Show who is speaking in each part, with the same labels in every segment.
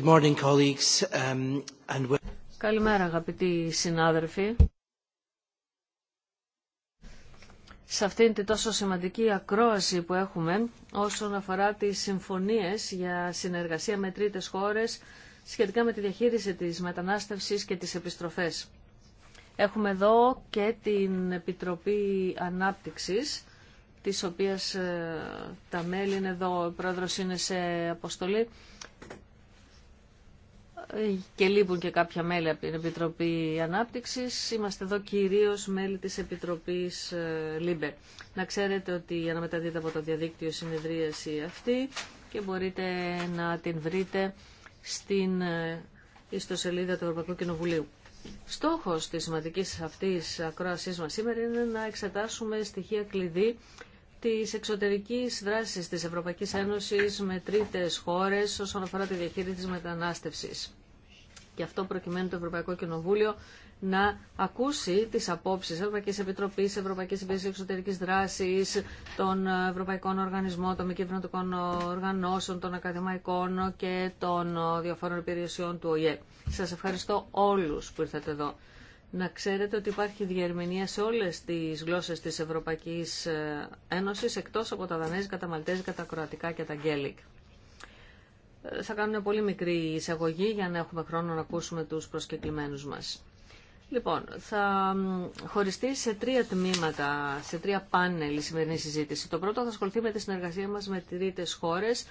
Speaker 1: Um,
Speaker 2: Καλημέρα αγαπητοί συνάδελφοι. Σε αυτήν την τόσο σημαντική ακρόαση που έχουμε όσον αφορά τις συμφωνίες για συνεργασία με τρίτες χώρες σχετικά με τη διαχείριση της μετανάστευσης και τις επιστροφές. Έχουμε εδώ και την Επιτροπή Ανάπτυξης, της οποίας ε, τα μέλη είναι εδώ, ο πρόεδρος είναι σε αποστολή και λείπουν και κάποια μέλη από την Επιτροπή Ανάπτυξης. Είμαστε εδώ κυρίως μέλη της Επιτροπής ε, ΛΥΜΠΕ. Να ξέρετε ότι αναμεταδίδεται από το διαδίκτυο συνεδρίαση αυτή και μπορείτε να την βρείτε στην ε, ιστοσελίδα του Ευρωπαϊκού Κοινοβουλίου. Στόχος της σημαντικής αυτής ακρόασής μας σήμερα είναι να εξετάσουμε στοιχεία κλειδί της εξωτερικής δράσης της Ευρωπαϊκής Ένωσης με τρίτες χώρες όσον αφορά τη διαχείριση τη μετανάστευση. Και αυτό προκειμένου το Ευρωπαϊκό Κοινοβούλιο να ακούσει τις απόψεις Ευρωπαϊκής Επιτροπής, Ευρωπαϊκής Υπηρεσίας Εξωτερικής Δράσης, των Ευρωπαϊκών Οργανισμών, των Μη Κυβερνητικών Οργανώσεων, των Ακαδημαϊκών και των διαφόρων υπηρεσιών του ΟΗΕ. Σας ευχαριστώ όλους που ήρθατε εδώ. Να ξέρετε ότι υπάρχει διερμηνία σε όλες τις γλώσσες της Ευρωπαϊκής Ένωσης, εκτός από τα Δανέζικα, τα Μαλτέζικα, τα Κροατικά και τα Γκέλικ. Θα κάνουμε μια πολύ μικρή εισαγωγή για να έχουμε χρόνο να ακούσουμε τους προσκεκλημένους μας. Λοιπόν, θα χωριστεί σε τρία τμήματα, σε τρία πάνελ η σημερινή συζήτηση. Το πρώτο θα ασχοληθεί με τη συνεργασία μας με τρίτες χώρες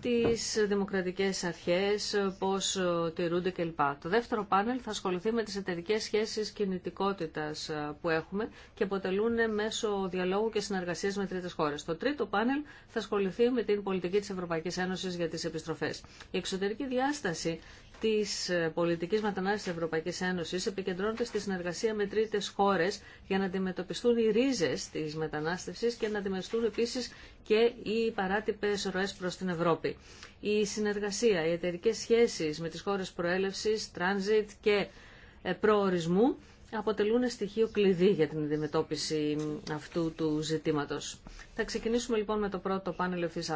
Speaker 2: τις δημοκρατικές αρχές, πώς ε, τηρούνται κλπ. Το δεύτερο πάνελ θα ασχοληθεί με τις εταιρικέ σχέσεις κινητικότητας ε, που έχουμε και αποτελούν μέσω διαλόγου και συνεργασίας με τρίτες χώρες. Το τρίτο πάνελ θα ασχοληθεί με την πολιτική της Ευρωπαϊκής Ένωσης για τις επιστροφές. Η εξωτερική διάσταση Τη ε, πολιτική μετανάστευση της Ευρωπαϊκής Ένωσης επικεντρώνεται στη συνεργασία με τρίτε χώρε για να αντιμετωπιστούν οι ρίζε τη μετανάστευση και να αντιμετωπιστούν επίση και οι παράτυπε ροέ προ την Ευρώπη. Η συνεργασία, οι εταιρικέ σχέσει με τι χώρε προέλευση, transit και ε, προορισμού αποτελούν στοιχείο κλειδί για την αντιμετώπιση αυτού του ζητήματος. Θα ξεκινήσουμε λοιπόν με το πρώτο πάνελ ευθύς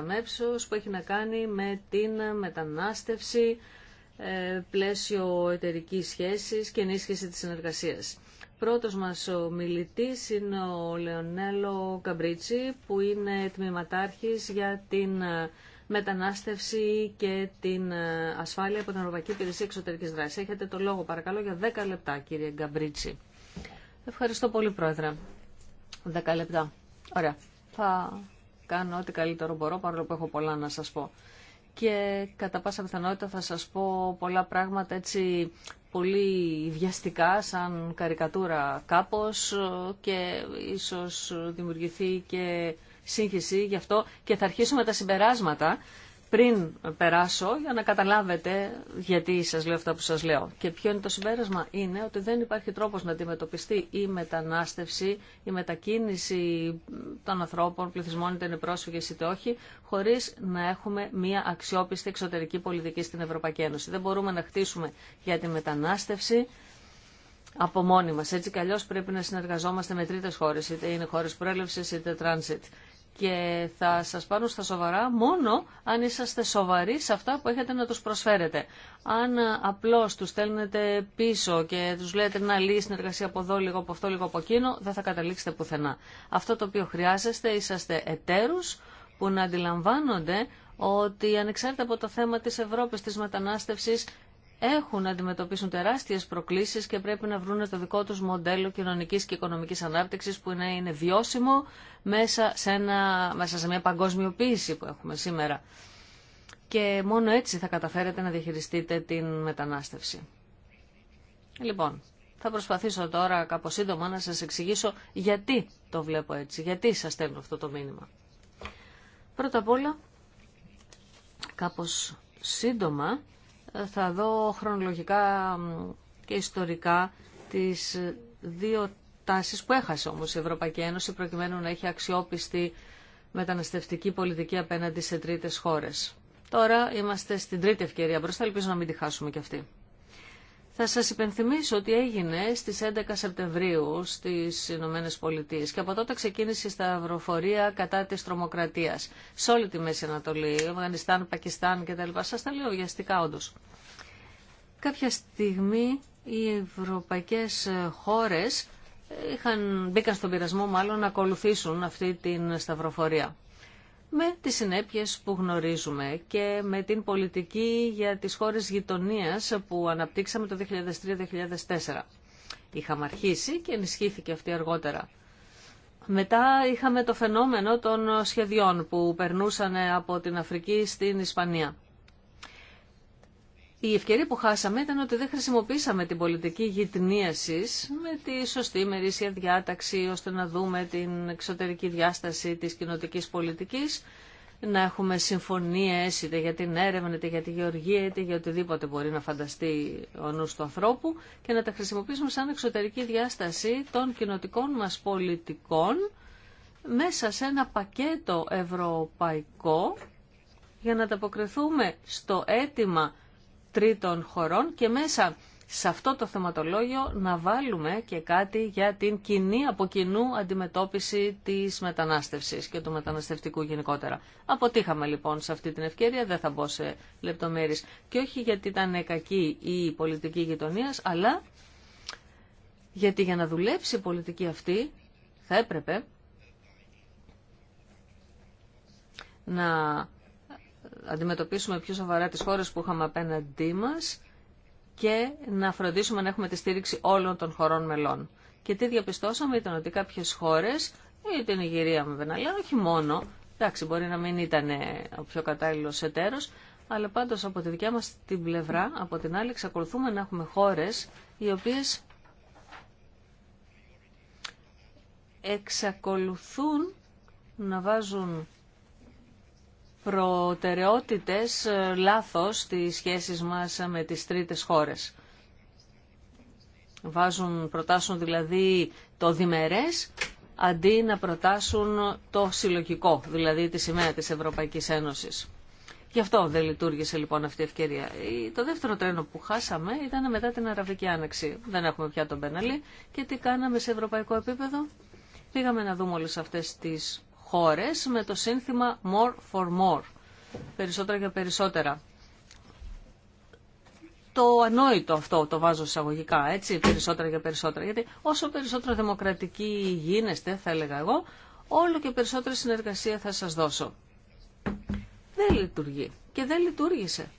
Speaker 2: που έχει να κάνει με την μετανάστευση ε, πλαίσιο εταιρική σχέση και ενίσχυση τη συνεργασία. Πρώτο μα ο είναι ο Λεωνέλο Καμπρίτσι που είναι τμήματάρχη για την ε, μετανάστευση και την ε, ασφάλεια από την Ευρωπαϊκή Υπηρεσία Εξωτερικής δράση. Έχετε το λόγο παρακαλώ για 10 λεπτά κύριε Καμπρίτσι. Ευχαριστώ πολύ πρόεδρε. 10 λεπτά. Ωραία. Θα κάνω ό,τι καλύτερο μπορώ παρόλο που έχω πολλά να σας πω και κατά πάσα πιθανότητα θα σας πω πολλά πράγματα έτσι πολύ βιαστικά σαν καρικατούρα κάπως και ίσως δημιουργηθεί και σύγχυση γι' αυτό και θα αρχίσουμε τα συμπεράσματα πριν περάσω για να καταλάβετε γιατί σας λέω αυτό που σας λέω. Και ποιο είναι το συμπέρασμα είναι ότι δεν υπάρχει τρόπος να αντιμετωπιστεί η μετανάστευση, η μετακίνηση των ανθρώπων, πληθυσμών είτε είναι πρόσφυγες είτε όχι, χωρίς να έχουμε μια αξιόπιστη εξωτερική πολιτική στην Ευρωπαϊκή Ένωση. Δεν μπορούμε να χτίσουμε για τη μετανάστευση από μόνοι μας. Έτσι κι αλλιώς πρέπει να συνεργαζόμαστε με τρίτες χώρες, είτε είναι χώρες προέλευσης είτε transit και θα σας πάρουν στα σοβαρά μόνο αν είσαστε σοβαροί σε αυτά που έχετε να τους προσφέρετε. Αν απλώς τους στέλνετε πίσω και τους λέτε να λύσει συνεργασία από εδώ, λίγο από αυτό, λίγο από εκείνο, δεν θα καταλήξετε πουθενά. Αυτό το οποίο χρειάζεστε, είσαστε εταίρους που να αντιλαμβάνονται ότι ανεξάρτητα από το θέμα της Ευρώπης, της μετανάστευσης, έχουν να αντιμετωπίσουν τεράστιες προκλήσεις και πρέπει να βρουν το δικό του μοντέλο κοινωνικής και οικονομικής ανάπτυξη που είναι βιώσιμο μέσα σε, ένα, μέσα σε μια παγκοσμιοποίηση που έχουμε σήμερα. Και μόνο έτσι θα καταφέρετε να διαχειριστείτε την μετανάστευση. Λοιπόν, θα προσπαθήσω τώρα κάπως σύντομα να σας εξηγήσω γιατί το βλέπω έτσι, γιατί σας στέλνω αυτό το μήνυμα. Πρώτα απ' όλα, κάπως σύντομα, θα δω χρονολογικά και ιστορικά τις δύο τάσεις που έχασε όμως η Ευρωπαϊκή Ένωση προκειμένου να έχει αξιόπιστη μεταναστευτική πολιτική απέναντι σε τρίτες χώρες. Τώρα είμαστε στην τρίτη ευκαιρία μπροστά, ελπίζω να μην τη χάσουμε κι αυτή. Θα σας υπενθυμίσω ότι έγινε στις 11 Σεπτεμβρίου στις Ηνωμένε Πολιτείες και από τότε ξεκίνησε η σταυροφορία κατά της τρομοκρατίας σε όλη τη Μέση Ανατολή, Αφγανιστάν, Πακιστάν κτλ. Σας τα λέω βιαστικά όντως. Κάποια στιγμή οι ευρωπαϊκές χώρες είχαν, μπήκαν στον πειρασμό μάλλον να ακολουθήσουν αυτή την σταυροφορία με τις συνέπειες που γνωρίζουμε και με την πολιτική για τις χώρες γειτονίας που αναπτύξαμε το 2003-2004. Είχαμε αρχίσει και ενισχύθηκε αυτή αργότερα. Μετά είχαμε το φαινόμενο των σχεδιών που περνούσαν από την Αφρική στην Ισπανία. Η ευκαιρία που χάσαμε ήταν ότι δεν χρησιμοποίησαμε την πολιτική γυτνίαση με τη σωστή μερίσια διάταξη ώστε να δούμε την εξωτερική διάσταση της κοινοτική πολιτικής, να έχουμε συμφωνίες είτε για την έρευνα, είτε για τη γεωργία, είτε για οτιδήποτε μπορεί να φανταστεί ο νους του ανθρώπου και να τα χρησιμοποιήσουμε σαν εξωτερική διάσταση των κοινοτικών μας πολιτικών μέσα σε ένα πακέτο ευρωπαϊκό για να ανταποκριθούμε στο αίτημα τρίτων χωρών και μέσα σε αυτό το θεματολόγιο να βάλουμε και κάτι για την κοινή από κοινού αντιμετώπιση της μετανάστευσης και του μεταναστευτικού γενικότερα. Αποτύχαμε λοιπόν σε αυτή την ευκαιρία, δεν θα μπω σε λεπτομέρειες. Και όχι γιατί ήταν κακή η πολιτική γειτονία, αλλά γιατί για να δουλέψει η πολιτική αυτή θα έπρεπε να αντιμετωπίσουμε πιο σοβαρά τις χώρες που είχαμε απέναντί μας και να φροντίσουμε να έχουμε τη στήριξη όλων των χωρών μελών. Και τι διαπιστώσαμε ήταν ότι κάποιες χώρες, ή την Ιγυρία με αλλά όχι μόνο, εντάξει μπορεί να μην ήταν ο πιο κατάλληλος εταίρος, αλλά πάντως από τη δικιά μας την πλευρά, από την άλλη, εξακολουθούμε να έχουμε χώρες οι οποίες εξακολουθούν να βάζουν προτεραιότητες ε, λάθος στις σχέσεις μας με τις τρίτες χώρες. Βάζουν, προτάσουν δηλαδή το διμερές αντί να προτάσουν το συλλογικό, δηλαδή τη σημαία της Ευρωπαϊκής Ένωσης. Γι' αυτό δεν λειτουργήσε λοιπόν αυτή η ευκαιρία. Το δεύτερο τρένο που χάσαμε ήταν μετά την Αραβική Άνοιξη. Δεν έχουμε πια τον Πέναλι. Και τι κάναμε σε ευρωπαϊκό επίπεδο. Πήγαμε να δούμε όλες αυτές τις χώρες με το σύνθημα More for More, περισσότερα για περισσότερα. Το ανόητο αυτό το βάζω εισαγωγικά, έτσι, περισσότερα για περισσότερα. Γιατί όσο περισσότερο δημοκρατικοί γίνεστε, θα έλεγα εγώ, όλο και περισσότερη συνεργασία θα σας δώσω. Δεν λειτουργεί και δεν λειτουργήσε.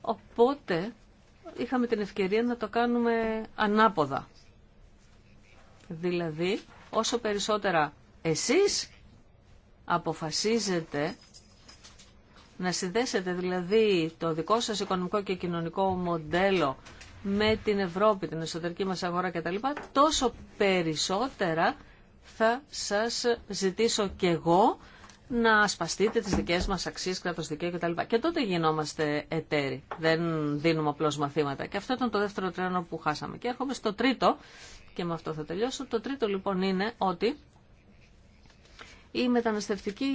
Speaker 2: Οπότε είχαμε την ευκαιρία να το κάνουμε ανάποδα. Δηλαδή, όσο περισσότερα εσείς αποφασίζετε να συνδέσετε δηλαδή το δικό σας οικονομικό και κοινωνικό μοντέλο με την Ευρώπη, την εσωτερική μας αγορά κτλ. Τόσο περισσότερα θα σας ζητήσω κι εγώ να ασπαστείτε τις δικές μας αξίες, κράτος δικαίου κτλ. Και τότε γινόμαστε εταίροι. Δεν δίνουμε απλώ μαθήματα. Και αυτό ήταν το δεύτερο τρένο που χάσαμε. Και έρχομαι στο τρίτο, και με αυτό θα τελειώσω. Το τρίτο λοιπόν είναι ότι η μεταναστευτική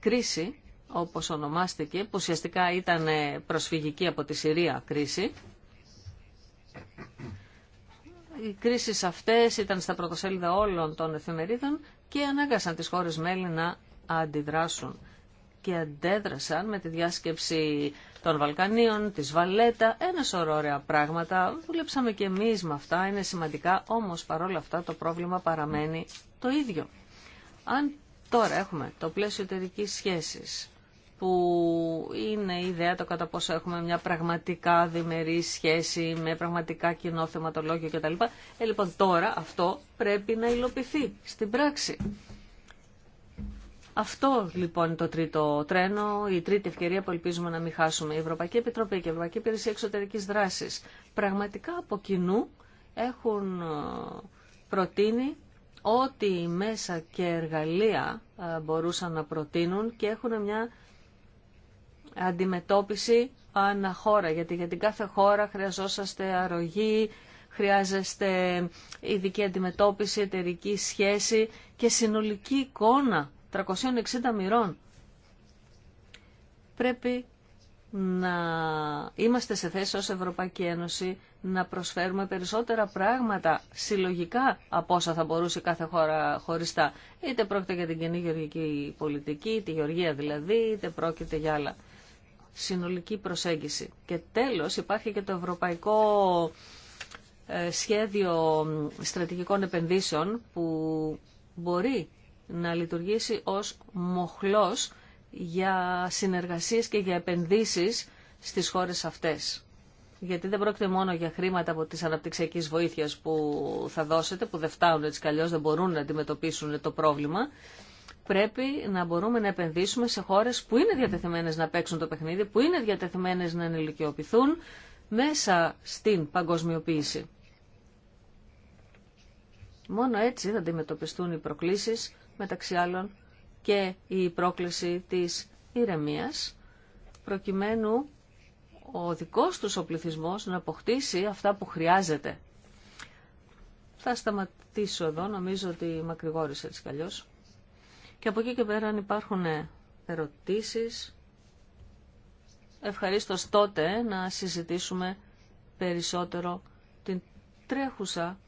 Speaker 2: κρίση, όπως ονομάστηκε, που ουσιαστικά ήταν ε, προσφυγική από τη Συρία κρίση, οι κρίσεις αυτές ήταν στα πρωτοσέλιδα όλων των εφημερίδων και ανάγκασαν τις χώρες μέλη να αντιδράσουν και αντέδρασαν με τη διάσκεψη των Βαλκανίων, της Βαλέτα, ένα σωρό ωραία πράγματα. Δουλέψαμε και εμείς με αυτά, είναι σημαντικά, όμως παρόλα αυτά το πρόβλημα παραμένει το ίδιο. Αν Τώρα έχουμε το πλαίσιο εταιρική σχέση που είναι η ιδέα το κατά πόσο έχουμε μια πραγματικά διμερή σχέση με πραγματικά κοινό θεματολόγιο κτλ. Ε, λοιπόν, τώρα αυτό πρέπει να υλοποιηθεί στην πράξη. Αυτό λοιπόν είναι το τρίτο τρένο, η τρίτη ευκαιρία που ελπίζουμε να μην χάσουμε. Η Ευρωπαϊκή Επιτροπή και η Ευρωπαϊκή Υπηρεσία Εξωτερικής Δράσης πραγματικά από κοινού έχουν ε, προτείνει ό,τι μέσα και εργαλεία ε, μπορούσαν να προτείνουν και έχουν μια αντιμετώπιση αναχώρα, γιατί για την κάθε χώρα χρειαζόσαστε αρρωγή, χρειάζεστε ειδική αντιμετώπιση, εταιρική σχέση και συνολική εικόνα 360 μοιρών. Πρέπει να είμαστε σε θέση ως Ευρωπαϊκή Ένωση να προσφέρουμε περισσότερα πράγματα συλλογικά από όσα θα μπορούσε κάθε χώρα χωριστά. Είτε πρόκειται για την κοινή γεωργική πολιτική, τη γεωργία δηλαδή, είτε πρόκειται για άλλα. Συνολική προσέγγιση. Και τέλος υπάρχει και το Ευρωπαϊκό ε, Σχέδιο Στρατηγικών Επενδύσεων που μπορεί να λειτουργήσει ως μοχλός για συνεργασίες και για επενδύσεις στις χώρες αυτές. Γιατί δεν πρόκειται μόνο για χρήματα από τις αναπτυξιακές βοήθειες που θα δώσετε, που δεν φτάνουν έτσι καλλιώς, δεν μπορούν να αντιμετωπίσουν το πρόβλημα. Πρέπει να μπορούμε να επενδύσουμε σε χώρες που είναι διατεθειμένες να παίξουν το παιχνίδι, που είναι διατεθειμένες να ενηλικιοποιηθούν μέσα στην παγκοσμιοποίηση. Μόνο έτσι θα αντιμετωπιστούν οι προκλήσεις, μεταξύ άλλων, και η πρόκληση της ηρεμίας, προκειμένου ο δικός τους ο πληθυσμός να αποκτήσει αυτά που χρειάζεται. Θα σταματήσω εδώ, νομίζω ότι μακρηγόρησα έτσι καλλιώς. Και από εκεί και πέρα αν υπάρχουν ερωτήσεις, ευχαρίστως τότε να συζητήσουμε περισσότερο την τρέχουσα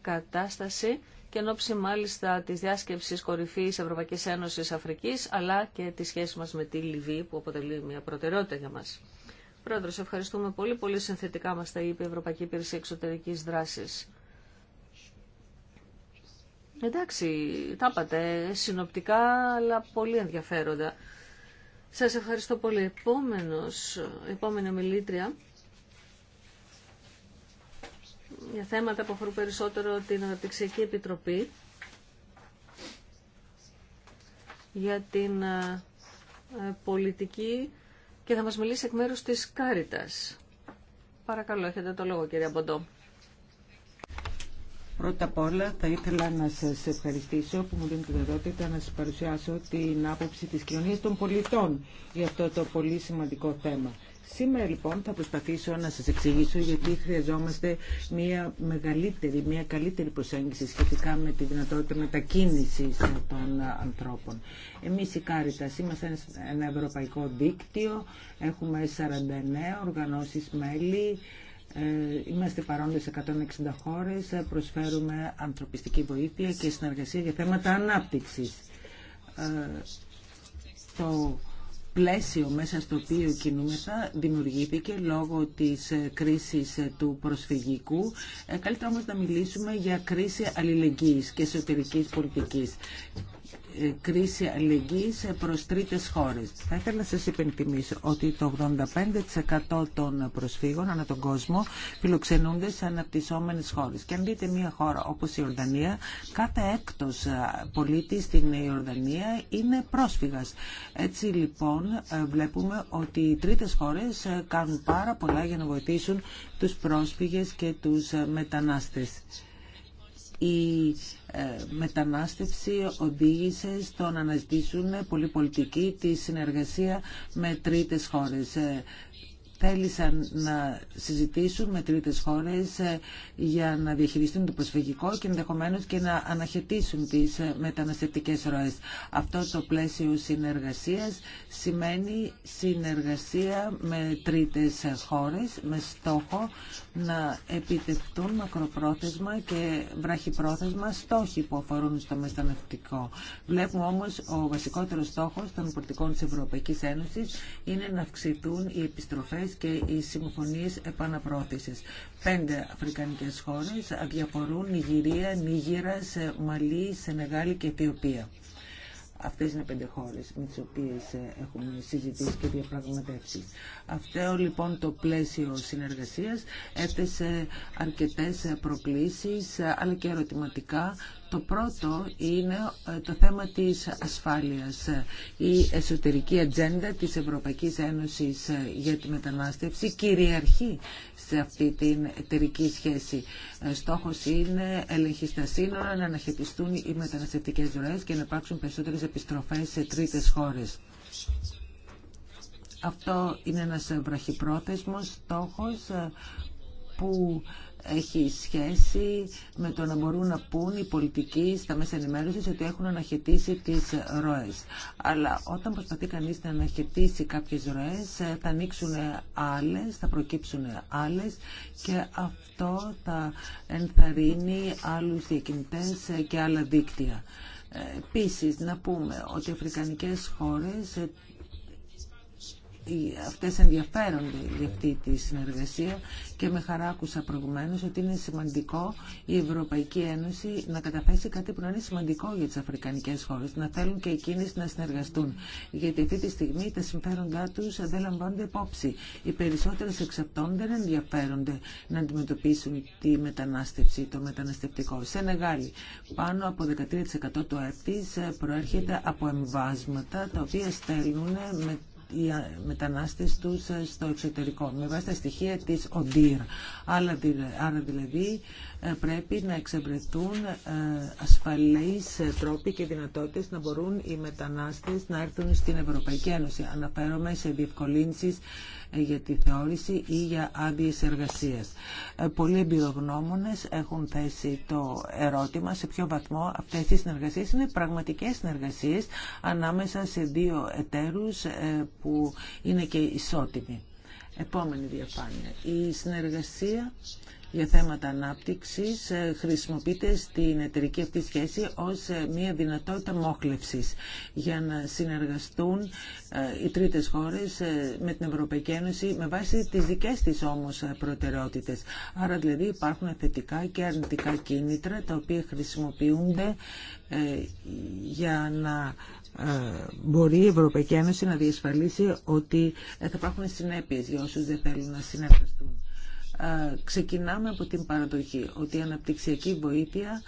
Speaker 2: κατάσταση και εν ώψη μάλιστα τη διάσκεψη κορυφή Ευρωπαϊκή Ένωση Αφρική, αλλά και τη σχέση μα με τη Λιβύη, που αποτελεί μια προτεραιότητα για μα. Πρόεδρο, ευχαριστούμε πολύ. Πολύ συνθετικά μα τα είπε η Ευρωπαϊκή Υπηρεσία Εξωτερική Δράση. Εντάξει, τα είπατε συνοπτικά, αλλά πολύ ενδιαφέροντα. Σας ευχαριστώ πολύ. Επόμενος, επόμενη ομιλήτρια για θέματα που αφορούν περισσότερο την Αναπτυξιακή Επιτροπή για την ε, ε, πολιτική και θα μας μιλήσει εκ μέρους της Κάριτας. Παρακαλώ, έχετε το λόγο κύριε Μποντό.
Speaker 1: Πρώτα απ' όλα θα ήθελα να σας ευχαριστήσω που μου δίνετε τη δυνατότητα να σας παρουσιάσω την άποψη της κοινωνίας των πολιτών για αυτό το πολύ σημαντικό θέμα. Σήμερα λοιπόν θα προσπαθήσω να σας εξηγήσω γιατί χρειαζόμαστε μια μεγαλύτερη, μια καλύτερη προσέγγιση σχετικά με τη δυνατότητα μετακίνησης των ανθρώπων. Εμείς η Κάριτας είμαστε ένα ευρωπαϊκό δίκτυο, έχουμε 49 οργανώσεις μέλη, ε, Είμαστε παρόντες σε 160 χώρες, προσφέρουμε ανθρωπιστική βοήθεια και συνεργασία για θέματα ανάπτυξης. Ε, πλαίσιο μέσα στο οποίο κινούμεθα δημιουργήθηκε λόγω της ε, κρίσης ε, του προσφυγικού. Ε, καλύτερα όμως να μιλήσουμε για κρίση αλληλεγγύης και εσωτερικής πολιτικής κρίση αλληλεγγύης προς τρίτες χώρες. Θα ήθελα να σας υπενθυμίσω ότι το 85% των προσφύγων ανά τον κόσμο φιλοξενούνται σε αναπτυσσόμενες χώρες. Και αν δείτε μια χώρα όπως η Ιορδανία, κάθε έκτος πολίτη στην Ιορδανία είναι πρόσφυγας. Έτσι λοιπόν βλέπουμε ότι οι τρίτες χώρες κάνουν πάρα πολλά για να βοηθήσουν τους πρόσφυγες και τους μετανάστες. Ε, μετανάστευση οδήγησε στο να αναζητήσουν πολιτική τη συνεργασία με τρίτες χώρες. Ε, θέλησαν να συζητήσουν με τρίτες χώρες ε, για να διαχειριστούν το προσφυγικό και ενδεχομένως και να αναχαιτήσουν τις ε, μεταναστευτικές ροές. Αυτό το πλαίσιο συνεργασίας σημαίνει συνεργασία με τρίτες χώρες με στόχο να επιτευχθούν μακροπρόθεσμα και βραχυπρόθεσμα στόχοι που αφορούν στο μεταναστευτικό. Βλέπουμε όμως ο βασικότερος στόχος των πολιτικών της Ευρωπαϊκής Ένωσης είναι να αυξηθούν οι επιστροφέ και οι συμφωνίες επαναπρόθεσης. Πέντε αφρικανικές χώρες αδιαφορούν Νιγηρία, Νίγηρα, Μαλή, Σενεγάλη και Αιθιοπία. Αυτές είναι πέντε χώρες με τις οποίες ε, έχουμε συζητήσει και διαπραγματεύσει. Αυτό λοιπόν το πλαίσιο συνεργασίας έθεσε αρκετές ε, προκλήσεις ε, αλλά και ερωτηματικά το πρώτο είναι ε, το θέμα της ασφάλειας. Η εσωτερική ατζέντα της Ευρωπαϊκής Ένωσης ε, για τη μετανάστευση κυριαρχεί σε αυτή την εταιρική σχέση. Ε, στόχος είναι ελεγχή στα σύνορα, να αναχαιτιστούν οι μεταναστευτικές δουλειές και να υπάρξουν περισσότερες επιστροφές σε τρίτες χώρες. Αυτό είναι ένας βραχυπρόθεσμος στόχος που έχει σχέση με το να μπορούν να πούν οι πολιτικοί στα μέσα ενημέρωση ότι έχουν αναχαιτήσει τις ροε. Αλλά όταν προσπαθεί κανείς να αναχαιτήσει κάποιες ροέ, ε, θα ανοίξουν άλλε, θα προκύψουν άλλες και αυτό θα ενθαρρύνει άλλους διακινητέ ε, και άλλα δίκτυα. Ε, Επίση, να πούμε ότι οι αφρικανικές χώρες αυτές ενδιαφέρονται για αυτή τη συνεργασία και με χαρά άκουσα προηγουμένως ότι είναι σημαντικό η Ευρωπαϊκή Ένωση να καταθέσει κάτι που να είναι σημαντικό για τις αφρικανικές χώρες, να θέλουν και εκείνες να συνεργαστούν. Γιατί αυτή τη στιγμή τα συμφέροντά τους δεν λαμβάνονται υπόψη. Οι περισσότερες εξ αυτών δεν ενδιαφέρονται να αντιμετωπίσουν τη μετανάστευση, το μεταναστευτικό. Σε Νεγάλη, πάνω από 13% του ΑΕΠ ε, προέρχεται από εμβάσματα τα οποία στέλνουν με οι μετανάστες τους στο εξωτερικό με βάση τα στοιχεία της ΟΝΤΙΡ. Άρα δηλαδή ε, πρέπει να εξευρεθούν ε, ασφαλείς ε, τρόποι και δυνατότητες να μπορούν οι μετανάστες να έρθουν στην Ευρωπαϊκή Ένωση. Αναφέρομαι σε διευκολύνσεις για τη θεώρηση ή για άδειε εργασία. Πολλοί εμπειρογνώμονε έχουν θέσει το ερώτημα σε ποιο βαθμό αυτές οι συνεργασίες είναι πραγματικές συνεργασίες ανάμεσα σε δύο εταίρου που είναι και ισότιμοι. Επόμενη διαφάνεια. Η συνεργασία για θέματα ανάπτυξης ε, χρησιμοποιείται στην εταιρική αυτή σχέση ως ε, μια δυνατότητα μόχλευσης για να συνεργαστούν ε, οι τρίτες χώρες με την Ευρωπαϊκή Ένωση με βάση τις δικές της όμως προτεραιότητες. Άρα δηλαδή υπάρχουν θετικά και αρνητικά κίνητρα τα οποία χρησιμοποιούνται για να μπορεί η Ευρωπαϊκή Ένωση να διασφαλίσει ότι θα υπάρχουν συνέπειες για όσους δεν θέλουν να συνεργαστούν ξεκινάμε από την παραδοχή ότι η αναπτυξιακή βοήθεια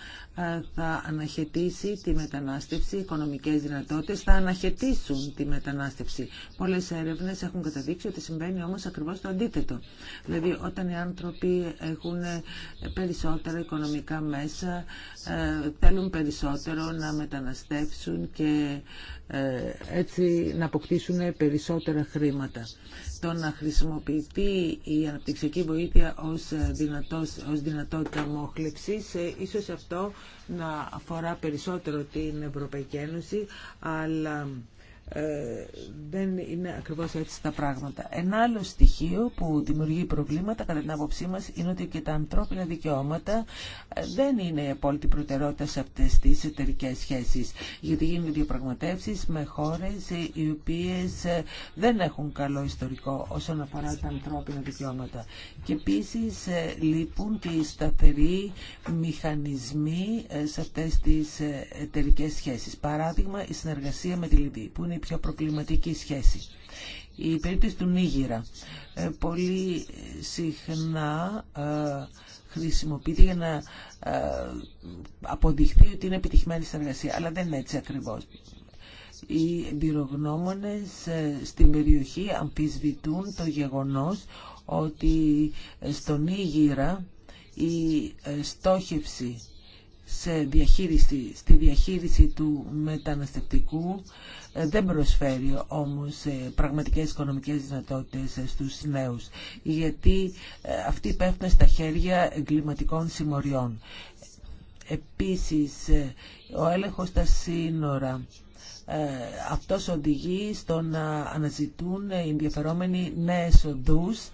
Speaker 1: θα αναχαιτήσει τη μετανάστευση, οι οικονομικές δυνατότητες θα αναχαιτήσουν τη μετανάστευση. Πολλές έρευνες έχουν καταδείξει ότι συμβαίνει όμως ακριβώς το αντίθετο. Δηλαδή όταν οι άνθρωποι έχουν περισσότερα οικονομικά μέσα, θέλουν περισσότερο να μεταναστεύσουν και ε, έτσι να αποκτήσουν περισσότερα χρήματα το να χρησιμοποιηθεί η αναπτυξιακή βοήθεια ως, ε, δυνατός, ως δυνατότητα μόχλευσης, ε, ίσως αυτό να αφορά περισσότερο την Ευρωπαϊκή Ένωση, αλλά ε, δεν είναι ακριβώς έτσι τα πράγματα. Ένα άλλο στοιχείο που δημιουργεί προβλήματα κατά την άποψή μας είναι ότι και τα ανθρώπινα δικαιώματα ε, δεν είναι η απόλυτη προτεραιότητα σε αυτές τις εταιρικέ σχέσεις γιατί γίνονται διαπραγματεύσει με χώρες οι οποίες ε, δεν έχουν καλό ιστορικό όσον αφορά τα ανθρώπινα δικαιώματα και επίσης λείπουν και οι σταθεροί μηχανισμοί σε αυτές τις εταιρικέ σχέσεις. Παράδειγμα η συνεργασία με τη Λιβύη που πιο προκληματική σχέση. Η περίπτωση του Νίγηρα ε, πολύ συχνά ε, χρησιμοποιείται για να ε, αποδειχθεί ότι είναι επιτυχημένη συνεργασία, αλλά δεν είναι έτσι ακριβώς. Οι εμπειρογνώμονες στην περιοχή αμφισβητούν το γεγονός ότι στον Νίγηρα η στόχευση σε διαχείριση, στη διαχείριση του μεταναστευτικού ε, δεν προσφέρει όμως ε, πραγματικές οικονομικές δυνατότητες ε, στους νέους γιατί αυτοί πέφτουν στα χέρια εγκληματικών συμμοριών. Επίσης, ο έλεγχος στα σύνορα αυτός οδηγεί στο να αναζητούν οι ενδιαφερόμενοι νέες οδούς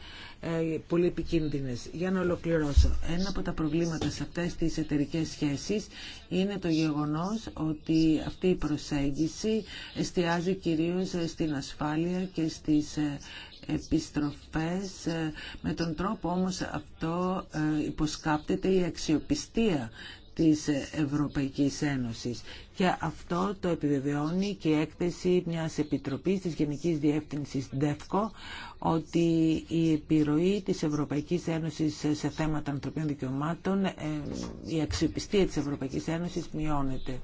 Speaker 1: ε, πολύ επικίνδυνε. Για να ολοκληρώσω, ένα από τα προβλήματα σε αυτές τις εταιρικέ σχέσεις είναι το γεγονός ότι αυτή η προσέγγιση εστιάζει κυρίω στην ασφάλεια και στις ε, επιστροφές. Ε, με τον τρόπο όμως αυτό υποσκάπτεται η αξιοπιστία της Ευρωπαϊκής Ένωσης. Και αυτό το επιβεβαιώνει και η έκθεση μιας επιτροπής της Γενικής Διεύθυνσης ΔΕΦΚΟ ότι η επιρροή της Ευρωπαϊκής Ένωσης σε θέματα ανθρωπίνων δικαιωμάτων, ε, η αξιοπιστία της Ευρωπαϊκής Ένωσης μειώνεται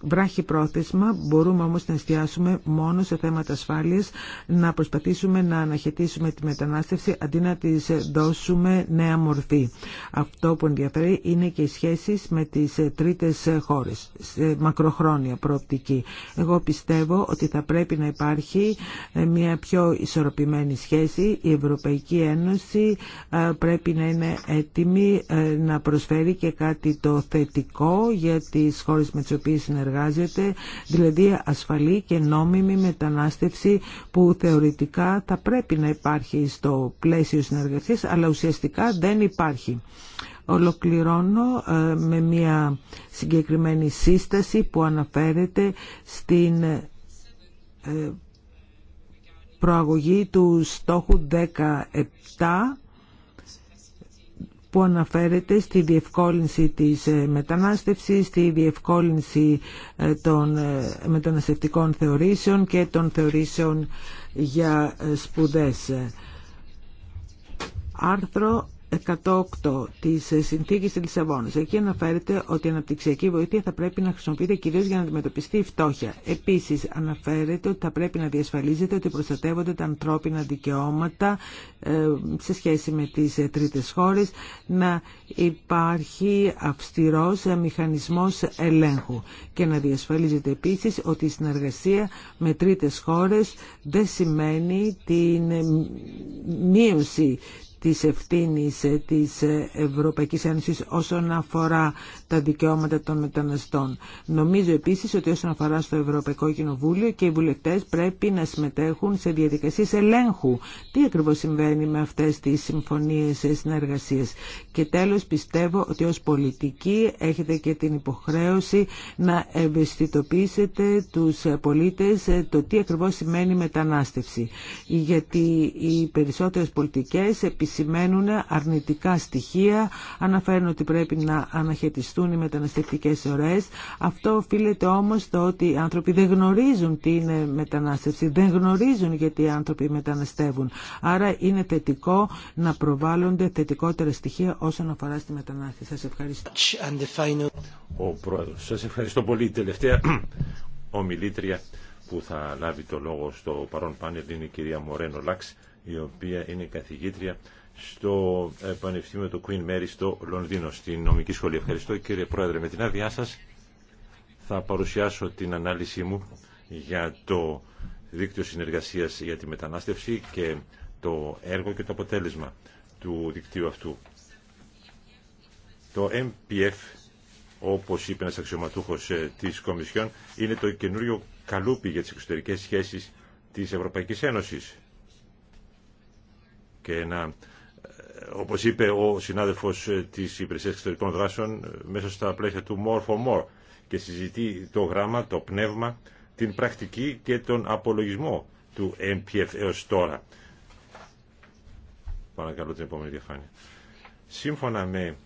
Speaker 1: βράχει πρόθεσμα, μπορούμε όμως να εστιάσουμε μόνο σε θέματα ασφάλειας, να προσπαθήσουμε να αναχαιτήσουμε τη μετανάστευση αντί να της δώσουμε νέα μορφή. Αυτό που ενδιαφέρει είναι και οι σχέσεις με τις τρίτες χώρες, σε μακροχρόνια προοπτική. Εγώ πιστεύω ότι θα πρέπει να υπάρχει μια πιο ισορροπημένη σχέση. Η Ευρωπαϊκή Ένωση ε, πρέπει να είναι έτοιμη ε, να προσφέρει και κάτι το θετικό για τις χώρες τις οποίες συνεργάζεται, δηλαδή ασφαλή και νόμιμη μετανάστευση που θεωρητικά θα πρέπει να υπάρχει στο πλαίσιο συνεργασίας, αλλά ουσιαστικά δεν υπάρχει. Ολοκληρώνω ε, με μια συγκεκριμένη σύσταση που αναφέρεται στην ε, προαγωγή του στόχου 17 που αναφέρεται στη διευκόλυνση της ε, μετανάστευσης, στη διευκόλυνση ε, των ε, μεταναστευτικών θεωρήσεων και των θεωρήσεων για σπουδές. Άρθρο 108 της Συνθήκης της Λισαβόνας. Εκεί αναφέρεται ότι η αναπτυξιακή βοήθεια θα πρέπει να χρησιμοποιείται κυρίως για να αντιμετωπιστεί η φτώχεια. Επίσης αναφέρεται ότι θα πρέπει να διασφαλίζεται ότι προστατεύονται τα ανθρώπινα δικαιώματα ε, σε σχέση με τις ε, τρίτες χώρες, να υπάρχει αυστηρός ε, μηχανισμός ελέγχου και να διασφαλίζεται επίσης ότι η συνεργασία με τρίτες χώρες δεν σημαίνει την μείωση της ευθύνης ε, της ε, Ευρωπαϊκής Ένωσης όσον αφορά τα δικαιώματα των μεταναστών. Νομίζω επίσης ότι όσον αφορά στο Ευρωπαϊκό Κοινοβούλιο και οι βουλευτές πρέπει να συμμετέχουν σε διαδικασίες ελέγχου. Τι ακριβώς συμβαίνει με αυτές τις συμφωνίες ε, συνεργασίες. Και τέλος πιστεύω ότι ως πολιτικοί έχετε και την υποχρέωση να ευαισθητοποιήσετε τους πολίτες το τι ακριβώς σημαίνει μετανάστευση. Γιατί οι περισσότερες πολιτικές σημαίνουν αρνητικά στοιχεία, αναφέρουν ότι πρέπει να αναχαιτιστούν οι μεταναστευτικές ωραίες. Αυτό οφείλεται όμως στο ότι οι άνθρωποι δεν γνωρίζουν τι είναι μετανάστευση, δεν γνωρίζουν γιατί οι άνθρωποι μεταναστεύουν. Άρα είναι θετικό να προβάλλονται θετικότερα στοιχεία όσον αφορά στη μετανάστευση. Σας ευχαριστώ.
Speaker 3: Ο Πρόεδρος, σας ευχαριστώ πολύ. Τελευταία ομιλήτρια που θα λάβει το λόγο στο παρόν πάνελ είναι η κυρία Μορένο Λάξ, η οποία είναι καθηγήτρια στο ε, Πανεπιστήμιο του Queen Mary στο Λονδίνο, στην νομική σχολή. Ευχαριστώ κύριε Πρόεδρε. Με την άδειά σας θα παρουσιάσω την ανάλυση μου για το δίκτυο συνεργασίας για τη μετανάστευση και το έργο και το αποτέλεσμα του δικτύου αυτού. Το MPF, όπως είπε ένας αξιωματούχος ε, της Κομισιόν, είναι το καινούριο καλούπι για τις εξωτερικές σχέσεις της Ευρωπαϊκής Ένωσης και όπως είπε ο συνάδελφος ε, της Υπηρεσίας Εξωτερικών Δράσεων, ε, μέσα στα πλαίσια του More for More και συζητεί το γράμμα, το πνεύμα, την πρακτική και τον απολογισμό του MPF έως τώρα. Παρακαλώ την επόμενη διαφάνεια. Σύμφωνα με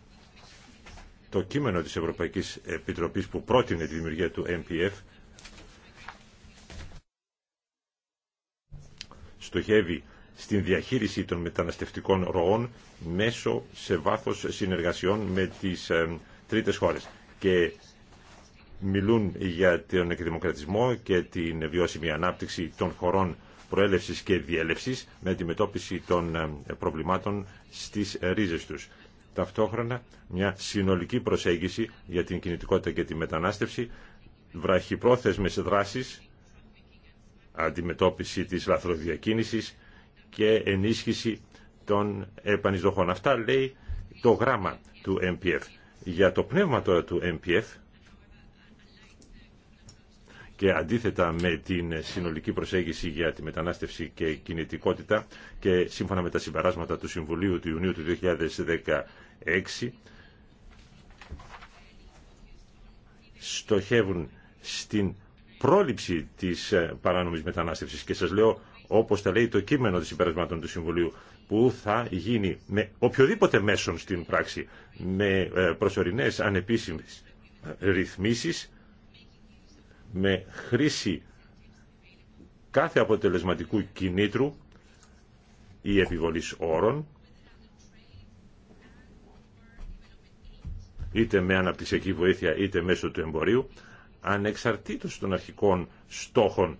Speaker 3: το κείμενο της Ευρωπαϊκής Επιτροπής που πρότεινε τη δημιουργία του MPF, στοχεύει στην διαχείριση των μεταναστευτικών ροών μέσω σε βάθος συνεργασιών με τις ε, τρίτες χώρες. Και μιλούν για τον εκδημοκρατισμό και την βιώσιμη ανάπτυξη των χωρών προέλευσης και διέλευσης με αντιμετώπιση των ε, προβλημάτων στις ρίζες τους. Ταυτόχρονα μια συνολική προσέγγιση για την κινητικότητα και τη μετανάστευση, βραχυπρόθεσμες δράσεις, αντιμετώπιση της λαθροδιακίνησης, και ενίσχυση των επανεισδοχών. Αυτά λέει το γράμμα του MPF. Για το πνεύμα τώρα του MPF και αντίθετα με την συνολική προσέγγιση για τη μετανάστευση και κινητικότητα και σύμφωνα με τα συμπεράσματα του Συμβουλίου του Ιουνίου του 2016 στοχεύουν στην πρόληψη της παράνομης μετανάστευσης και σας λέω όπως τα λέει το κείμενο της συμπερασμάτων του Συμβουλίου, που θα γίνει με οποιοδήποτε μέσον στην πράξη, με ε, προσωρινές ανεπίσημες ε, ρυθμίσεις, με χρήση κάθε αποτελεσματικού κινήτρου ή επιβολής όρων, είτε με αναπτυξιακή βοήθεια είτε μέσω του εμπορίου, ανεξαρτήτως των αρχικών στόχων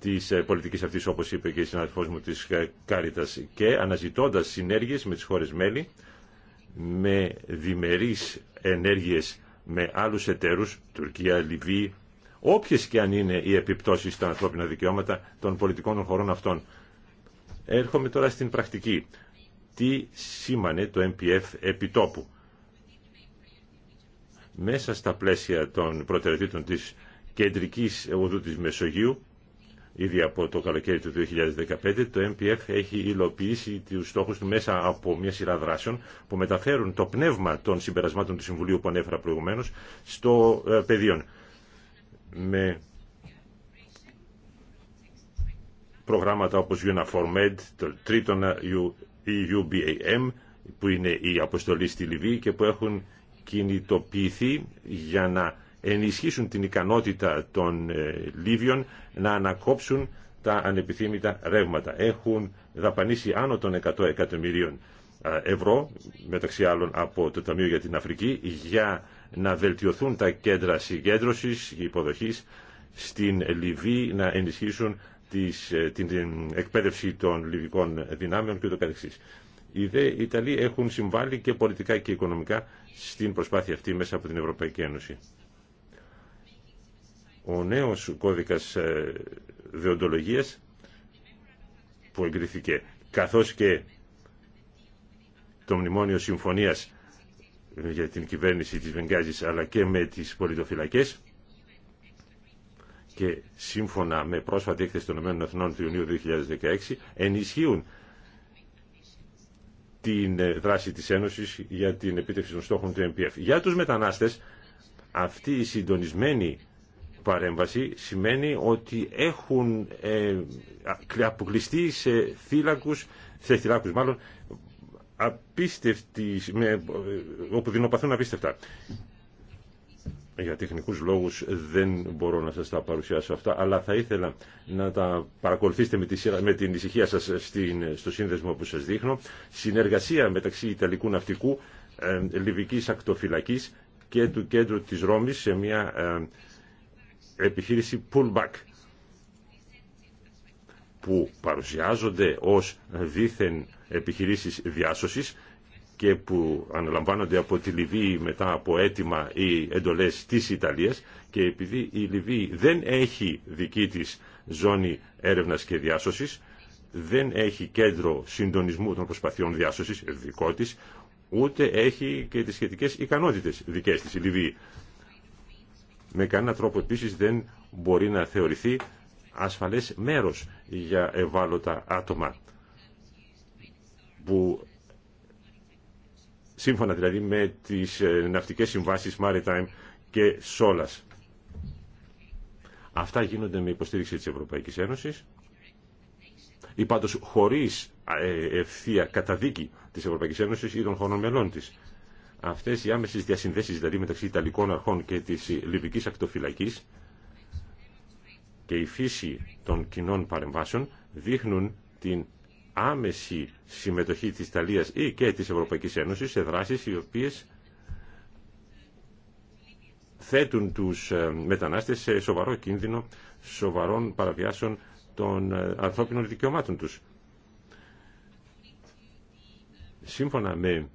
Speaker 3: τη ε, πολιτική αυτής όπως είπε και η συναδελφό μου της ε, Κάριτας και αναζητώντας συνέργειε με τις χώρες μέλη με διμερείς ενέργειες με άλλους εταίρου, Τουρκία, Λιβύη, όποιε και αν είναι οι επιπτώσεις στα ανθρώπινα δικαιώματα των πολιτικών των χωρών αυτών. Έρχομαι τώρα στην πρακτική. Τι σήμανε το MPF επιτόπου. Μέσα στα πλαίσια των προτεραιοτήτων της κεντρικής οδού της Μεσογείου Ήδη από το καλοκαίρι του 2015 το MPF έχει υλοποιήσει του στόχους του μέσα από μια σειρά δράσεων που μεταφέρουν το πνεύμα των συμπερασμάτων του Συμβουλίου που ανέφερα προηγουμένω στο ε, πεδίο. Με προγράμματα όπως UNAFORMED, το τρίτο EUBAM που είναι η αποστολή στη Λιβύη και που έχουν κινητοποιηθεί για να ενισχύσουν την ικανότητα των ε, Λίβιων να ανακόψουν τα ανεπιθύμητα ρεύματα. Έχουν δαπανίσει άνω των 100 εκατομμυρίων ε, ευρώ, μεταξύ άλλων από το Ταμείο για την Αφρική, για να βελτιωθούν τα κέντρα συγκέντρωσης και υποδοχής στην Λιβύη, να ενισχύσουν τις, ε, την, εκπαίδευση των λιβικών δυνάμεων και το καθεξής. Οι δε Ιταλοί έχουν συμβάλει και πολιτικά και οικονομικά στην προσπάθεια αυτή μέσα από την Ευρωπαϊκή Ένωση. Ο νέος κώδικας ε, δεοντολογίας που εγκριθήκε, καθώς και το Μνημόνιο Συμφωνίας για την κυβέρνηση της Βενγκάζης αλλά και με τις πολιτοφυλακές και σύμφωνα με πρόσφατη έκθεση των ΗΠΑ του Ιουνίου 2016 ενισχύουν την ε, δράση της Ένωσης για την επίτευξη των στόχων του MPF. Για τους μετανάστες αυτή η συντονισμένη παρέμβαση σημαίνει ότι έχουν ε, αποκλειστεί σε θύλακους, σε θύλακους μάλλον, απίστευτης με, ε, όπου δεινοπαθούν απίστευτα. Για τεχνικούς λόγους δεν μπορώ να σας τα παρουσιάσω αυτά, αλλά θα ήθελα να τα παρακολουθήσετε με, τη, με την ησυχία σας στην, στο σύνδεσμο που σας δείχνω. Συνεργασία μεταξύ Ιταλικού Ναυτικού, ε, Λιβικής Ακτοφυλακής και του κέντρου της Ρώμης σε μια ε, επιχείρηση pullback που παρουσιάζονται ως δίθεν επιχειρήσεις διάσωσης και που αναλαμβάνονται από τη Λιβύη μετά από αίτημα ή εντολές της Ιταλίας και επειδή η Λιβύη δεν έχει δική της ζώνη έρευνας και διάσωσης, δεν έχει κέντρο συντονισμού των προσπαθειών διάσωσης δικό της, ούτε έχει και τις σχετικές ικανότητες δικές της η Λιβύη με κανένα τρόπο επίσης δεν μπορεί να θεωρηθεί ασφαλές μέρος για ευάλωτα άτομα που σύμφωνα δηλαδή με τις ε, ναυτικές συμβάσεις Maritime και Σόλας. Αυτά γίνονται με υποστήριξη της Ευρωπαϊκής Ένωσης ή πάντως χωρίς ε, ευθεία καταδίκη της Ευρωπαϊκής Ένωσης ή των χωρών μελών της. Αυτέ οι άμεσε διασυνδέσεις δηλαδή μεταξύ Ιταλικών αρχών και τη Λιβικής ακτοφυλακή και η φύση των κοινών παρεμβάσεων δείχνουν την άμεση συμμετοχή της Ιταλίας ή και της Ευρωπαϊκής Ένωσης σε δράσεις οι οποίες θέτουν τους ε, μετανάστες σε σοβαρό κίνδυνο σοβαρών παραβιάσεων των ε, ανθρώπινων δικαιωμάτων τους. Σύμφωνα με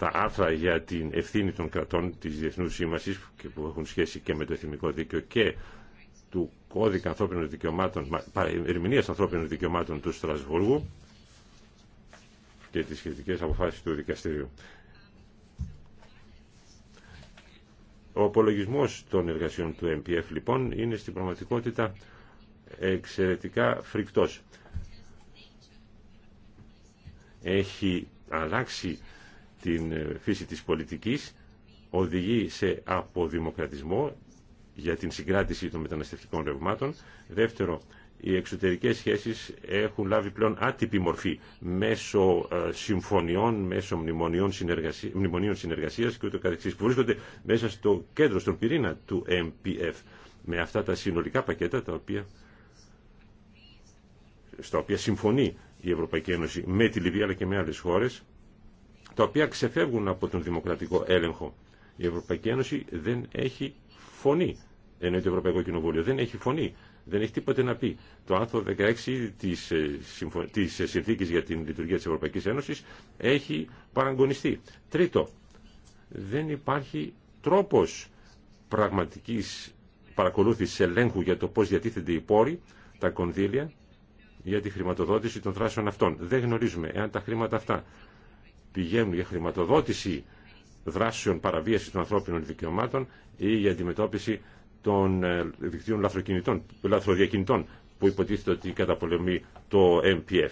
Speaker 3: τα άρθρα για την ευθύνη των κρατών της Διεθνούς Σύμβασης και που έχουν σχέση και με το εθνικό δίκαιο και του κώδικα ανθρώπινων δικαιωμάτων, ερμηνείας ανθρώπινων δικαιωμάτων του Στρασβούργου και τις σχετικές αποφάσεις του δικαστηρίου. Ο απολογισμός των εργασιών του MPF λοιπόν είναι στην πραγματικότητα εξαιρετικά φρικτός. Έχει αλλάξει την ε, φύση της πολιτικής, οδηγεί σε αποδημοκρατισμό για την συγκράτηση των μεταναστευτικών ρευμάτων. Δεύτερο, οι εξωτερικές σχέσεις έχουν λάβει πλέον άτυπη μορφή μέσω ε, συμφωνιών, μέσω μνημονίων, συνεργασία, μνημονίων συνεργασίας και ούτω καθεξής που βρίσκονται μέσα στο κέντρο, στον πυρήνα του MPF με αυτά τα συνολικά πακέτα τα οποία, στα οποία συμφωνεί η Ευρωπαϊκή Ένωση με τη Λιβύη αλλά και με άλλες χώρες τα οποία ξεφεύγουν από τον δημοκρατικό έλεγχο. Η Ευρωπαϊκή Ένωση δεν έχει φωνή, Εννοείται το Ευρωπαϊκό Κοινοβούλιο δεν έχει φωνή, δεν έχει τίποτε να πει. Το άρθρο 16 της, ε, της ε, συνθήκης για την λειτουργία της Ευρωπαϊκής Ένωσης έχει παραγκονιστεί. Τρίτο, δεν υπάρχει τρόπος πραγματικής παρακολούθησης ελέγχου για το πώς διατίθενται οι πόροι, τα κονδύλια για τη χρηματοδότηση των δράσεων αυτών. Δεν γνωρίζουμε εάν τα χρήματα αυτά πηγαίνουν για χρηματοδότηση δράσεων παραβίασης των ανθρώπινων δικαιωμάτων ή για αντιμετώπιση των ε, δικτύων λαθροδιακινητών που υποτίθεται ότι καταπολεμεί το MPF.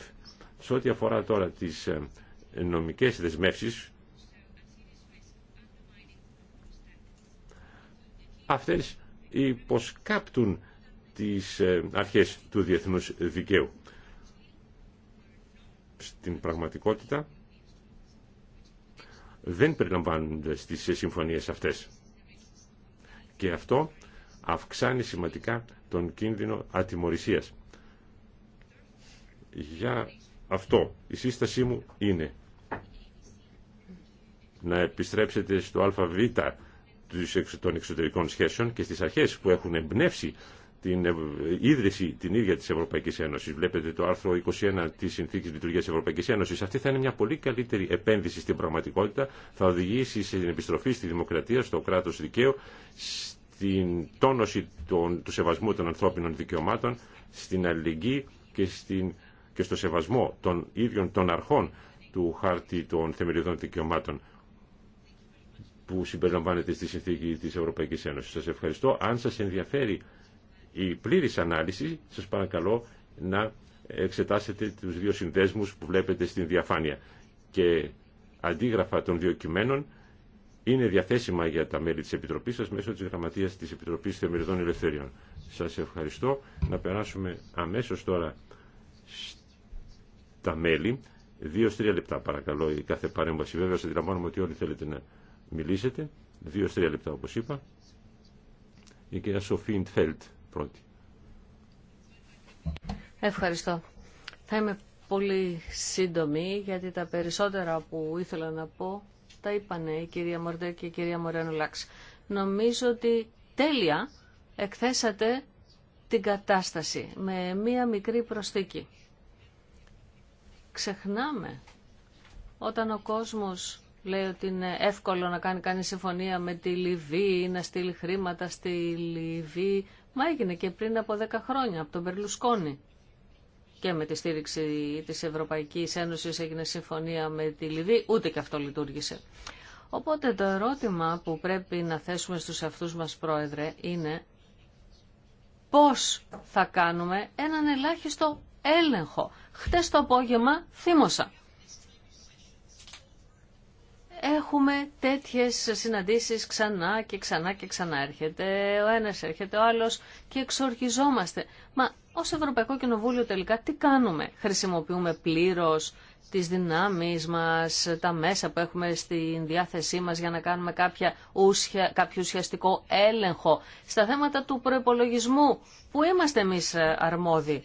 Speaker 3: Σε ό,τι αφορά τώρα τις ε, νομικές δεσμεύσεις, αυτές υποσκάπτουν τις ε, αρχές του διεθνούς δικαίου. Στην πραγματικότητα, δεν περιλαμβάνονται στις συμφωνίες αυτές. Και αυτό αυξάνει σημαντικά τον κίνδυνο ατιμορρησίας. Για αυτό η σύστασή μου είναι να επιστρέψετε στο αβ των εξωτερικών σχέσεων και στις αρχές που έχουν εμπνεύσει την ίδρυση την ίδια της Ευρωπαϊκής Ένωσης. Βλέπετε το άρθρο 21 της Συνθήκης Λειτουργίας της Ευρωπαϊκής Ένωσης. Αυτή θα είναι μια πολύ καλύτερη επένδυση στην πραγματικότητα, θα οδηγήσει στην επιστροφή στη δημοκρατία, στο κράτος δικαίου, στην τόνωση των, του σεβασμού των ανθρώπινων δικαιωμάτων, στην αλληλεγγύη και, στην, και στο σεβασμό των ίδιων των αρχών του χάρτη των θεμελιωδών δικαιωμάτων που συμπεριλαμβάνεται στη συνθήκη της Ευρωπαϊκής Ένωσης. Σας ευχαριστώ. Αν σας ενδιαφέρει η πλήρης ανάλυση σας παρακαλώ να εξετάσετε τους δύο συνδέσμους που βλέπετε στην διαφάνεια και αντίγραφα των δύο κειμένων είναι διαθέσιμα για τα μέλη της Επιτροπής σας μέσω της Γραμματείας της Επιτροπής Θεμεριδών Ελευθεριών. Σας ευχαριστώ. Να περάσουμε αμέσως τώρα στα μέλη. Δύο-τρία λεπτά παρακαλώ η κάθε παρέμβαση. Βέβαια, σας αντιλαμβάνομαι ότι όλοι θέλετε να μιλήσετε. Δύο-τρία λεπτά όπως είπα. Η κυρία Σοφίντ Φέλτ.
Speaker 2: Ευχαριστώ. Θα είμαι πολύ σύντομη γιατί τα περισσότερα που ήθελα να πω τα είπανε η κυρία Μορδέ και η κυρία Μορένου Λάξ. Νομίζω ότι τέλεια εκθέσατε την κατάσταση με μία μικρή προσθήκη. Ξεχνάμε όταν ο κόσμος λέει ότι είναι εύκολο να κάνει κάνει συμφωνία με τη Λιβύη, να στείλει χρήματα στη Λιβύη, Μα έγινε και πριν από δέκα χρόνια από τον Περλουσκόνη. Και με τη στήριξη της ευρωπαϊκή Ένωσης έγινε συμφωνία με τη Λιβύη, ούτε και αυτό λειτουργήσε. Οπότε το ερώτημα που πρέπει να θέσουμε στους αυτούς μας πρόεδρε είναι πώς θα κάνουμε έναν ελάχιστο έλεγχο. Χτες το απόγευμα θύμωσα έχουμε τέτοιες συναντήσεις ξανά και ξανά και ξανά έρχεται ο ένας έρχεται ο άλλος και εξορχιζόμαστε. Μα ως Ευρωπαϊκό Κοινοβούλιο τελικά τι κάνουμε. Χρησιμοποιούμε πλήρως τις δυνάμεις μας, τα μέσα που έχουμε στην διάθεσή μας για να κάνουμε κάποια κάποιο ουσιαστικό έλεγχο στα θέματα του προπολογισμού που είμαστε εμείς ε, αρμόδιοι.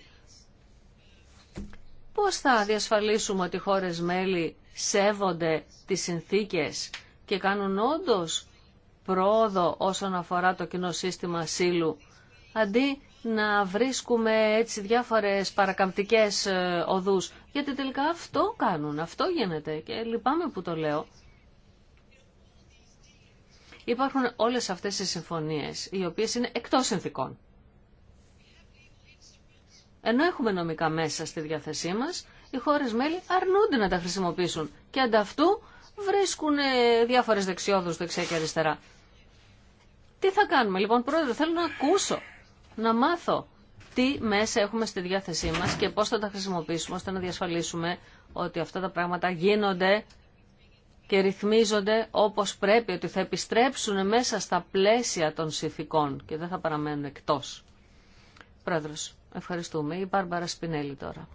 Speaker 2: Πώς θα διασφαλίσουμε ότι οι μέλη σέβονται τις συνθήκες και κάνουν όντως πρόοδο όσον αφορά το κοινό σύστημα ασύλου, αντί να βρίσκουμε έτσι διάφορες παρακαμπτικές ε, οδούς. Γιατί τελικά αυτό κάνουν, αυτό γίνεται και λυπάμαι που το λέω. Υπάρχουν όλες αυτές οι συμφωνίες, οι οποίες είναι εκτός συνθήκων. Ενώ έχουμε νομικά μέσα στη διάθεσή μας οι χώρε μέλη αρνούνται να τα χρησιμοποιήσουν και ανταυτού βρίσκουν ε, διάφορες δεξιόδους δεξιά και αριστερά. Τι θα κάνουμε λοιπόν πρόεδρε, θέλω να ακούσω, να μάθω τι μέσα έχουμε στη διάθεσή μας και πώ θα τα χρησιμοποιήσουμε ώστε να διασφαλίσουμε ότι αυτά τα πράγματα γίνονται και ρυθμίζονται όπως πρέπει, ότι θα επιστρέψουν μέσα στα πλαίσια των συνθηκών και δεν θα παραμένουν εκτός. Πρόεδρος, ευχαριστούμε. Η Μπάρμπαρα Σπινέλη τώρα.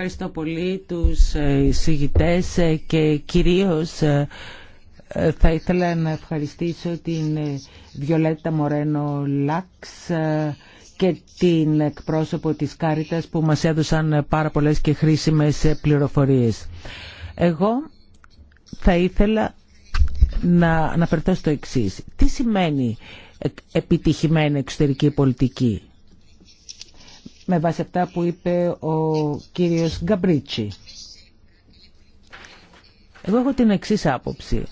Speaker 1: Ευχαριστώ πολύ τους ε, συγητές ε, και κυρίως ε, θα ήθελα να ευχαριστήσω την Βιολέτα Μορένο Λάξ και την εκπρόσωπο της Κάριτας που μας έδωσαν πάρα πολλές και χρήσιμες πληροφορίες. Εγώ θα ήθελα να αναφερθώ στο εξής. Τι σημαίνει επιτυχημένη εξωτερική πολιτική με βάση αυτά που είπε ο κύριος Γκαμπρίτσι. Εγώ έχω την εξής άποψη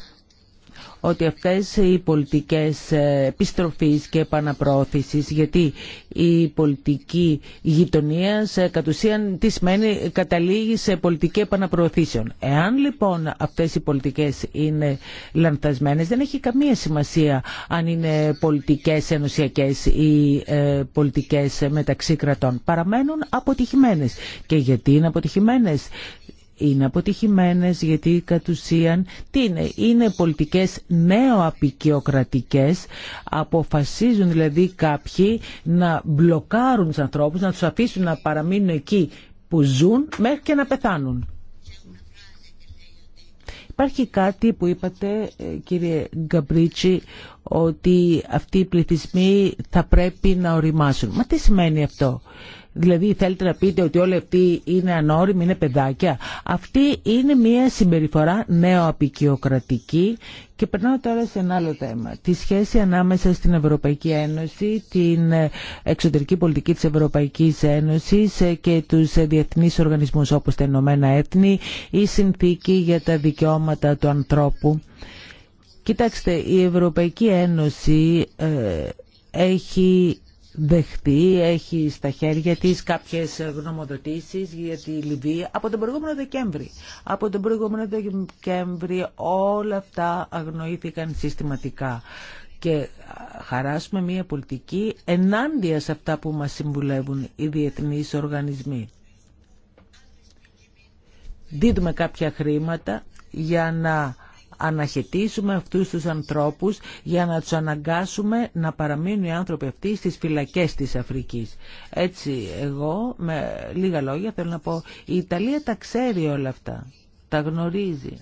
Speaker 1: ότι αυτές οι πολιτικές επιστροφής και επαναπρόθεσης, γιατί η πολιτική γειτονία ε, κατ' ουσίαν τι σημαίνει καταλήγει σε πολιτική επαναπροωθήσεων. Εάν λοιπόν αυτές οι πολιτικές είναι λανθασμένες, δεν έχει καμία σημασία αν είναι πολιτικές ενωσιακές ή ε, πολιτικές μεταξύ κρατών. Παραμένουν αποτυχημένες. Και γιατί είναι αποτυχημένες είναι αποτυχημένες γιατί κατ' ουσίαν τι είναι, είναι πολιτικές νεοαπικιοκρατικές αποφασίζουν δηλαδή κάποιοι να μπλοκάρουν τους ανθρώπους να τους αφήσουν να παραμείνουν εκεί που ζουν μέχρι και να πεθάνουν Υπάρχει κάτι που είπατε ε, κύριε Γκαμπρίτσι ότι αυτοί οι πληθυσμοί θα πρέπει να οριμάσουν. Μα τι σημαίνει αυτό. Δηλαδή θέλετε να πείτε ότι όλοι αυτοί είναι ανώριμοι, είναι παιδάκια. Αυτή είναι μια συμπεριφορά νεοαπικιοκρατική και περνάω τώρα σε ένα άλλο θέμα. Τη σχέση ανάμεσα στην Ευρωπαϊκή Ένωση, την εξωτερική πολιτική της Ευρωπαϊκής Ένωσης και τους διεθνείς οργανισμούς όπως τα Ηνωμένα Έθνη, η συνθήκη για τα δικαιώματα του ανθρώπου. Κοιτάξτε, η Ευρωπαϊκή Ένωση ε, έχει δεχτεί, έχει στα χέρια της κάποιες γνωμοδοτήσεις για τη Λιβύη από τον προηγούμενο Δεκέμβρη. Από τον προηγούμενο Δεκέμβρη όλα αυτά αγνοήθηκαν συστηματικά και χαράσουμε μια πολιτική ενάντια σε αυτά που μας συμβουλεύουν οι διεθνείς οργανισμοί. Δίδουμε κάποια χρήματα για να αναχαιτήσουμε αυτούς τους ανθρώπους για να τους αναγκάσουμε να παραμείνουν οι άνθρωποι αυτοί στις φυλακές της Αφρικής. Έτσι εγώ με λίγα λόγια θέλω να πω η Ιταλία τα ξέρει όλα αυτά, τα γνωρίζει.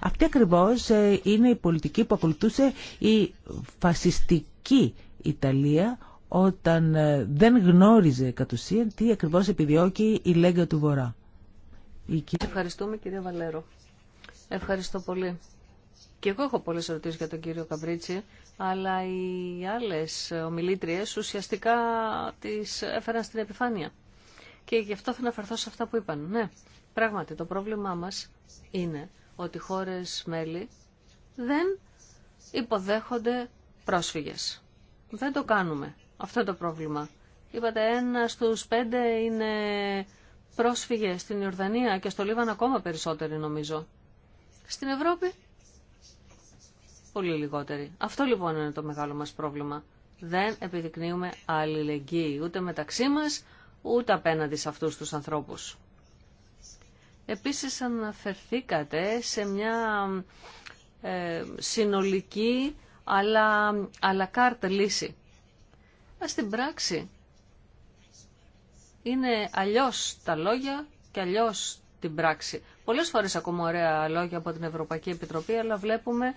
Speaker 1: Αυτή ακριβώς ε, είναι η πολιτική που ακολουθούσε η φασιστική Ιταλία όταν ε, δεν γνώριζε κατ' ουσίαν τι ακριβώς επιδιώκει η Λέγκα του Βορρά.
Speaker 2: Ευχαριστούμε κύριε Βαλέρο. Ευχαριστώ πολύ. Και εγώ έχω πολλές ερωτήσεις για τον κύριο Καμπρίτσι, αλλά οι άλλες ομιλήτριες ουσιαστικά τις έφεραν στην επιφάνεια. Και γι' αυτό θα αναφερθώ σε αυτά που είπαν. Ναι, πράγματι το πρόβλημά μας είναι ότι χώρες μέλη δεν υποδέχονται πρόσφυγες. Δεν το κάνουμε. Αυτό το πρόβλημα. Είπατε ένα στους πέντε είναι πρόσφυγες στην Ιορδανία και στο Λίβανο ακόμα περισσότεροι νομίζω. Στην Ευρώπη πολύ λιγότεροι. Αυτό λοιπόν είναι το μεγάλο μας πρόβλημα. Δεν επιδεικνύουμε αλληλεγγύη ούτε μεταξύ μας, ούτε απέναντι σε αυτούς τους ανθρώπους. Επίσης αναφερθήκατε σε μια ε, συνολική αλλά κάρτα λύση. Στην πράξη είναι αλλιώς τα λόγια και αλλιώς την πράξη. Πολλές φορές ακούμε ωραία λόγια από την Ευρωπαϊκή Επιτροπή, αλλά βλέπουμε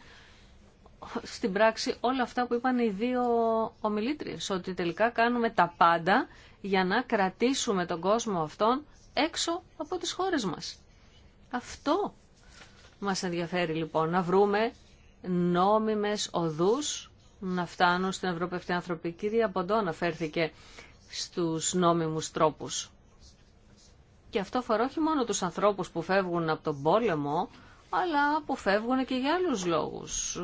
Speaker 2: στην πράξη όλα αυτά που είπαν οι δύο ομιλήτριες, ότι τελικά κάνουμε τα πάντα για να κρατήσουμε τον κόσμο αυτόν έξω από τις χώρες μας. Αυτό μας ενδιαφέρει λοιπόν, να βρούμε νόμιμες οδούς να φτάνουν στην Ευρωπαϊκή Ανθρωπή. Κυρία Ποντό στους νόμιμους τρόπους. Και αυτό αφορά όχι μόνο τους ανθρώπους που φεύγουν από τον πόλεμο, αλλά που φεύγουν και για άλλους λόγους,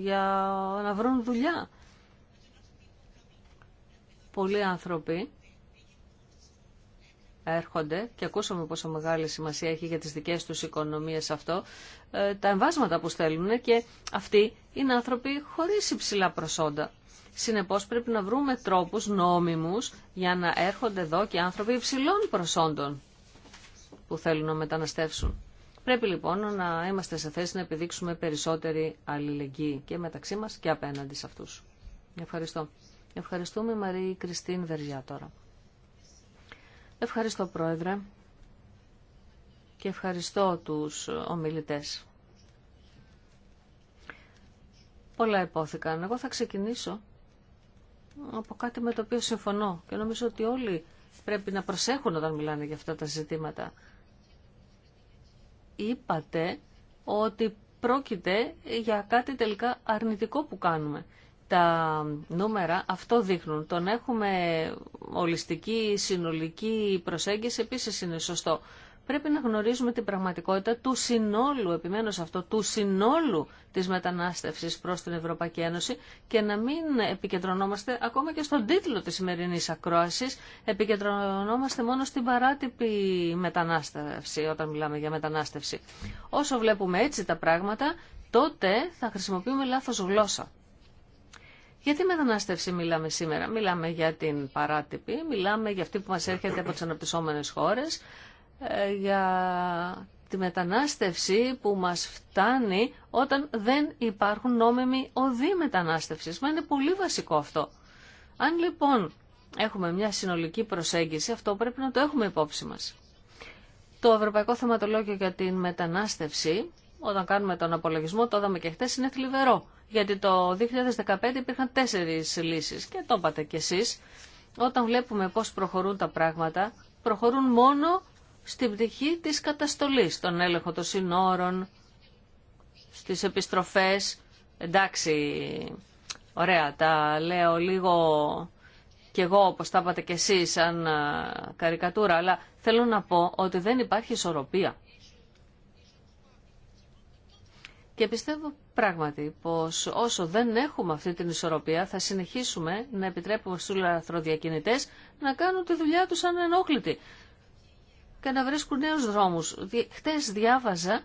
Speaker 2: για να βρουν δουλειά. Πολλοί άνθρωποι έρχονται και ακούσαμε πόσο μεγάλη σημασία έχει για τις δικές τους οικονομίες αυτό, ε, τα εμβάσματα που στέλνουν και αυτοί είναι άνθρωποι χωρίς υψηλά προσόντα. Συνεπώς πρέπει να βρούμε τρόπους νόμιμους για να έρχονται εδώ και άνθρωποι υψηλών προσόντων που θέλουν να μεταναστεύσουν. Πρέπει λοιπόν να είμαστε σε θέση να επιδείξουμε περισσότερη αλληλεγγύη και μεταξύ μας και απέναντι σε αυτούς. Ευχαριστώ. Ευχαριστούμε Μαρή Κριστίν Βεριά τώρα. Ευχαριστώ Πρόεδρε και ευχαριστώ τους ομιλητές. Πολλά υπόθηκαν. Εγώ θα ξεκινήσω από κάτι με το οποίο συμφωνώ και νομίζω ότι όλοι πρέπει να προσέχουν όταν μιλάνε για αυτά τα ζητήματα. Είπατε ότι πρόκειται για κάτι τελικά αρνητικό που κάνουμε. Τα νούμερα αυτό δείχνουν. Τον έχουμε ολιστική, συνολική προσέγγιση επίσης είναι σωστό πρέπει να γνωρίζουμε την πραγματικότητα του συνόλου, επιμένω σε αυτό, του συνόλου της μετανάστευσης προς την Ευρωπαϊκή Ένωση και να μην επικεντρωνόμαστε ακόμα και στον τίτλο της σημερινή ακρόασης, επικεντρωνόμαστε μόνο στην παράτυπη μετανάστευση όταν μιλάμε για μετανάστευση. Όσο βλέπουμε έτσι τα πράγματα, τότε θα χρησιμοποιούμε λάθος γλώσσα. Γιατί μετανάστευση μιλάμε σήμερα. Μιλάμε για την παράτυπη, μιλάμε για αυτή που μας έρχεται από τις αναπτυσσόμενες χώρες, ε, για τη μετανάστευση που μας φτάνει όταν δεν υπάρχουν νόμιμοι οδοί μετανάστευσης. Μα είναι πολύ βασικό αυτό. Αν λοιπόν έχουμε μια συνολική προσέγγιση, αυτό πρέπει να το έχουμε υπόψη μας. Το Ευρωπαϊκό Θεματολόγιο για την Μετανάστευση, όταν κάνουμε τον απολογισμό, το είδαμε και χθε είναι θλιβερό. Γιατί το 2015 υπήρχαν τέσσερις λύσεις και το είπατε κι εσείς. Όταν βλέπουμε πώς προχωρούν τα πράγματα, προχωρούν μόνο στην πτυχή της καταστολής, στον έλεγχο των συνόρων, στις επιστροφές. Εντάξει, ωραία, τα λέω λίγο κι εγώ όπως τα είπατε κι εσείς σαν καρικατούρα, αλλά θέλω να πω ότι δεν υπάρχει ισορροπία. Και πιστεύω πράγματι πως όσο δεν έχουμε αυτή την ισορροπία θα συνεχίσουμε να επιτρέπουμε στους λαθροδιακινητές να κάνουν τη δουλειά τους ανενόχλητη και να βρίσκουν νέους δρόμους. Χτες διάβαζα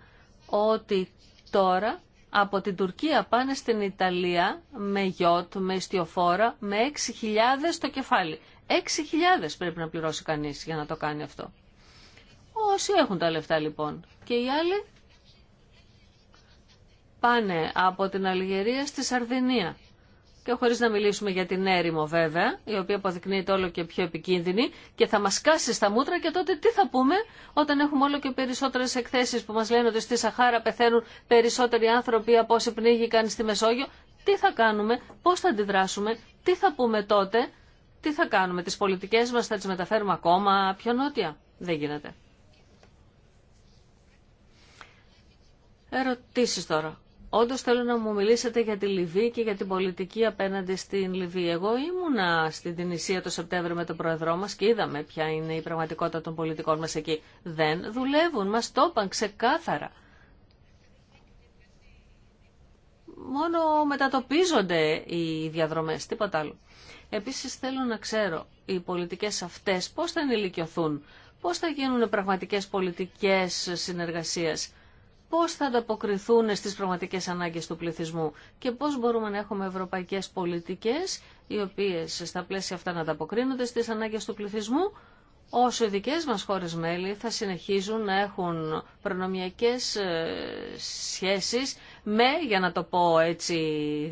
Speaker 2: ότι τώρα από την Τουρκία πάνε στην Ιταλία με γιότ, με ιστιοφόρα, με 6.000 το κεφάλι. 6.000 πρέπει να πληρώσει κανείς για να το κάνει αυτό. Όσοι έχουν τα λεφτά λοιπόν. Και οι άλλοι πάνε από την Αλγερία στη Σαρδινία και χωρίς να μιλήσουμε για την έρημο βέβαια, η οποία αποδεικνύεται όλο και πιο επικίνδυνη και θα μας κάσει στα μούτρα και τότε τι θα πούμε όταν έχουμε όλο και περισσότερες εκθέσεις που μας λένε ότι στη Σαχάρα πεθαίνουν περισσότεροι άνθρωποι από όσοι πνίγηκαν στη Μεσόγειο. Τι θα κάνουμε, πώς θα αντιδράσουμε, τι θα πούμε τότε, τι θα κάνουμε, τις πολιτικές μας θα τις μεταφέρουμε ακόμα πιο νότια. Δεν γίνεται. Ερωτήσεις τώρα. Όντως θέλω να μου μιλήσετε για τη Λιβύη και για την πολιτική απέναντι στην Λιβύη. Εγώ ήμουνα στην Τινησία το Σεπτέμβριο με τον Πρόεδρό μας και είδαμε ποια είναι η πραγματικότητα των πολιτικών μας εκεί. Δεν δουλεύουν, μας το είπαν ξεκάθαρα. Μόνο μετατοπίζονται οι διαδρομές, τίποτα άλλο. Επίσης θέλω να ξέρω οι πολιτικές αυτές πώς θα ενηλικιωθούν, πώς θα γίνουν πραγματικές πολιτικές συνεργασίες πώς θα ανταποκριθούν στις πραγματικές ανάγκες του πληθυσμού και πώς μπορούμε να έχουμε ευρωπαϊκές πολιτικές οι οποίες στα πλαίσια αυτά να ανταποκρίνονται στις ανάγκες του πληθυσμού όσο οι δικές μας χώρες μέλη θα συνεχίζουν να έχουν προνομιακές ε, σχέσεις με, για να το πω έτσι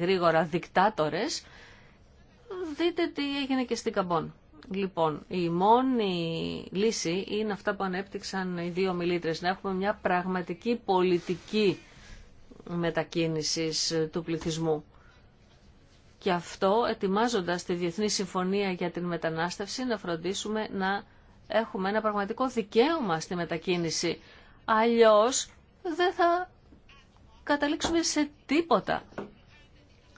Speaker 2: γρήγορα, δικτάτορες. Δείτε τι έγινε και στην Καμπόν. Λοιπόν, η μόνη λύση είναι αυτά που ανέπτυξαν οι δύο μιλήτρες, να έχουμε μια πραγματική πολιτική μετακίνησης του πληθυσμού. Και αυτό ετοιμάζοντας τη Διεθνή Συμφωνία για την Μετανάστευση να φροντίσουμε να έχουμε ένα πραγματικό δικαίωμα στη μετακίνηση. Αλλιώς δεν θα καταλήξουμε σε τίποτα.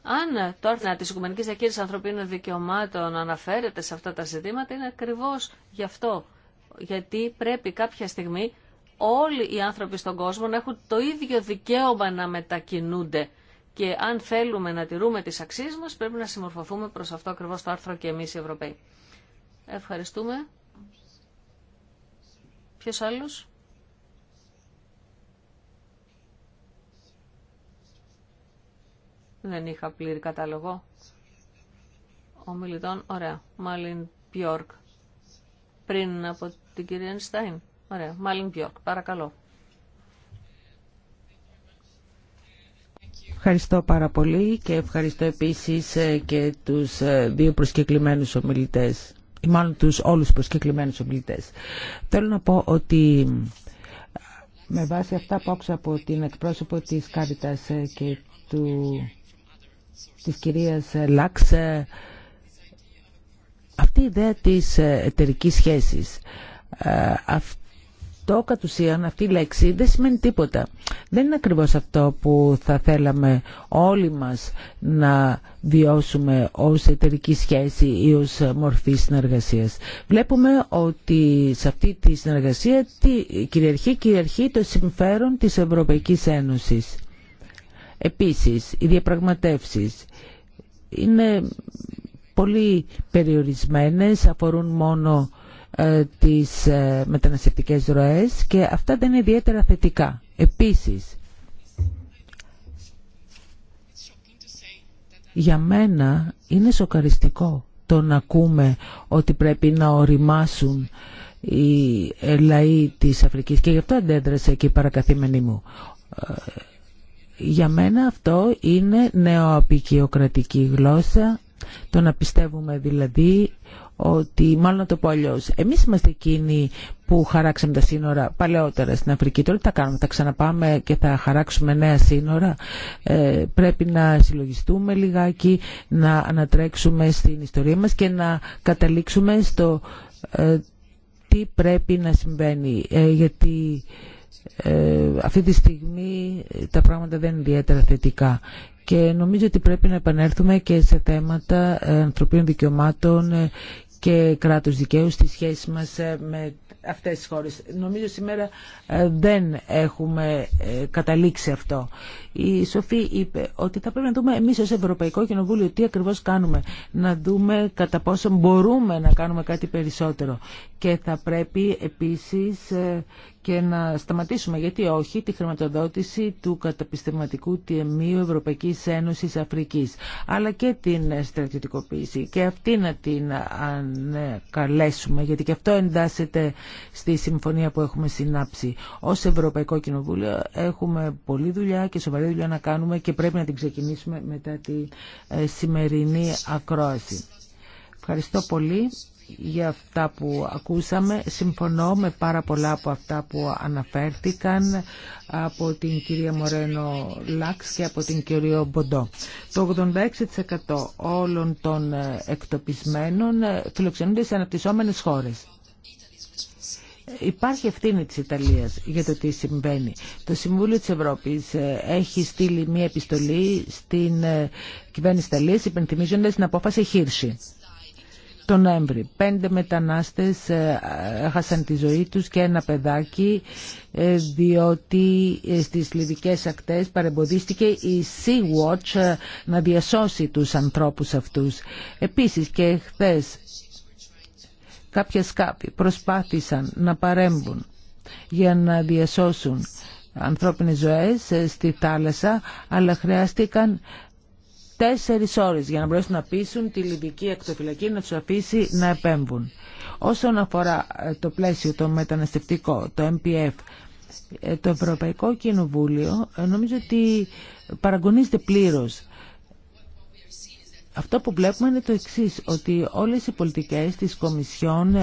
Speaker 2: Αν το άρθρο τη Οικουμενική Διακήρυξη Ανθρωπίνων Δικαιωμάτων αναφέρεται σε αυτά τα ζητήματα, είναι ακριβώ γι' αυτό. Γιατί πρέπει κάποια στιγμή όλοι οι άνθρωποι στον κόσμο να έχουν το ίδιο δικαίωμα να μετακινούνται. Και αν θέλουμε να τηρούμε τις αξίες μας, πρέπει να συμμορφωθούμε προς αυτό ακριβώς το άρθρο και εμείς οι Ευρωπαίοι. Ευχαριστούμε. Ποιο άλλος? Δεν είχα πλήρη κατάλογο ομιλητών. Ωραία. Μάλιν Πιόρκ. Πριν από την κυρία Ενστάιν. Ωραία. Μάλιν Πιόρκ. Παρακαλώ.
Speaker 1: Ευχαριστώ πάρα πολύ και ευχαριστώ επίσης ε, και τους ε, δύο προσκεκλημένους ομιλητές ή μάλλον τους όλους προσκεκλημένους ομιλητές. Θέλω να πω ότι ε, με βάση αυτά που άκουσα από την εκπρόσωπο της Κάριτας και του της κυρίας Λάξ ε, αυτή η ιδέα της ε, εταιρική σχέσης ε, αυτό κατ' ουσίαν αυτή η λέξη δεν σημαίνει τίποτα δεν είναι ακριβώς αυτό που θα θέλαμε όλοι μας να βιώσουμε ως εταιρική σχέση ή ως μορφή συνεργασίας βλέπουμε ότι σε αυτή τη συνεργασία κυριαρχεί, κυριαρχεί το συμφέρον της Ευρωπαϊκής Ένωσης Επίσης, οι διαπραγματεύσεις είναι πολύ περιορισμένες, αφορούν μόνο ε, τις ε, μεταναστευτικές ροές και αυτά δεν είναι ιδιαίτερα θετικά. Επίσης, για μένα είναι σοκαριστικό το να ακούμε ότι πρέπει να οριμάσουν οι ε, λαοί της Αφρικής και γι' αυτό αντέδρασε και η παρακαθήμενη μου για μένα αυτό είναι νεοαπικιοκρατική γλώσσα, το να πιστεύουμε δηλαδή ότι, μάλλον να το πω αλλιώ, εμείς είμαστε εκείνοι που χαράξαμε τα σύνορα παλαιότερα στην Αφρική. Τώρα τα κάνουμε, θα ξαναπάμε και θα χαράξουμε νέα σύνορα. Ε, πρέπει να συλλογιστούμε λιγάκι, να ανατρέξουμε στην ιστορία μας και να καταλήξουμε στο ε, τι πρέπει να συμβαίνει. Ε, γιατί ε, αυτή τη στιγμή ε, τα πράγματα δεν είναι ιδιαίτερα θετικά και νομίζω ότι πρέπει να επανέλθουμε και σε θέματα ε, ανθρωπίνων δικαιωμάτων και κράτους δικαίου στη σχέση μας με αυτές τις χώρες. Νομίζω σήμερα δεν έχουμε καταλήξει αυτό. Η Σοφή είπε ότι θα πρέπει να δούμε εμείς ως Ευρωπαϊκό Κοινοβούλιο τι ακριβώς κάνουμε. Να δούμε κατά πόσο μπορούμε να κάνουμε κάτι περισσότερο. Και θα πρέπει επίσης και να σταματήσουμε, γιατί όχι, τη χρηματοδότηση του καταπιστευματικού τεμείου Ευρωπαϊκής Ένωσης Αφρικής, αλλά και την στρατιωτικοποίηση. Και αυτή να την καλέσουμε, γιατί και αυτό εντάσσεται στη συμφωνία που έχουμε συνάψει. Ως Ευρωπαϊκό Κοινοβούλιο έχουμε πολλή δουλειά και σοβαρή δουλειά να κάνουμε και πρέπει να την ξεκινήσουμε μετά τη ε, σημερινή ακρόαση. Ευχαριστώ πολύ για αυτά που ακούσαμε. Συμφωνώ με πάρα πολλά από αυτά που αναφέρθηκαν από την κυρία Μορένο Λάξ και από την κυρία Μποντό. Το 86% όλων των εκτοπισμένων φιλοξενούνται σε αναπτυσσόμενες χώρες. Υπάρχει ευθύνη της Ιταλίας για το τι συμβαίνει. Το Συμβούλιο της Ευρώπης ε, έχει στείλει μία επιστολή στην ε, κυβέρνηση Ιταλίας υπενθυμίζοντας την απόφαση Χίρση τον Νοέμβρη. Πέντε μετανάστες ε, έχασαν τη ζωή τους και ένα παιδάκι ε, διότι ε, στις λιβικές ακτές παρεμποδίστηκε η Sea Watch να διασώσει τους ανθρώπους αυτούς. Επίσης και χθες κάποια κάποιοι προσπάθησαν να παρέμβουν για να διασώσουν ανθρώπινες ζωές στη θάλασσα, αλλά χρειάστηκαν τέσσερις ώρες για να μπορέσουν να πείσουν τη Λιβική εκτοφυλακή να του αφήσει να επέμβουν. Όσον αφορά ε, το πλαίσιο, το μεταναστευτικό, το MPF, ε, το Ευρωπαϊκό Κοινοβούλιο ε, νομίζω ότι παραγωνίζεται πλήρως. Αυτό που βλέπουμε είναι το εξής ότι όλες οι πολιτικές της Κομισιόν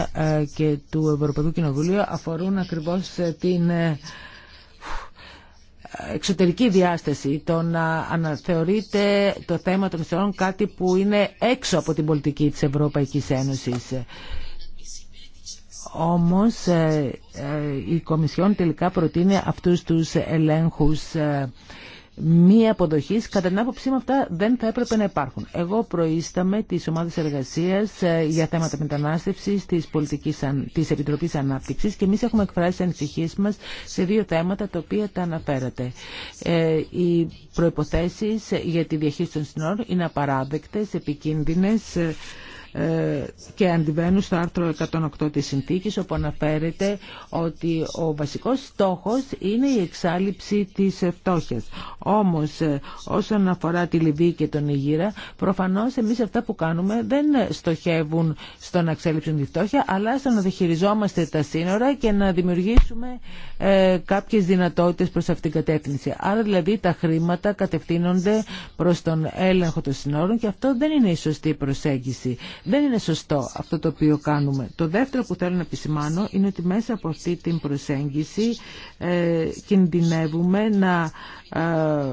Speaker 1: και του Ευρωπαϊκού Κοινοβουλίου αφορούν ακριβώς την εξωτερική διάσταση, το να αναθεωρείται το θέμα των μισθών κάτι που είναι έξω από την πολιτική της Ευρωπαϊκής Ένωσης. Όμως ε, ε, η Κομισιόν τελικά προτείνει αυτούς τους ελέγχους ε, μία αποδοχής, κατά την άποψή μου αυτά δεν θα έπρεπε να υπάρχουν. Εγώ προείσταμαι τις ομάδες εργασίας ε, για θέματα μετανάστευση τη επιτροπή ανάπτυξη. Επιτροπής Ανάπτυξης και εμείς έχουμε εκφράσει ανησυχίε μα σε δύο θέματα τα οποία τα αναφέρατε. Ε, οι προποθέσει για τη διαχείριση των συνόρων είναι απαράδεκτες, επικίνδυνες, ε, ε, και αντιβαίνουν στο άρθρο 108 της συνθήκης όπου αναφέρεται ότι ο βασικός στόχος είναι η εξάλληψη της φτώχειας. Όμως ε, όσον αφορά τη Λιβύη και τον Ιγύρα προφανώς εμείς αυτά που κάνουμε δεν στοχεύουν στο να εξάλληψουν τη φτώχεια αλλά στο να διχειριζόμαστε τα σύνορα και να δημιουργήσουμε ε, κάποιες δυνατότητες προς αυτήν την κατεύθυνση. Άρα δηλαδή τα χρήματα κατευθύνονται προς τον έλεγχο των σύνορων και αυτό δεν είναι η σωστή προσέγγιση. Δεν είναι σωστό αυτό το οποίο κάνουμε. Το δεύτερο που θέλω να επισημάνω είναι ότι μέσα από αυτή την προσέγγιση ε, κινδυνεύουμε να ε, ε,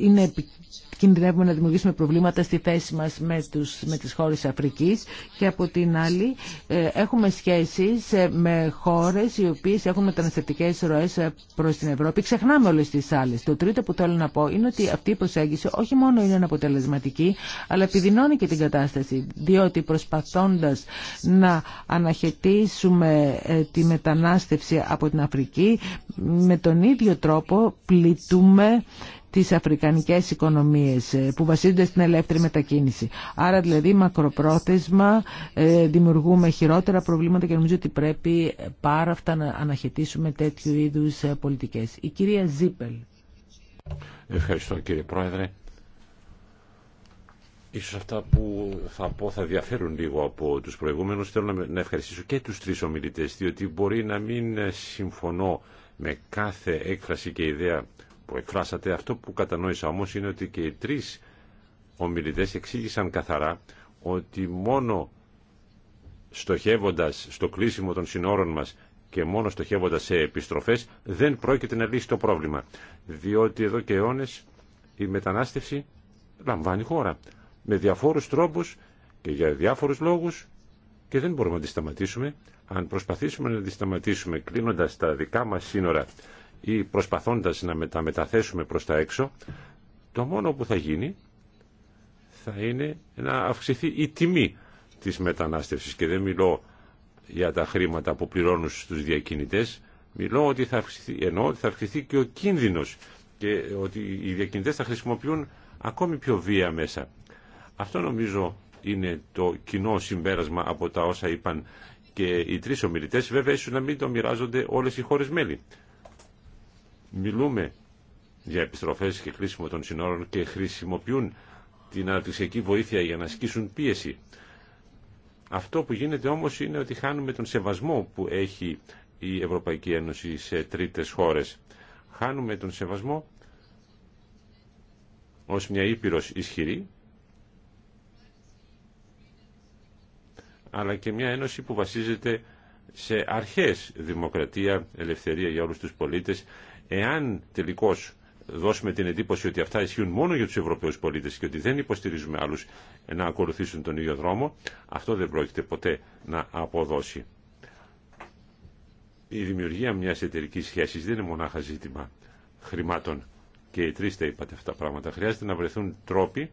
Speaker 1: είναι επικίνδυνο κινδυνεύουμε να δημιουργήσουμε προβλήματα στη θέση μας με, τους, με τις χώρες Αφρικής και από την άλλη ε, έχουμε σχέσεις ε, με χώρες οι οποίες έχουν μεταναστευτικές ροές ε, προς την Ευρώπη. Ξεχνάμε όλες τις άλλες. Το τρίτο που θέλω να πω είναι ότι αυτή η προσέγγιση όχι μόνο είναι αποτελεσματική αλλά επιδεινώνει και την κατάσταση διότι προσπαθώντας να αναχαιτήσουμε τη μετανάστευση από την Αφρική με τον ίδιο τρόπο πλητούμε τις αφρικανικές οικονομίες ε, που βασίζονται στην ελεύθερη μετακίνηση. Άρα δηλαδή μακροπρόθεσμα ε, δημιουργούμε χειρότερα προβλήματα και νομίζω ότι πρέπει πάρα αυτά να αναχαιτήσουμε τέτοιου είδους ε, πολιτικές. Η κυρία Ζίπελ.
Speaker 3: Ευχαριστώ κύριε Πρόεδρε. Ίσως αυτά που θα πω θα διαφέρουν λίγο από τους προηγούμενους. Θέλω να ευχαριστήσω και τους τρεις ομιλητές, διότι μπορεί να μην συμφωνώ με κάθε έκφραση και ιδέα που εκφράσατε. Αυτό που κατανόησα όμω είναι ότι και οι τρει ομιλητέ εξήγησαν καθαρά ότι μόνο στοχεύοντα στο κλείσιμο των συνόρων μα και μόνο στοχεύοντα σε επιστροφές δεν πρόκειται να λύσει το πρόβλημα. Διότι εδώ και αιώνε η μετανάστευση λαμβάνει χώρα με διαφόρους τρόπους και για διάφορους λόγου και δεν μπορούμε να τη σταματήσουμε. Αν προσπαθήσουμε να τη σταματήσουμε κλείνοντα τα δικά μα σύνορα ή προσπαθώντας να τα μεταθέσουμε προς τα έξω, το μόνο που θα γίνει θα είναι να αυξηθεί η τιμή της μετανάστευσης και δεν μιλώ για τα χρήματα που πληρώνουν στους διακινητές, μιλώ ότι θα αυξηθεί, εννοώ ότι θα αυξηθεί και ο κίνδυνος και ότι οι διακινητές θα χρησιμοποιούν ακόμη πιο βία μέσα. Αυτό νομίζω είναι το κοινό συμπέρασμα από τα όσα είπαν και οι τρεις ομιλητές, βέβαια ίσως να μην το μοιράζονται όλες οι χώρες μέλη μιλούμε για επιστροφές και κλείσιμο των συνόρων και χρησιμοποιούν την αναπτυξιακή βοήθεια για να ασκήσουν πίεση. Αυτό που γίνεται όμως είναι ότι χάνουμε τον σεβασμό που έχει η Ευρωπαϊκή Ένωση σε τρίτες χώρες. Χάνουμε τον σεβασμό ως μια ήπειρος ισχυρή, αλλά και μια ένωση που βασίζεται σε αρχές δημοκρατία, ελευθερία για όλους τους πολίτες Εάν τελικώς δώσουμε την εντύπωση ότι αυτά ισχύουν μόνο για του Ευρωπαίους πολίτες και ότι δεν υποστηρίζουμε άλλου να ακολουθήσουν τον ίδιο δρόμο, αυτό δεν πρόκειται ποτέ να αποδώσει. Η δημιουργία μια εταιρικής σχέση δεν είναι μονάχα ζήτημα χρημάτων. Και οι τρει τα είπατε αυτά τα πράγματα. Χρειάζεται να βρεθούν τρόποι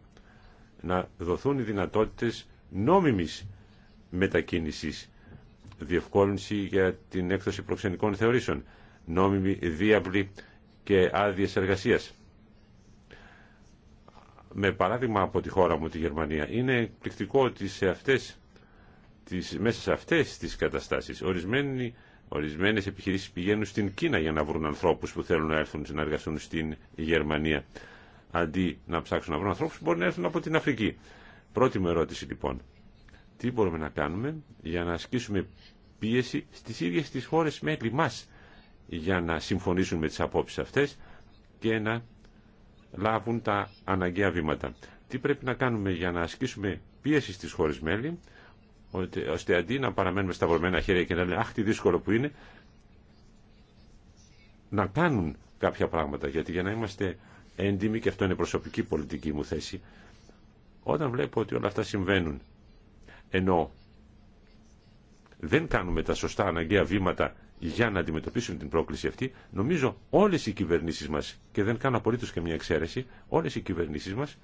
Speaker 3: να δοθούν οι δυνατότητε νόμιμη μετακίνηση διευκόλυνση για την έκδοση προξενικών θεωρήσεων, νόμιμη δίαπλη και άδειε εργασία. Με παράδειγμα από τη χώρα μου, τη Γερμανία, είναι εκπληκτικό ότι σε αυτές, τις, μέσα σε αυτέ τι καταστάσει, ορισμένοι Ορισμένε επιχειρήσει πηγαίνουν στην Κίνα για να βρουν ανθρώπου που θέλουν να έρθουν να εργαστούν στην Γερμανία. Αντί να ψάξουν να βρουν ανθρώπου που μπορεί να έρθουν από την Αφρική. Πρώτη μου ερώτηση λοιπόν. Τι μπορούμε να κάνουμε για να ασκήσουμε πίεση στι ίδιε τι χώρε μέλη μα για να συμφωνήσουν με τις απόψεις αυτές και να λάβουν τα αναγκαία βήματα. Τι πρέπει να κάνουμε για να ασκήσουμε πίεση στις χώρες μέλη, ώστε αντί να παραμένουμε στα σταυρωμένα χέρια και να λέμε «Αχ, τι δύσκολο που είναι», να κάνουν κάποια πράγματα, γιατί για να είμαστε έντιμοι, και αυτό είναι προσωπική πολιτική μου θέση, όταν βλέπω ότι όλα αυτά συμβαίνουν, ενώ δεν κάνουμε τα σωστά αναγκαία βήματα για να αντιμετωπίσουν την πρόκληση αυτή, νομίζω όλες οι κυβερνήσεις μας, και δεν κάνω απολύτως και μια εξαίρεση, όλες οι κυβερνήσεις μας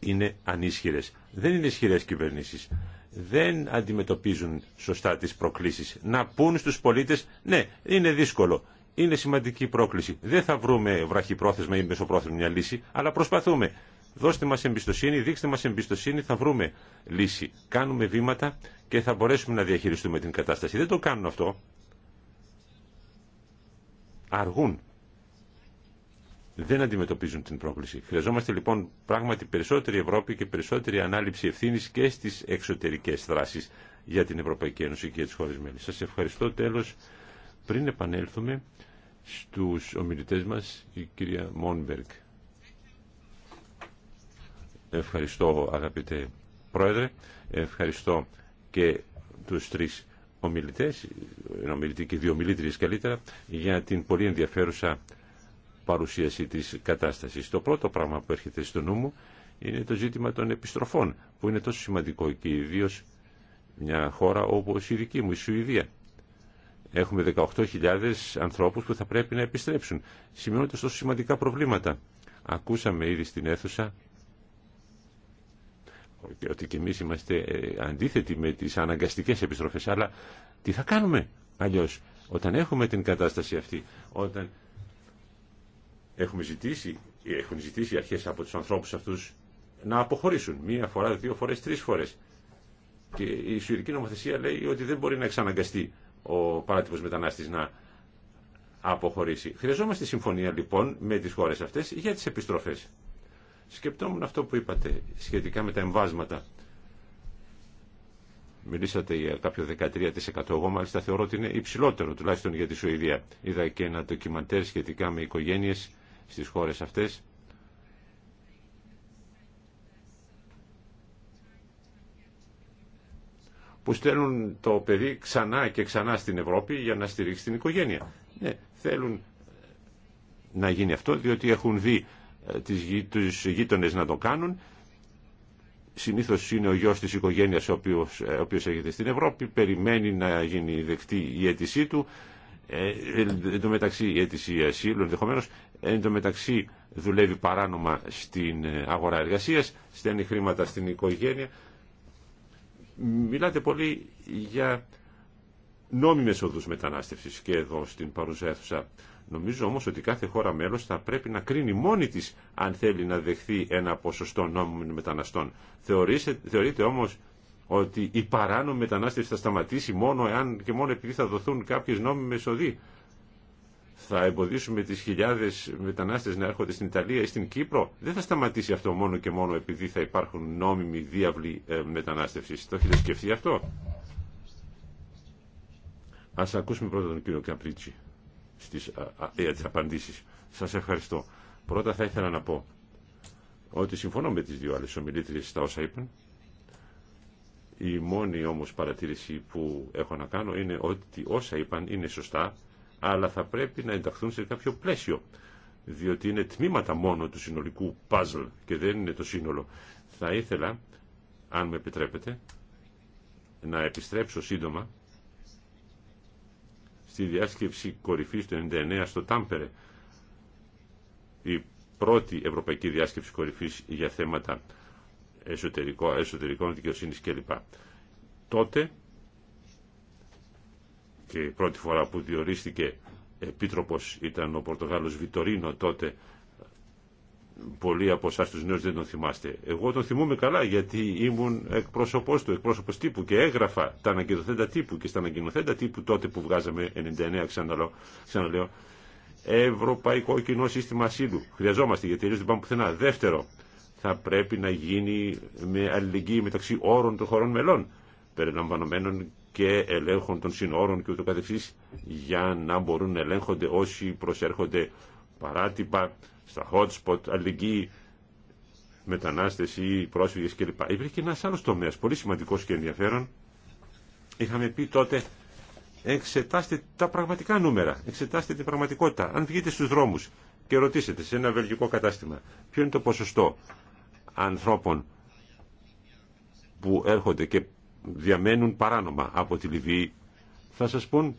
Speaker 3: είναι ανίσχυρες. Δεν είναι ισχυρές κυβερνήσεις. Δεν αντιμετωπίζουν σωστά τις προκλήσεις. Να πούν στους πολίτες, ναι, είναι δύσκολο. Είναι σημαντική πρόκληση. Δεν θα βρούμε βραχυπρόθεσμα ή μεσοπρόθεσμα μια λύση, αλλά προσπαθούμε. Δώστε μας εμπιστοσύνη, δείξτε μας εμπιστοσύνη, θα βρούμε λύση. Κάνουμε βήματα και θα μπορέσουμε να διαχειριστούμε την κατάσταση. Δεν το κάνουν αυτό. Αργούν. Δεν αντιμετωπίζουν την πρόκληση. Χρειαζόμαστε λοιπόν πράγματι περισσότερη Ευρώπη και περισσότερη ανάληψη ευθύνη και στι εξωτερικέ δράσει για την Ευρωπαϊκή Ένωση και για τι χώρε μέλη. Σα ευχαριστώ. Τέλο, πριν επανέλθουμε στου ομιλητέ μα, η κυρία Μόνμπεργκ. Ευχαριστώ αγαπητέ Πρόεδρε, ευχαριστώ και τους τρεις ομιλητές, ομιλητή και δύο ομιλήτριες καλύτερα, για την πολύ ενδιαφέρουσα παρουσίαση της κατάστασης. Το πρώτο πράγμα που έρχεται στο νου μου είναι το ζήτημα των επιστροφών, που είναι τόσο σημαντικό και ιδίω μια χώρα όπως η δική μου, η Σουηδία. Έχουμε 18.000 ανθρώπους που θα πρέπει να επιστρέψουν, σημειώνοντας τόσο σημαντικά προβλήματα. Ακούσαμε ήδη στην αίθουσα ότι και εμείς είμαστε ε, αντίθετοι με τις αναγκαστικές επιστροφές, αλλά τι θα κάνουμε αλλιώς όταν έχουμε την κατάσταση αυτή, όταν έχουμε ζητήσει, έχουν ζητήσει οι αρχές από τους ανθρώπους αυτούς να αποχωρήσουν μία φορά, δύο φορές, τρεις φορές. Και η Σουηδική νομοθεσία λέει ότι δεν μπορεί να εξαναγκαστεί ο παράτυπος μετανάστης να αποχωρήσει. Χρειαζόμαστε συμφωνία λοιπόν με τις χώρες αυτές για τις επιστροφές. Σκεπτόμουν αυτό που είπατε σχετικά με τα εμβάσματα. Μιλήσατε για κάποιο 13%. Εγώ μάλιστα θεωρώ ότι είναι υψηλότερο, τουλάχιστον για τη Σουηδία. Είδα και ένα ντοκιμαντέρ σχετικά με οικογένειε στις χώρες αυτές. που στέλνουν το παιδί ξανά και ξανά στην Ευρώπη για να στηρίξει την οικογένεια. Ναι, θέλουν να γίνει αυτό διότι έχουν δει ε, τους γείτονες να το κάνουν. Συνήθως είναι ο γιος της οικογένειας ο οποίος, ε, ο οποίος έρχεται στην Ευρώπη, περιμένει να γίνει δεκτή η αίτησή του. Ε, εν τω μεταξύ η αίτηση ασύλου ενδεχομένω, εν τω μεταξύ δουλεύει παράνομα στην ε, αγορά εργασία, στέλνει χρήματα στην οικογένεια. Μιλάτε πολύ για νόμιμες οδούς μετανάστευσης και εδώ στην παρουσίασα. Νομίζω όμως ότι κάθε χώρα μέλος θα πρέπει να κρίνει μόνη της αν θέλει να δεχθεί ένα ποσοστό νόμιμων μεταναστών. Θεωρείτε, θεωρείτε όμως ότι η παράνομη μετανάστευση θα σταματήσει μόνο εάν και μόνο επειδή θα δοθούν κάποιες νόμιμες οδοί. Θα εμποδίσουμε τις χιλιάδες μετανάστες να έρχονται στην Ιταλία ή στην Κύπρο. Δεν θα σταματήσει αυτό μόνο και μόνο επειδή θα υπάρχουν νόμιμοι διάβλοι ε, μετανάστευσης. Το έχετε σκεφτεί αυτό. Ας ακούσουμε πρώτα τον κύριο Καπρίτσι στις, για ε, τις απαντήσεις. Σας ευχαριστώ. Πρώτα θα ήθελα να πω ότι συμφωνώ με τις δύο άλλες ομιλήτριες στα όσα είπαν. Η μόνη όμως παρατήρηση που έχω να κάνω είναι ότι όσα είπαν είναι σωστά, αλλά θα πρέπει να ενταχθούν σε κάποιο πλαίσιο, διότι είναι τμήματα μόνο του συνολικού παζλ και δεν είναι το σύνολο. Θα ήθελα, αν με επιτρέπετε, να επιστρέψω σύντομα στη διάσκεψη κορυφή του 99 στο Τάμπερε η πρώτη ευρωπαϊκή διάσκεψη κορυφή για θέματα εσωτερικών εσωτερικών δικαιοσύνη κλπ. Τότε και η πρώτη φορά που διορίστηκε επίτροπος ήταν ο Πορτογάλος Βιτορίνο τότε πολλοί από εσά του νέου δεν τον θυμάστε. Εγώ τον θυμούμαι καλά γιατί ήμουν εκπρόσωπό του, εκπρόσωπο τύπου και έγραφα τα ανακοινοθέντα τύπου και στα ανακοινοθέντα τύπου τότε που βγάζαμε 99, ξαναλέω, Ευρωπαϊκό Κοινό Σύστημα Ασύλου. Χρειαζόμαστε γιατί αλλιώ δεν πάμε πουθενά. Δεύτερο, θα πρέπει να γίνει με αλληλεγγύη μεταξύ όρων των χωρών μελών, περιλαμβανομένων και ελέγχων των συνόρων και ούτω καθεξής, για να μπορούν να ελέγχονται όσοι προσέρχονται παράτυπα στα hot spot, αλληλεγγύη, μετανάστες ή πρόσφυγες κλπ. Υπήρχε και ένας άλλος τομέας, πολύ σημαντικός και ενδιαφέρον. Είχαμε πει τότε, εξετάστε τα πραγματικά νούμερα, εξετάστε την πραγματικότητα. Αν βγείτε στους δρόμους και ρωτήσετε σε ένα βελγικό κατάστημα ποιο είναι το ποσοστό ανθρώπων που έρχονται και διαμένουν παράνομα από τη Λιβύη, θα σας πούν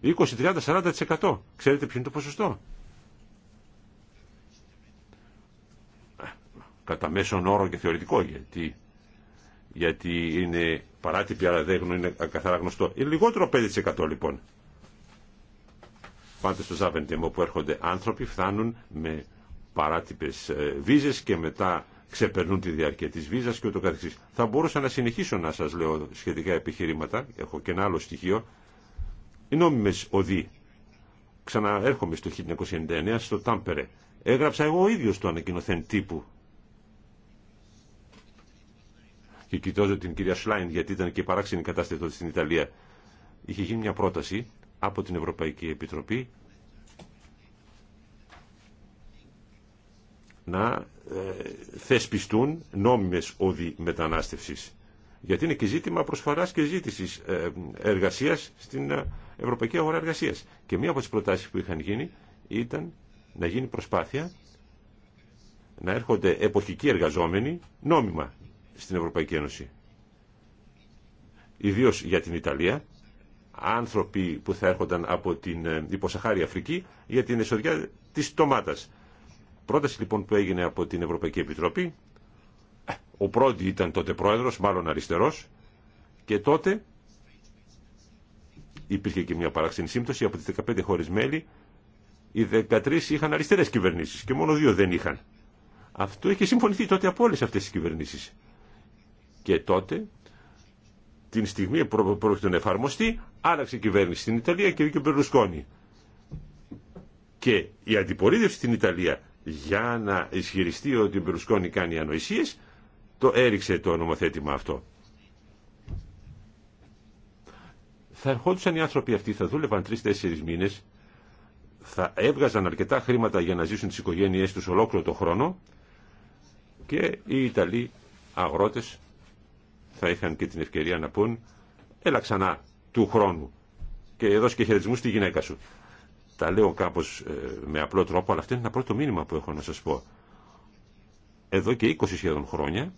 Speaker 3: 20, 30, 40%. Ξέρετε ποιο είναι το ποσοστό. κατά μέσον όρο και θεωρητικό γιατί, γιατί είναι παράτυπη αλλά δεν είναι καθαρά γνωστό. Είναι λιγότερο 5% λοιπόν. Πάντα στο Ζάβεντεμ όπου έρχονται άνθρωποι φτάνουν με παράτυπες ε, βίζες και μετά ξεπερνούν τη διάρκεια της βίζας και ούτω καθεξής. Θα μπορούσα να συνεχίσω να σας λέω σχετικά επιχειρήματα, έχω και ένα άλλο στοιχείο. Οι νόμιμες οδοί. Ξαναέρχομαι στο 1999 στο Τάμπερε. Έγραψα εγώ ίδιος το ανακοινωθέν τύπου και κοιτώζω την κυρία Σλάιν γιατί ήταν και παράξενη κατάσταση τότε στην Ιταλία. Είχε γίνει μια πρόταση από την Ευρωπαϊκή Επιτροπή να ε, θεσπιστούν νόμιμες οδοί μετανάστευσης. Γιατί είναι και ζήτημα προσφοράς και ζήτησης ε, εργασίας στην ε, Ευρωπαϊκή Αγορά Εργασίας. Και μία από τις προτάσεις που είχαν γίνει ήταν να γίνει προσπάθεια να έρχονται εποχικοί εργαζόμενοι νόμιμα στην Ευρωπαϊκή Ένωση. Ιδίω για την Ιταλία, άνθρωποι που θα έρχονταν από την ε, υποσαχάρη Αφρική για την εσωδία τη Στομάτας Πρόταση λοιπόν που έγινε από την Ευρωπαϊκή Επιτροπή, ο πρώτη ήταν τότε πρόεδρο, μάλλον αριστερό, και τότε υπήρχε και μια παράξενη σύμπτωση από τι 15 χώρε μέλη, οι 13 είχαν αριστερέ κυβερνήσει και μόνο δύο δεν είχαν. Αυτό είχε συμφωνηθεί τότε από όλε αυτέ τις κυβερνήσει. Και τότε, την στιγμή που πρόκειται να εφαρμοστεί, άλλαξε η κυβέρνηση στην Ιταλία και βγήκε ο Μπερλουσκόνη. Και η αντιπολίτευση στην Ιταλία για να ισχυριστεί ότι ο Μπερλουσκόνη κάνει ανοησίες, το έριξε το νομοθέτημα αυτό. Θα ερχόντουσαν οι άνθρωποι αυτοί, θα δούλευαν τρει-τέσσερι μήνε, θα έβγαζαν αρκετά χρήματα για να ζήσουν τι οικογένειέ του ολόκληρο το χρόνο και οι Ιταλοί αγρότε θα είχαν και την ευκαιρία να πούν έλα ξανά του χρόνου και εδώ και χαιρετισμού στη γυναίκα σου. Τα λέω κάπως ε, με απλό τρόπο, αλλά αυτό είναι ένα πρώτο μήνυμα που έχω να σας πω. Εδώ και 20 σχεδόν χρόνια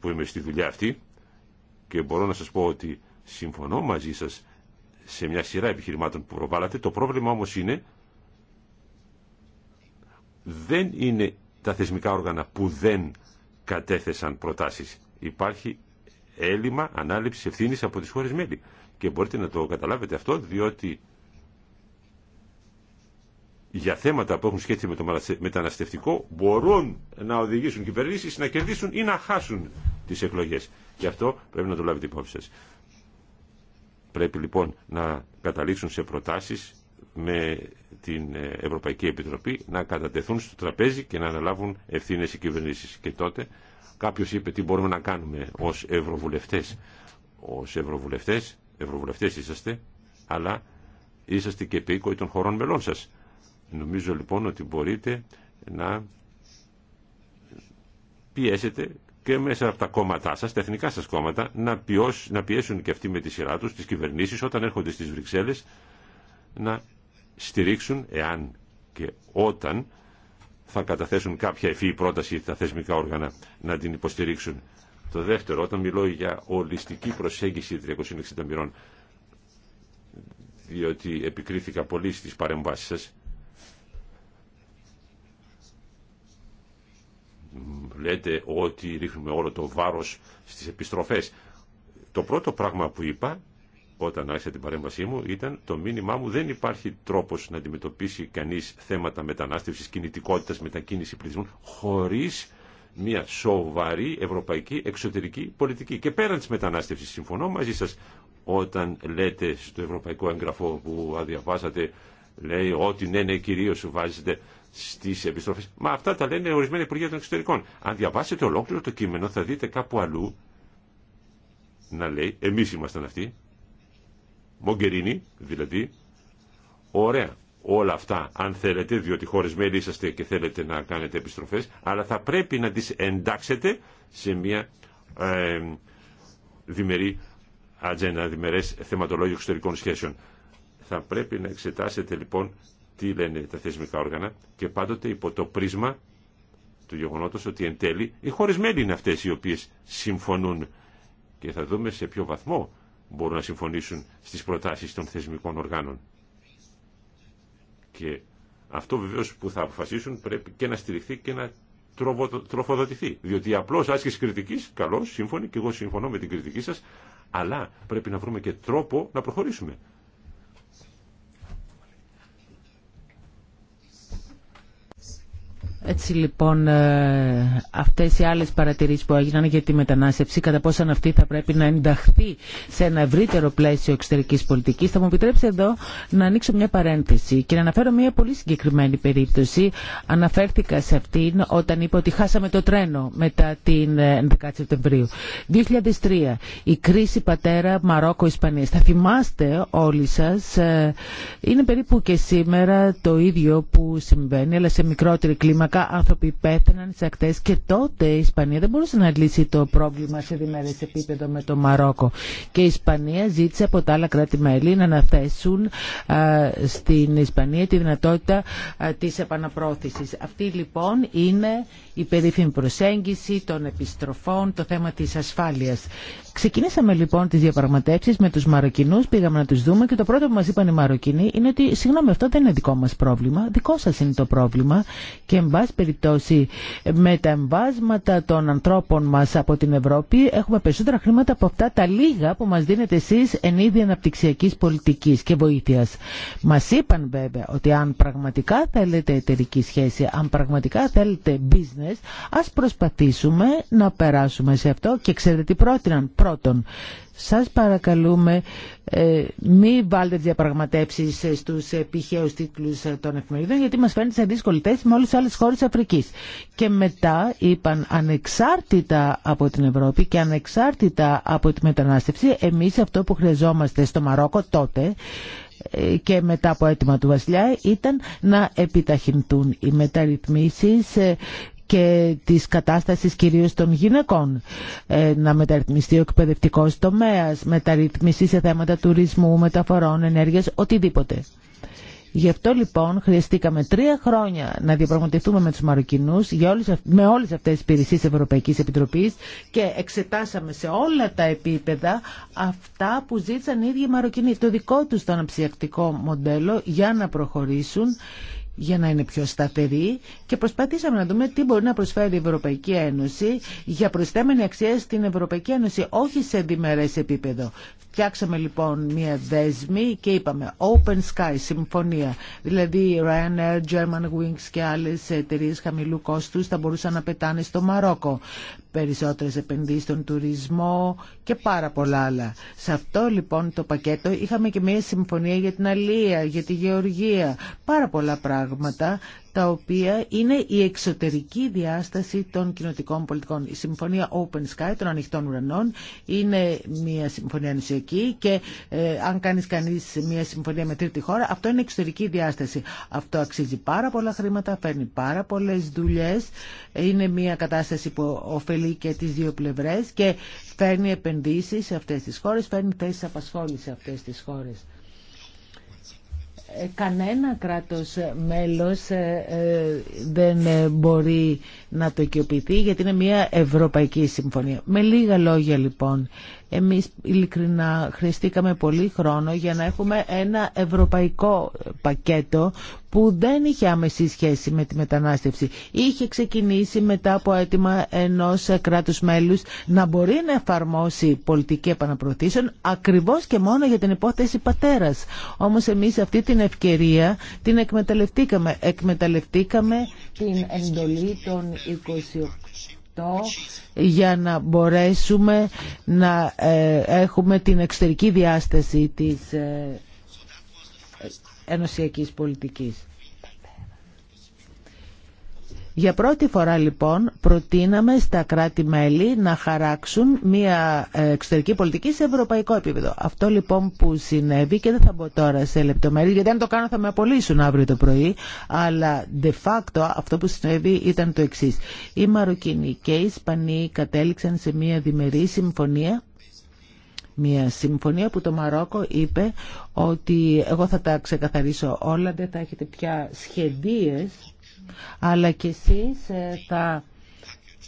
Speaker 3: που είμαι στη δουλειά αυτή και μπορώ να σας πω ότι συμφωνώ μαζί σας σε μια σειρά επιχειρημάτων που προβάλλατε. Το πρόβλημα όμως είναι δεν είναι τα θεσμικά όργανα που δεν κατέθεσαν προτάσεις υπάρχει έλλειμμα ανάληψης ευθύνης από τις χώρες μέλη. Και μπορείτε να το καταλάβετε αυτό, διότι για θέματα που έχουν σχέση με το μεταναστευτικό μπορούν να οδηγήσουν κυβερνήσει να κερδίσουν ή να χάσουν τις εκλογές. και αυτό πρέπει να το λάβετε υπόψη σα. Πρέπει λοιπόν να καταλήξουν σε προτάσεις με την ε, Ευρωπαϊκή Επιτροπή να κατατεθούν στο τραπέζι και να αναλάβουν ευθύνε οι κυβερνήσει. Και τότε Κάποιος είπε τι μπορούμε να κάνουμε ως ευρωβουλευτές. Ως ευρωβουλευτές, ευρωβουλευτές είσαστε, αλλά είσαστε και επίκοοι των χωρών μελών σας. Νομίζω λοιπόν ότι μπορείτε να πιέσετε και μέσα από τα κόμματά σας, τα εθνικά σας κόμματα, να, να πιέσουν και αυτοί με τη σειρά τους, τις κυβερνήσεις, όταν έρχονται στις Βρυξέλλες, να στηρίξουν, εάν και όταν, θα καταθέσουν κάποια ευφύη πρόταση τα θεσμικά όργανα να την υποστηρίξουν. Το δεύτερο, όταν μιλώ για ολιστική προσέγγιση 360 μοιρών, διότι επικρίθηκα πολύ στις παρεμβάσεις σας, λέτε ότι ρίχνουμε όλο το βάρος στις επιστροφές. Το πρώτο πράγμα που είπα όταν άρχισα την παρέμβασή μου ήταν το μήνυμά μου δεν υπάρχει τρόπος να αντιμετωπίσει κανείς θέματα μετανάστευσης, κινητικότητας, μετακίνηση πληθυσμών χωρίς μια σοβαρή ευρωπαϊκή εξωτερική πολιτική. Και πέραν της μετανάστευσης συμφωνώ μαζί σας όταν λέτε στο ευρωπαϊκό έγγραφο που αδιαβάσατε λέει ότι ναι, ναι, κυρίως βάζετε στις επιστροφές. Μα αυτά τα λένε ορισμένα υπουργεία των εξωτερικών. Αν διαβάσετε ολόκληρο το κείμενο θα δείτε κάπου αλλού να λέει, εμείς ήμασταν αυτοί, Μογκερίνη δηλαδή, ωραία όλα αυτά αν θέλετε, διότι χωρισμένοι είσαστε και θέλετε να κάνετε επιστροφές, αλλά θα πρέπει να τις εντάξετε σε μια ε, διμερή ατζέντα, διμερές θεματολόγιο εξωτερικών σχέσεων. Θα πρέπει να εξετάσετε λοιπόν τι λένε τα θεσμικά όργανα και πάντοτε υπό το πρίσμα του γεγονότος ότι εν τέλει οι χωρισμένοι είναι αυτές οι οποίες συμφωνούν και θα δούμε σε ποιο βαθμό μπορούν να συμφωνήσουν στις προτάσεις των θεσμικών οργάνων. Και αυτό βεβαίως που θα αποφασίσουν πρέπει και να στηριχθεί και να τροφοδοτηθεί. Διότι απλώς άσκηση κριτικής, καλώς, σύμφωνη και εγώ συμφωνώ με την κριτική σας, αλλά πρέπει να βρούμε και τρόπο να προχωρήσουμε.
Speaker 1: Έτσι λοιπόν ε, αυτές οι άλλες παρατηρήσεις που έγιναν για τη μετανάστευση κατά αν αυτή θα πρέπει να ενταχθεί σε ένα ευρύτερο πλαίσιο εξωτερικής πολιτικής θα μου επιτρέψει εδώ να ανοίξω μια παρένθεση και να αναφέρω μια πολύ συγκεκριμένη περίπτωση αναφέρθηκα σε αυτήν όταν είπα ότι χάσαμε το τρένο μετά την 11 ε, Σεπτεμβρίου 2003 η κρίση πατέρα Μαρόκο-Ισπανίας θα θυμάστε όλοι σας ε, είναι περίπου και σήμερα το ίδιο που συμβαίνει αλλά σε μικρότερη κλίμακα πραγματικά άνθρωποι πέθαναν στι ακτέ και τότε η Ισπανία δεν μπορούσε να λύσει το πρόβλημα σε διμερέ επίπεδο με το Μαρόκο. Και η Ισπανία ζήτησε από τα άλλα κράτη-μέλη να αναθέσουν στην Ισπανία τη δυνατότητα τη επαναπρόθεση. Αυτή λοιπόν είναι η περίφημη προσέγγιση των επιστροφών, το θέμα τη ασφάλεια. Ξεκινήσαμε λοιπόν τι διαπραγματεύσει με του Μαροκινού, πήγαμε να του δούμε και το πρώτο που μα είπαν οι Μαροκινοί είναι ότι συγγνώμη αυτό δεν είναι δικό μα πρόβλημα, δικό σα είναι το πρόβλημα και εν περιπτώσει με τα εμβάσματα των ανθρώπων μας από την Ευρώπη έχουμε περισσότερα χρήματα από αυτά τα λίγα που μας δίνετε εσείς εν είδη αναπτυξιακής πολιτικής και βοήθειας. Μας είπαν βέβαια ότι αν πραγματικά θέλετε εταιρική σχέση, αν πραγματικά θέλετε business, ας προσπαθήσουμε να περάσουμε σε αυτό και ξέρετε τι πρότειναν. Πρώτον, σας παρακαλούμε ε, μη βάλτε διαπραγματεύσεις ε, στους επιχαίους τίτλους ε, των εφημερίδων γιατί μας φαίνεται σε δύσκολη θέση με όλες τις άλλες χώρες Αφρικής. Και μετά είπαν ανεξάρτητα από την Ευρώπη και ανεξάρτητα από τη μετανάστευση εμείς αυτό που χρειαζόμαστε στο Μαρόκο τότε και μετά από αίτημα του Βασιλιά ήταν να επιταχυντούν οι μεταρρυθμίσεις και της κατάστασης κυρίως των γυναικών. Ε, να μεταρρυθμιστεί ο εκπαιδευτικό τομέας, μεταρρυθμιστεί σε θέματα τουρισμού, μεταφορών, ενέργειας, οτιδήποτε. Γι' αυτό λοιπόν χρειαστήκαμε τρία χρόνια να διαπραγματευτούμε με τους Μαροκινούς για όλες, με όλες αυτές τις υπηρεσίες Ευρωπαϊκής Επιτροπής και εξετάσαμε σε όλα τα επίπεδα αυτά που ζήτησαν οι ίδιοι Μαροκινοί, το δικό τους το αναψυακτικό μοντέλο για να προχωρήσουν για να είναι πιο σταθερή και προσπαθήσαμε να δούμε τι μπορεί να προσφέρει η Ευρωπαϊκή Ένωση για προσθέμενη αξία στην Ευρωπαϊκή Ένωση, όχι σε διμερές επίπεδο. Φτιάξαμε λοιπόν μία δέσμη και είπαμε Open Sky, συμφωνία. Δηλαδή Ryanair, German Wings και άλλες εταιρείε χαμηλού κόστους θα μπορούσαν να πετάνε στο Μαρόκο. Περισσότερες επενδύσεις στον τουρισμό και πάρα πολλά άλλα. Σε αυτό λοιπόν το πακέτο είχαμε και μία συμφωνία για την Αλία, για τη Γεωργία. Πάρα πολλά πράγματα τα οποία είναι η εξωτερική διάσταση των κοινοτικών πολιτικών. Η Συμφωνία Open Sky των Ανοιχτών Ουρανών είναι μια συμφωνία νησιακή και ε, αν κάνεις κανείς μια συμφωνία με τρίτη χώρα, αυτό είναι εξωτερική διάσταση. Αυτό αξίζει πάρα πολλά χρήματα, φέρνει πάρα πολλές δουλειές, είναι μια κατάσταση που ωφελεί και τις δύο πλευρές και φέρνει επενδύσεις σε αυτές τις χώρες, φέρνει θέσεις απασχόληση σε αυτές τις χώρες. Κανένα κράτος μέλος ε, ε, δεν ε, μπορεί να το οικειοποιηθεί γιατί είναι μια ευρωπαϊκή συμφωνία. Με λίγα λόγια λοιπόν εμείς ειλικρινά χρειαστήκαμε πολύ χρόνο για να έχουμε ένα ευρωπαϊκό πακέτο που δεν είχε άμεση σχέση με τη μετανάστευση. Είχε ξεκινήσει μετά από αίτημα ενός κράτους μέλους να μπορεί να εφαρμόσει πολιτική επαναπροωθήσεων ακριβώς και μόνο για την υπόθεση πατέρας. Όμως εμείς αυτή την ευκαιρία την εκμεταλλευτήκαμε. Εκμεταλλευτήκαμε την εντολή των 28 για να μπορέσουμε να ε, έχουμε την εξωτερική διάσταση της ε, ενωσιακής πολιτικής. Για πρώτη φορά λοιπόν προτείναμε στα κράτη-μέλη να χαράξουν μια ε, εξωτερική πολιτική σε ευρωπαϊκό επίπεδο. Αυτό λοιπόν που συνέβη και δεν θα μπω τώρα σε λεπτομέρειες γιατί αν το κάνω θα με απολύσουν αύριο το πρωί αλλά de facto αυτό που συνέβη ήταν το εξή. Οι Μαροκινοί και οι Ισπανοί κατέληξαν σε μια διμερή συμφωνία μια συμφωνία που το Μαρόκο είπε ότι εγώ θα τα ξεκαθαρίσω όλα, δεν θα έχετε πια σχεδίες αλλά και εσείς ε, θα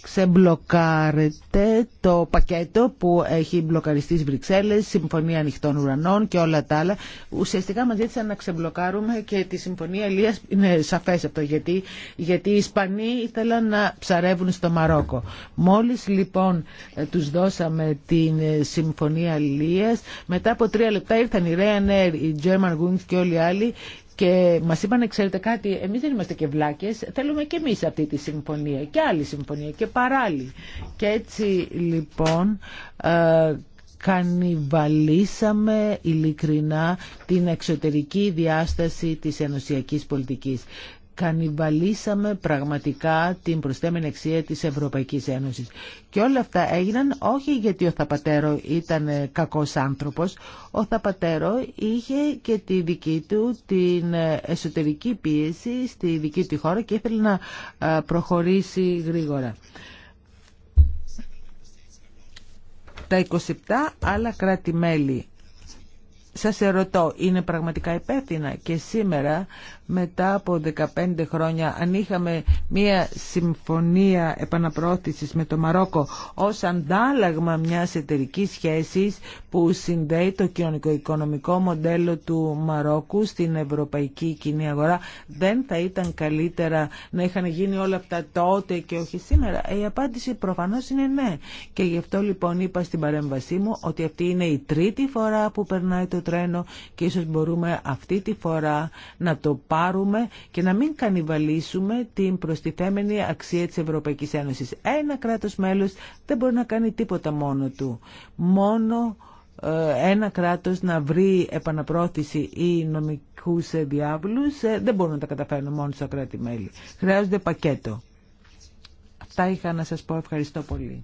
Speaker 1: ξεμπλοκάρετε το πακέτο που έχει μπλοκαριστεί στις Βρυξέλλες, Συμφωνία Ανοιχτών Ουρανών και όλα τα άλλα. Ουσιαστικά μας ζήτησαν να ξεμπλοκάρουμε και τη Συμφωνία Ελίας είναι σαφές αυτό γιατί, γιατί οι Ισπανοί ήθελαν να ψαρεύουν στο Μαρόκο. Μόλις λοιπόν ε, τους δώσαμε την ε, Συμφωνία Ελίας, μετά από τρία λεπτά ήρθαν η Ryanair, η German Wings και όλοι οι άλλοι και μα είπαν, ξέρετε κάτι, εμείς δεν είμαστε και βλάκες, θέλουμε και εμείς αυτή τη συμφωνία και άλλη συμφωνία και παράλληλη. Και έτσι λοιπόν ε, κανιβαλίσαμε ειλικρινά την εξωτερική διάσταση της ενωσιακής πολιτικής κανιβαλίσαμε πραγματικά την προσθέμενη αξία της Ευρωπαϊκής Ένωσης. Και όλα αυτά έγιναν όχι γιατί ο Θαπατέρο ήταν κακός άνθρωπος. Ο Θαπατέρο είχε και τη δική του την εσωτερική πίεση στη δική του χώρα και ήθελε να προχωρήσει γρήγορα. Τα 27 άλλα κράτη-μέλη σας ερωτώ, είναι πραγματικά υπεύθυνα και σήμερα μετά από 15 χρόνια αν είχαμε μια συμφωνία επαναπρόθεσης με το Μαρόκο ως αντάλλαγμα μιας εταιρική σχέσης που συνδέει το κοινωνικο-οικονομικό μοντέλο του Μαρόκου στην ευρωπαϊκή κοινή αγορά δεν θα ήταν καλύτερα να είχαν γίνει όλα αυτά τότε και όχι σήμερα. Η απάντηση προφανώς είναι ναι και γι' αυτό λοιπόν είπα στην παρέμβασή μου ότι αυτή είναι η τρίτη φορά που περνάει το τρένο και ίσως μπορούμε αυτή τη φορά να το πάρουμε και να μην κανιβαλίσουμε την προστιθέμενη αξία της Ευρωπαϊκής Ένωσης. Ένα κράτος μέλος δεν μπορεί να κάνει τίποτα μόνο του. Μόνο ε, ένα κράτος να βρει επαναπρόθεση ή νομικούς ε, διάβλους ε, δεν μπορούν να τα καταφέρουν μόνο στα κράτη-μέλη. Χρειάζονται πακέτο. Αυτά είχα να σας πω. Ευχαριστώ πολύ.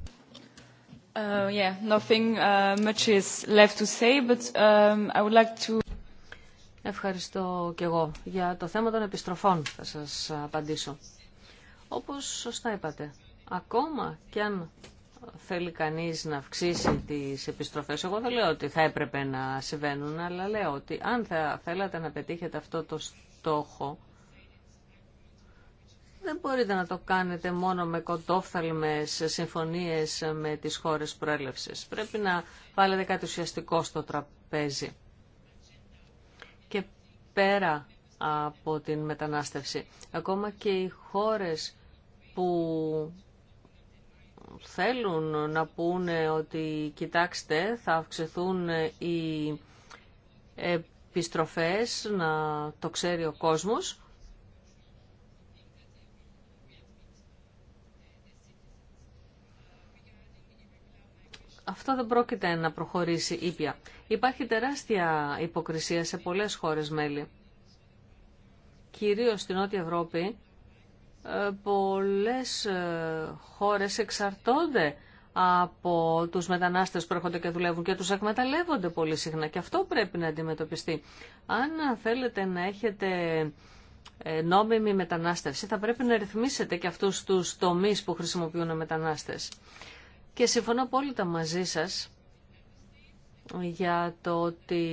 Speaker 2: Uh, yeah, nothing uh, much is left to say, but um, I would like to Ευχαριστώ και εγώ. Για το θέμα των επιστροφών θα σας απαντήσω. Όπως σωστά είπατε, ακόμα και αν θέλει κανείς να αυξήσει τις επιστροφές, εγώ δεν λέω ότι θα έπρεπε να συμβαίνουν, αλλά λέω ότι αν θα θέλατε να πετύχετε αυτό το στόχο, δεν μπορείτε να το κάνετε μόνο με κοντόφθαλμες συμφωνίες με τις χώρες προέλευσης. Πρέπει να βάλετε κάτι ουσιαστικό στο τραπέζι πέρα από την μετανάστευση. Ακόμα και οι χώρες που θέλουν να πούνε ότι κοιτάξτε θα αυξηθούν οι επιστροφές, να το ξέρει ο κόσμος, αυτό δεν πρόκειται να προχωρήσει ήπια. Υπάρχει τεράστια υποκρισία σε πολλές χώρες μέλη. Κυρίως στην Νότια Ευρώπη, ε, πολλές ε, χώρες εξαρτώνται από τους μετανάστες που έρχονται και δουλεύουν και τους εκμεταλλεύονται πολύ συχνά και αυτό πρέπει να αντιμετωπιστεί. Αν θέλετε να έχετε ε, νόμιμη μετανάστευση θα πρέπει να ρυθμίσετε και αυτούς τους τομείς που χρησιμοποιούν οι μετανάστες. Και συμφωνώ απόλυτα μαζί σας για το ότι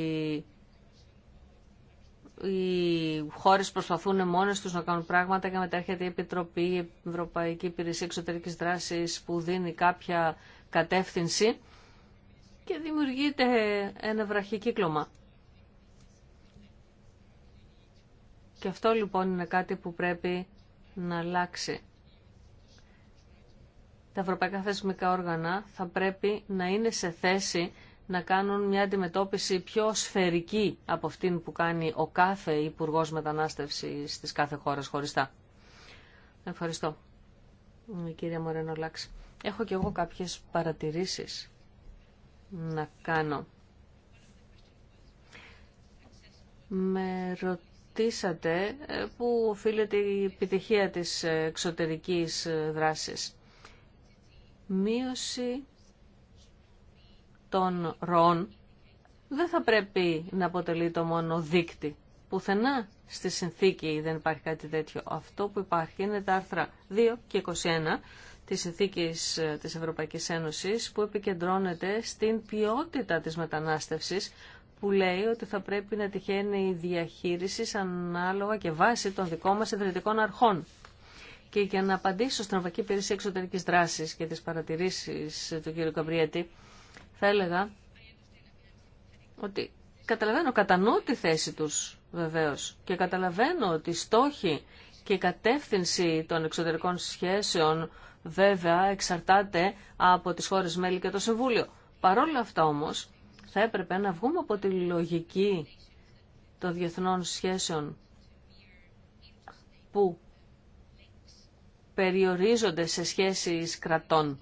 Speaker 2: οι χώρες προσπαθούν μόνες τους να κάνουν πράγματα και μετά έρχεται η Επιτροπή, η Ευρωπαϊκή Υπηρεσία Εξωτερικής Δράσης που δίνει κάποια κατεύθυνση και δημιουργείται ένα βραχικύκλωμα. Και αυτό λοιπόν είναι κάτι που πρέπει να αλλάξει τα ευρωπαϊκά θεσμικά όργανα θα πρέπει να είναι σε θέση να κάνουν μια αντιμετώπιση πιο σφαιρική από αυτήν που κάνει ο κάθε υπουργό Μετανάστευση τη κάθε χώρα χωριστά. Ευχαριστώ. Κύριε Μωρένο Λάξη. Έχω και εγώ κάποιες παρατηρήσεις να κάνω. Με ρωτήσατε ε, πού οφείλεται η επιτυχία της εξωτερικής δράσης μείωση των ροών δεν θα πρέπει να αποτελεί το μόνο δίκτυ. Πουθενά στη συνθήκη δεν υπάρχει κάτι τέτοιο. Αυτό που υπάρχει είναι τα άρθρα 2 και 21 της συνθήκης ε, της Ευρωπαϊκής Ένωσης που επικεντρώνεται στην ποιότητα της μετανάστευσης που λέει ότι θα πρέπει να τυχαίνει η διαχείριση ανάλογα και βάση των δικών μας ιδρυτικών αρχών. Και για να απαντήσω στην Ευρωπαϊκή Υπηρεσία Εξωτερική Δράση και τι παρατηρήσει του κ. Καμπριέτη, θα έλεγα ότι καταλαβαίνω, κατανοώ τη θέση τους βεβαίω. και καταλαβαίνω ότι οι στόχοι και η κατεύθυνση των εξωτερικών σχέσεων βέβαια εξαρτάται από τις χώρες μέλη και το Συμβούλιο. Παρόλα αυτά όμως θα έπρεπε να βγούμε από τη λογική των διεθνών σχέσεων που περιορίζονται σε σχέσεις κρατών.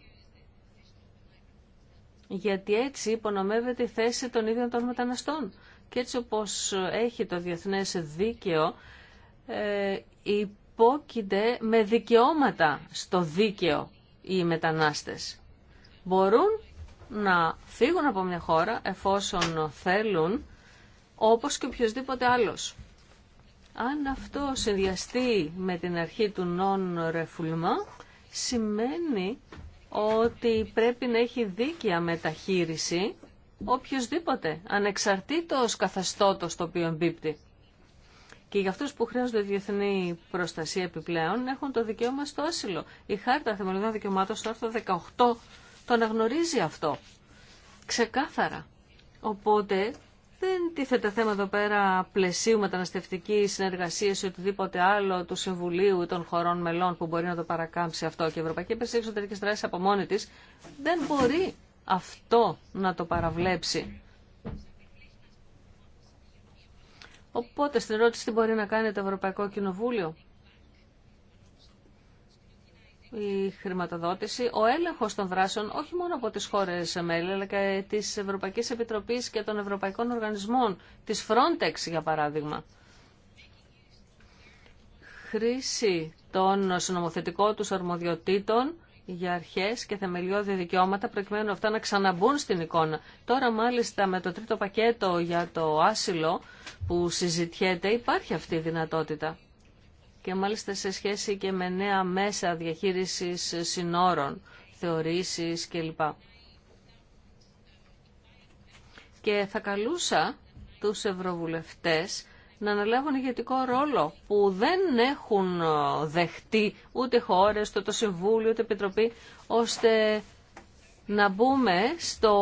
Speaker 2: Γιατί έτσι υπονομεύεται η θέση των ίδιων των μεταναστών. Και έτσι όπως έχει το διεθνές δίκαιο, ε, υπόκειται με δικαιώματα στο δίκαιο οι μετανάστες. Μπορούν να φύγουν από μια χώρα εφόσον θέλουν, όπως και οποιοδήποτε άλλος. Αν αυτό συνδυαστεί με την αρχή του non-refoulement, σημαίνει ότι πρέπει να έχει δίκαια μεταχείριση οποιοδήποτε, ανεξαρτήτως καθεστώτος το οποίο εμπίπτει. Και για αυτούς που χρειάζονται διεθνή προστασία επιπλέον έχουν το δικαίωμα στο άσυλο. Η Χάρτα Θεμελιωδών Δικαιωμάτων στο άρθρο 18 το αναγνωρίζει αυτό. Ξεκάθαρα. Οπότε δεν τίθεται θέμα εδώ πέρα πλαισίου μεταναστευτική συνεργασία ή οτιδήποτε άλλο του Συμβουλίου ή των χωρών μελών που μπορεί να το παρακάμψει αυτό. Και η Ευρωπαϊκή Υπηρεσία Εξωτερική Δράση από μόνη τη δεν μπορεί αυτό να το παραβλέψει. Οπότε στην ερώτηση τι μπορεί να κάνει το Ευρωπαϊκό Κοινοβούλιο η χρηματοδότηση, ο έλεγχος των δράσεων όχι μόνο από τις χώρες μέλη, αλλά και της Ευρωπαϊκής Επιτροπής και των Ευρωπαϊκών Οργανισμών, της Frontex για παράδειγμα. Χρήση των συνομοθετικών τους αρμοδιοτήτων για αρχές και θεμελιώδη δικαιώματα προκειμένου αυτά να ξαναμπούν στην εικόνα. Τώρα μάλιστα με το τρίτο πακέτο για το άσυλο που συζητιέται υπάρχει αυτή η δυνατότητα και μάλιστα σε σχέση και με νέα μέσα διαχείρισης συνόρων, θεωρήσεις κλπ. Και θα καλούσα τους ευρωβουλευτές να αναλάβουν ηγετικό ρόλο που δεν έχουν ε, δεχτεί ούτε χώρες, ούτε το Συμβούλιο, ούτε Επιτροπή, ώστε να μπούμε στο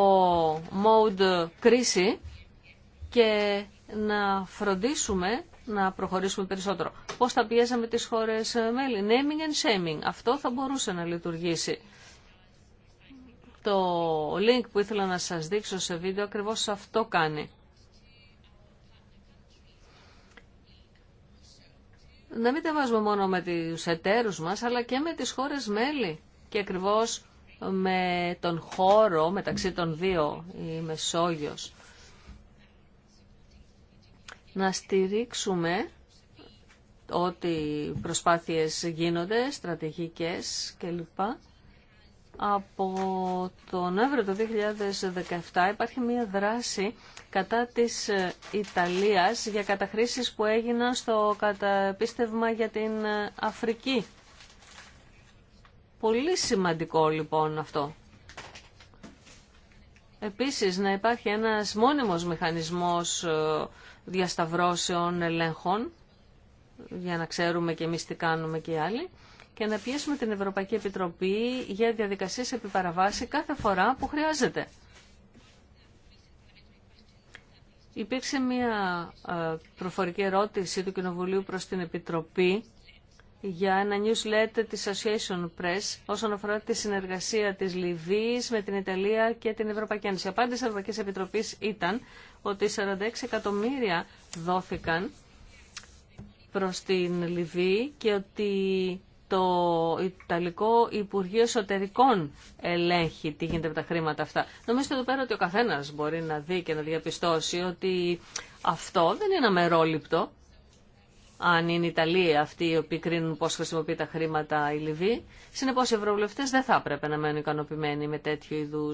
Speaker 2: mode κρίση και να φροντίσουμε να προχωρήσουμε περισσότερο. Πώς θα πιέζαμε τις χώρες μέλη. Naming and shaming. Αυτό θα μπορούσε να λειτουργήσει. Το link που ήθελα να σας δείξω σε βίντεο ακριβώς αυτό κάνει. Να μην τα μόνο με τους εταίρους μας, αλλά και με τις χώρες μέλη. Και ακριβώς με τον χώρο μεταξύ των δύο, η Μεσόγειος να στηρίξουμε ό,τι προσπάθειες γίνονται, στρατηγικές κλπ. Από τον Νοέμβριο του 2017 υπάρχει μια δράση κατά της ε, Ιταλίας για καταχρήσεις που έγιναν στο καταπίστευμα για την ε, Αφρική. Πολύ σημαντικό λοιπόν αυτό. Επίσης να υπάρχει ένας μόνιμος μηχανισμός ε, διασταυρώσεων ελέγχων για να ξέρουμε και εμείς τι κάνουμε και οι άλλοι και να πιέσουμε την Ευρωπαϊκή Επιτροπή για διαδικασίες επιπαραβάση κάθε φορά που χρειάζεται. Υπήρξε μια ε, προφορική ερώτηση του Κοινοβουλίου προς την Επιτροπή για ένα newsletter της Association Press όσον αφορά τη συνεργασία της Λιβύης με την Ιταλία και την Ευρωπαϊκή Ένωση. Η απάντηση της Ευρωπαϊκής Επιτροπής ήταν ότι 46 εκατομμύρια δόθηκαν προς την Λιβύη και ότι το Ιταλικό Υπουργείο Εσωτερικών ελέγχει τι γίνεται με τα χρήματα αυτά. Νομίζω εδώ πέρα ότι ο καθένας μπορεί να δει και να διαπιστώσει ότι αυτό δεν είναι αμερόληπτο αν είναι Ιταλοί αυτοί οι οποίοι κρίνουν πώς χρησιμοποιεί τα χρήματα η Λιβύη. Συνεπώ οι ευρωβουλευτέ δεν θα έπρεπε να μένουν ικανοποιημένοι με τέτοιου είδου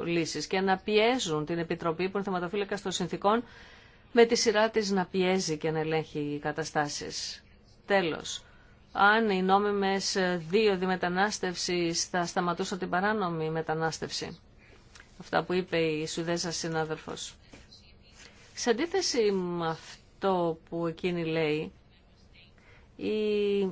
Speaker 2: ε, λύσει και να πιέζουν την Επιτροπή που είναι θεματοφύλακα των συνθήκων με τη σειρά τη να πιέζει και να ελέγχει οι καταστάσει. Τέλο, αν οι νόμιμε δύο διμετανάστευση θα σταματούσαν την παράνομη μετανάστευση. Αυτά που είπε η Σουδέζα συνάδελφο. Σε αντίθεση με αυτό που εκείνη λέει, η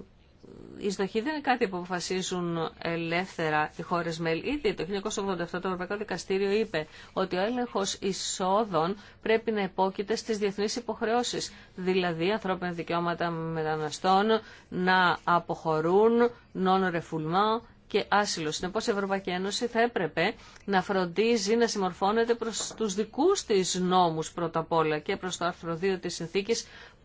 Speaker 2: εισδοχή δεν είναι κάτι που αποφασίζουν ελεύθερα οι χώρε μέλη. Ήδη το 1987 το Ευρωπαϊκό Δικαστήριο είπε ότι ο έλεγχο εισόδων πρέπει να υπόκειται στι διεθνεί υποχρεώσει, δηλαδή ανθρώπινα δικαιώματα μεταναστών να αποχωρούν, non refoulement και άσυλο. Συνεπώ, η Ευρωπαϊκή Ένωση θα έπρεπε να φροντίζει να συμμορφώνεται προ του δικού τη νόμου πρώτα απ' όλα και προ το άρθρο 2 τη συνθήκη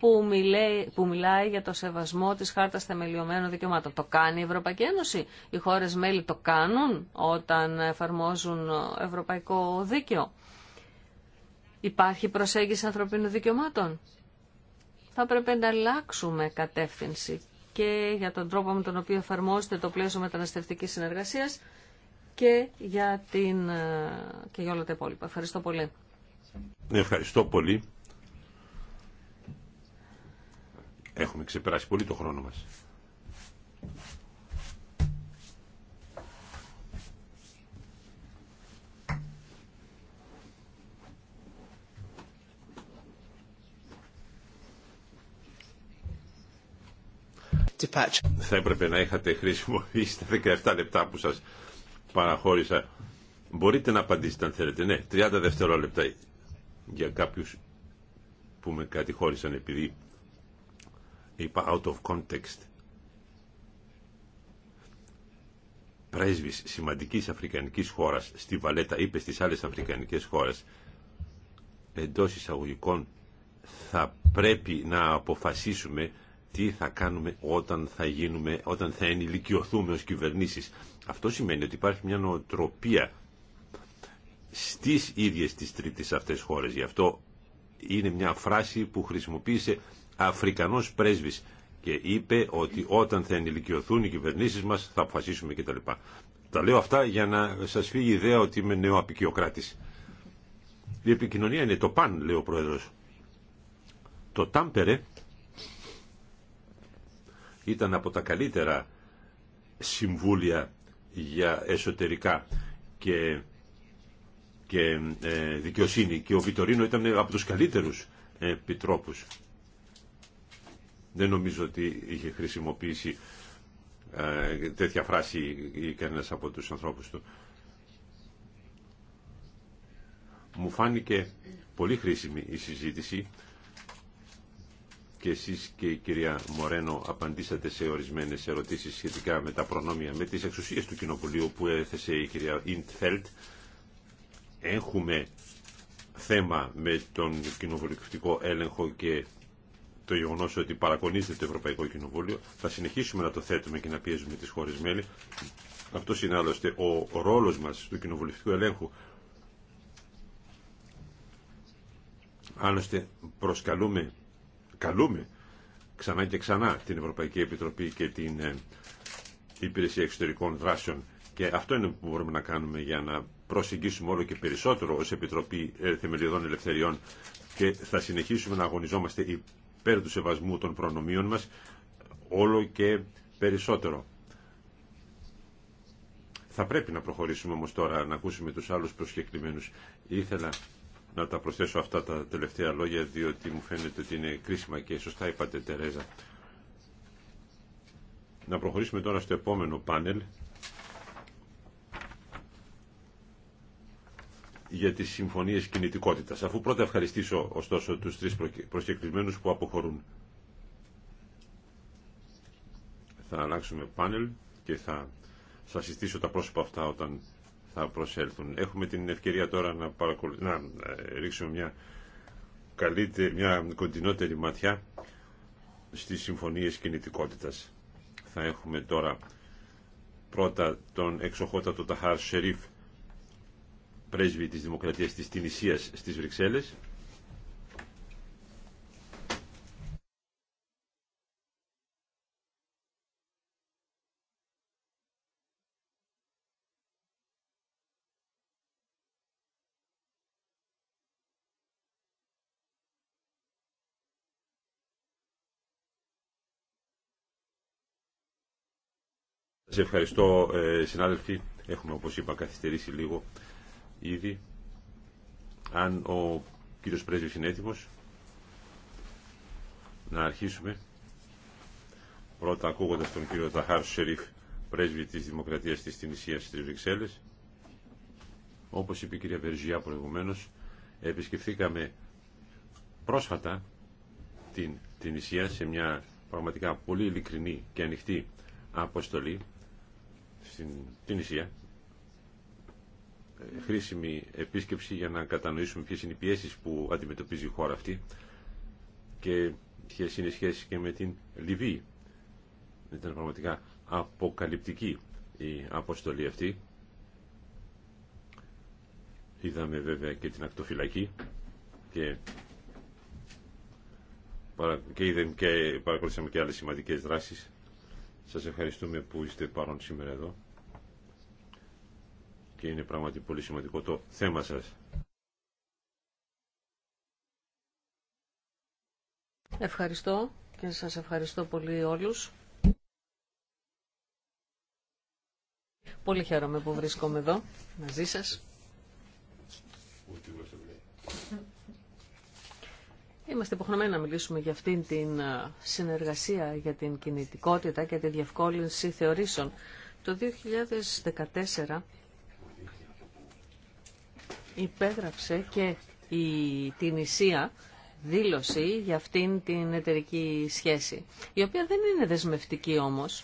Speaker 2: που, μιλάει, που μιλάει για το σεβασμό της Χάρτας Θεμελιωμένων Δικαιωμάτων. Το κάνει η Ευρωπαϊκή Ένωση. Οι χώρες μέλη το κάνουν όταν εφαρμόζουν ευρωπαϊκό δίκαιο. Υπάρχει προσέγγιση ανθρωπίνων δικαιωμάτων. Θα πρέπει να αλλάξουμε κατεύθυνση και για τον τρόπο με τον οποίο εφαρμόζεται το πλαίσιο μεταναστευτικής συνεργασίας και για, την, ε, και για όλα τα υπόλοιπα. Ευχαριστώ πολύ.
Speaker 3: Ευχαριστώ πολύ. Έχουμε ξεπεράσει πολύ το χρόνο μας. Θα έπρεπε να είχατε χρησιμοποιήσει τα 17 λεπτά που σας παραχώρησα. Μπορείτε να απαντήσετε αν θέλετε. Ναι, 30 δευτερόλεπτα για κάποιους που με κατηχώρησαν επειδή είπα out of context πρέσβης σημαντικής αφρικανικής χώρας στη Βαλέτα είπε στις άλλες αφρικανικές χώρες εντός εισαγωγικών θα πρέπει να αποφασίσουμε τι θα κάνουμε όταν θα γίνουμε, όταν θα ενηλικιωθούμε ως κυβερνήσεις. Αυτό σημαίνει ότι υπάρχει μια νοοτροπία στις ίδιες τις τρίτες αυτές χώρες. Γι' αυτό είναι μια φράση που χρησιμοποίησε Αφρικανός πρέσβης και είπε ότι όταν θα ενηλικιωθούν οι κυβερνήσεις μας θα αποφασίσουμε κτλ. Τα, τα λέω αυτά για να σας φύγει η ιδέα ότι είμαι νέο απεικιοκράτης. Η επικοινωνία είναι το παν, λέει ο Πρόεδρος. Το Τάμπερε ήταν από τα καλύτερα συμβούλια για εσωτερικά και, και ε, δικαιοσύνη και ο Βιτορίνο ήταν από τους καλύτερους επιτρόπους. Δεν νομίζω ότι είχε χρησιμοποιήσει ε, τέτοια φράση ή κανένας από τους ανθρώπους του. Μου φάνηκε πολύ χρήσιμη η συζήτηση και εσείς και η κυρία Μορένο απαντήσατε σε ορισμένες ερωτήσεις σχετικά με τα προνόμια, με τις εξουσίες του Κοινοβουλίου που έθεσε η κυρία Ιντφέλτ. Έχουμε θέμα με τον κοινοβουλευτικό έλεγχο και το γεγονό ότι παρακονίζεται το Ευρωπαϊκό Κοινοβούλιο. Θα συνεχίσουμε να το θέτουμε και να πιέζουμε τι χώρε μέλη. Αυτό είναι άλλωστε ο ρόλο μα του κοινοβουλευτικού ελέγχου. Άλλωστε προσκαλούμε, καλούμε ξανά και ξανά την Ευρωπαϊκή Επιτροπή και την ε, Υπηρεσία Εξωτερικών Δράσεων και αυτό είναι που μπορούμε να κάνουμε για να προσεγγίσουμε όλο και περισσότερο ως Επιτροπή ε, Θεμελιωδών Ελευθεριών και θα συνεχίσουμε να αγωνιζόμαστε πέρα του σεβασμού των προνομίων μας όλο και περισσότερο. Θα πρέπει να προχωρήσουμε όμως τώρα να ακούσουμε τους άλλους προσκεκλημένους. Ήθελα να τα προσθέσω αυτά τα τελευταία λόγια διότι μου φαίνεται ότι είναι κρίσιμα και σωστά είπατε Τερέζα. Να προχωρήσουμε τώρα στο επόμενο πάνελ για τις συμφωνίες κινητικότητας. Αφού πρώτα ευχαριστήσω ωστόσο τους τρεις προσκεκλημένους που αποχωρούν. Θα αλλάξουμε πάνελ και θα σας συστήσω τα πρόσωπα αυτά όταν θα προσέλθουν. Έχουμε την ευκαιρία τώρα να, παρακολου... να ε, ρίξουμε μια, μια κοντινότερη ματιά στις συμφωνίες κινητικότητας. Θα έχουμε τώρα πρώτα τον εξοχότατο Ταχάρ Σερίφ πρέσβη της Δημοκρατίας της Τινησίας στις Βρυξέλλες. Σε ευχαριστώ ε, συνάδελφοι. Έχουμε όπως είπα καθυστερήσει λίγο ήδη αν ο κύριος Πρέσβης είναι έτοιμος να αρχίσουμε πρώτα ακούγοντας τον κύριο Ταχάρ Σερίφ πρέσβη της Δημοκρατίας της Τινησίας της Βρυξέλλες όπως είπε η κυρία Βεργιά προηγουμένως επισκεφθήκαμε πρόσφατα την Τινησία σε μια πραγματικά πολύ ειλικρινή και ανοιχτή αποστολή στην Τινησία χρήσιμη επίσκεψη για να κατανοήσουμε ποιες είναι οι πιέσεις που αντιμετωπίζει η χώρα αυτή και ποιε είναι οι σχέσεις και με την Λιβύη. Ήταν πραγματικά αποκαλυπτική η αποστολή αυτή. Είδαμε βέβαια και την ακτοφυλακή και, και, και παρακολουθήσαμε και άλλες σημαντικές δράσεις. Σας ευχαριστούμε που είστε παρόν σήμερα εδώ και είναι πράγματι πολύ σημαντικό το θέμα σας.
Speaker 2: Ευχαριστώ και σας ευχαριστώ πολύ όλους. Πολύ χαίρομαι που βρίσκομαι εδώ μαζί σας. Είμαστε υποχρεωμένοι να μιλήσουμε για αυτήν την συνεργασία για την κινητικότητα και τη διευκόλυνση θεωρήσεων. Το 2014 υπέγραψε και η, την Ισία δήλωση για αυτήν την εταιρική σχέση, η οποία δεν είναι δεσμευτική όμως,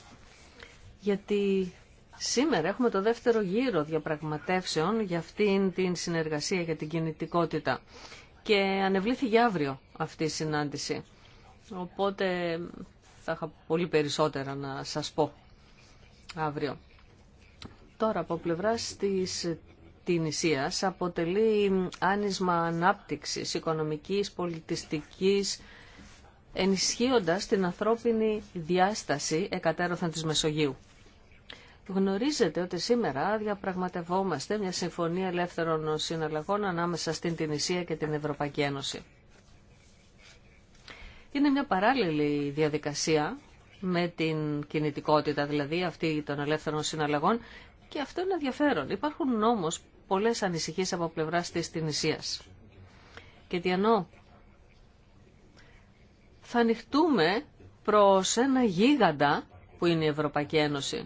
Speaker 2: γιατί σήμερα έχουμε το δεύτερο γύρο διαπραγματεύσεων για αυτήν την συνεργασία για την κινητικότητα και ανεβλήθη για αύριο αυτή η συνάντηση. Οπότε θα είχα πολύ περισσότερα να σας πω αύριο. Τώρα από πλευράς της αποτελεί άνισμα ανάπτυξης οικονομικής, πολιτιστικής, ενισχύοντας την ανθρώπινη διάσταση εκατέρωθεν της Μεσογείου. Γνωρίζετε ότι σήμερα διαπραγματευόμαστε μια συμφωνία ελεύθερων συναλλαγών ανάμεσα στην Τινησία και την Ευρωπαϊκή Ένωση. Είναι μια παράλληλη διαδικασία με την κινητικότητα, δηλαδή αυτή των ελεύθερων συναλλαγών και αυτό είναι ενδιαφέρον. Υπάρχουν όμως πολλές ανησυχίες από πλευράς της Τινησίας. Και τι εννοώ. Θα ανοιχτούμε προς ένα γίγαντα που είναι η Ευρωπαϊκή Ένωση.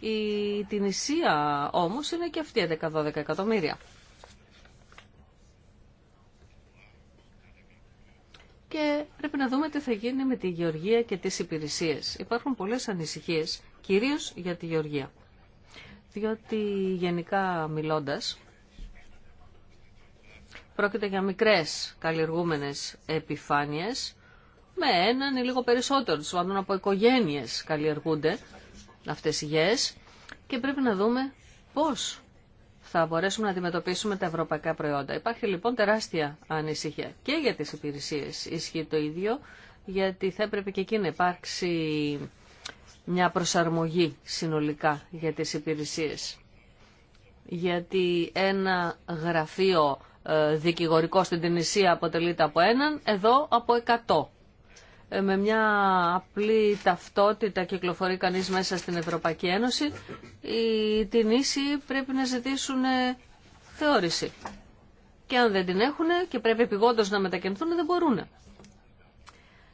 Speaker 2: Η Τινησία όμως είναι και αυτή 11-12 εκατομμύρια. Και πρέπει να δούμε τι θα γίνει με τη γεωργία και τις υπηρεσίες. Υπάρχουν πολλές ανησυχίες, κυρίως για τη γεωργία διότι γενικά μιλώντας πρόκειται για μικρές καλλιεργούμενες επιφάνειες με έναν ή λίγο περισσότερο, πάντων από οικογένειες καλλιεργούνται αυτές οι γέες και πρέπει να δούμε πώς θα μπορέσουμε να αντιμετωπίσουμε τα ευρωπαϊκά προϊόντα. Υπάρχει λοιπόν τεράστια ανησυχία και για τις υπηρεσίες ισχύει το ίδιο, γιατί θα έπρεπε και εκεί να υπάρξει μια προσαρμογή συνολικά για τις υπηρεσίες. Γιατί ένα γραφείο ε, δικηγορικό στην Τινησία αποτελείται από έναν, εδώ από 100. Ε, με μια απλή ταυτότητα κυκλοφορεί κανείς μέσα στην Ευρωπαϊκή Ένωση, οι Τινήσιοι πρέπει να ζητήσουν ε, θεώρηση. Και αν δεν την έχουν και πρέπει επιγόντως να μετακινηθούν, δεν μπορούν.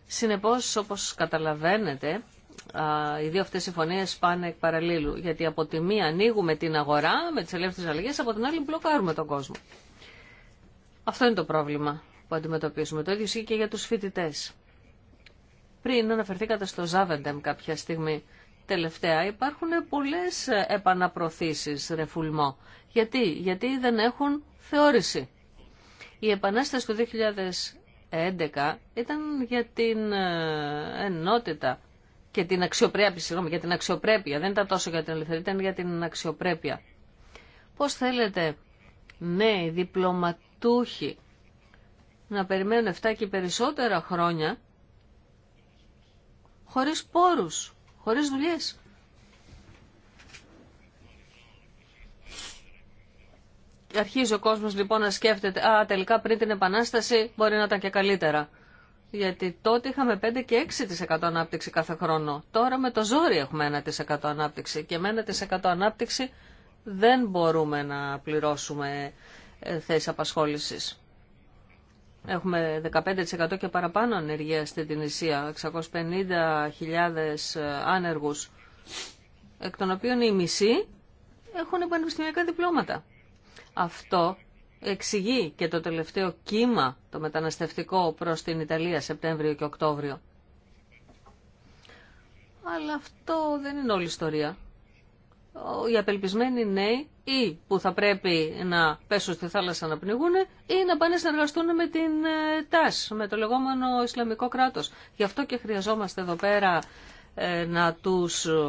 Speaker 2: Συνεπώς, όπως καταλαβαίνετε, οι δύο αυτές συμφωνίες πάνε εκ παραλίλου. Γιατί από τη μία ανοίγουμε την αγορά με τις ελεύθερες αλλαγές, από την άλλη μπλοκάρουμε τον κόσμο. Αυτό είναι το πρόβλημα που αντιμετωπίζουμε. Το ίδιο ισχύει και για τους φοιτητέ. Πριν αναφερθήκατε στο Ζάβεντεμ κάποια στιγμή, τελευταία υπάρχουν πολλές επαναπροθήσεις, ρεφουλμό. Γιατί, Γιατί δεν έχουν θεώρηση. Η επανάσταση του 2011 ήταν για την ε, ενότητα και την αξιοπρέπεια, συγγνώμη, για την αξιοπρέπεια. Δεν ήταν τόσο για την ελευθερία, ήταν για την αξιοπρέπεια. Πώς θέλετε, ναι, διπλωματούχοι να περιμένουν 7 και περισσότερα χρόνια χωρίς πόρους, χωρίς δουλειές. Αρχίζει ο κόσμος λοιπόν να σκέφτεται «Α, τελικά πριν την Επανάσταση μπορεί να ήταν και καλύτερα» γιατί τότε είχαμε 5 και 6% ανάπτυξη κάθε χρόνο. Τώρα με το ζόρι έχουμε 1% ανάπτυξη και με 1% ανάπτυξη δεν μπορούμε να πληρώσουμε ε, θέσεις απασχόλησης. Έχουμε 15% και παραπάνω ανεργία στην Τινησία, 650.000 ε, άνεργους, εκ των οποίων οι μισοί έχουν πανεπιστημιακά διπλώματα. Αυτό εξηγεί και το τελευταίο κύμα, το μεταναστευτικό προς την Ιταλία Σεπτέμβριο και Οκτώβριο. Αλλά αυτό δεν είναι όλη ιστορία. Οι απελπισμένοι νέοι ή που θα πρέπει να πέσουν στη θάλασσα να πνιγούν ή να πάνε να συνεργαστούν με την ε, ΤΑΣ, με το λεγόμενο Ισλαμικό κράτος. Γι' αυτό και χρειαζόμαστε εδώ πέρα ε, να τους ε,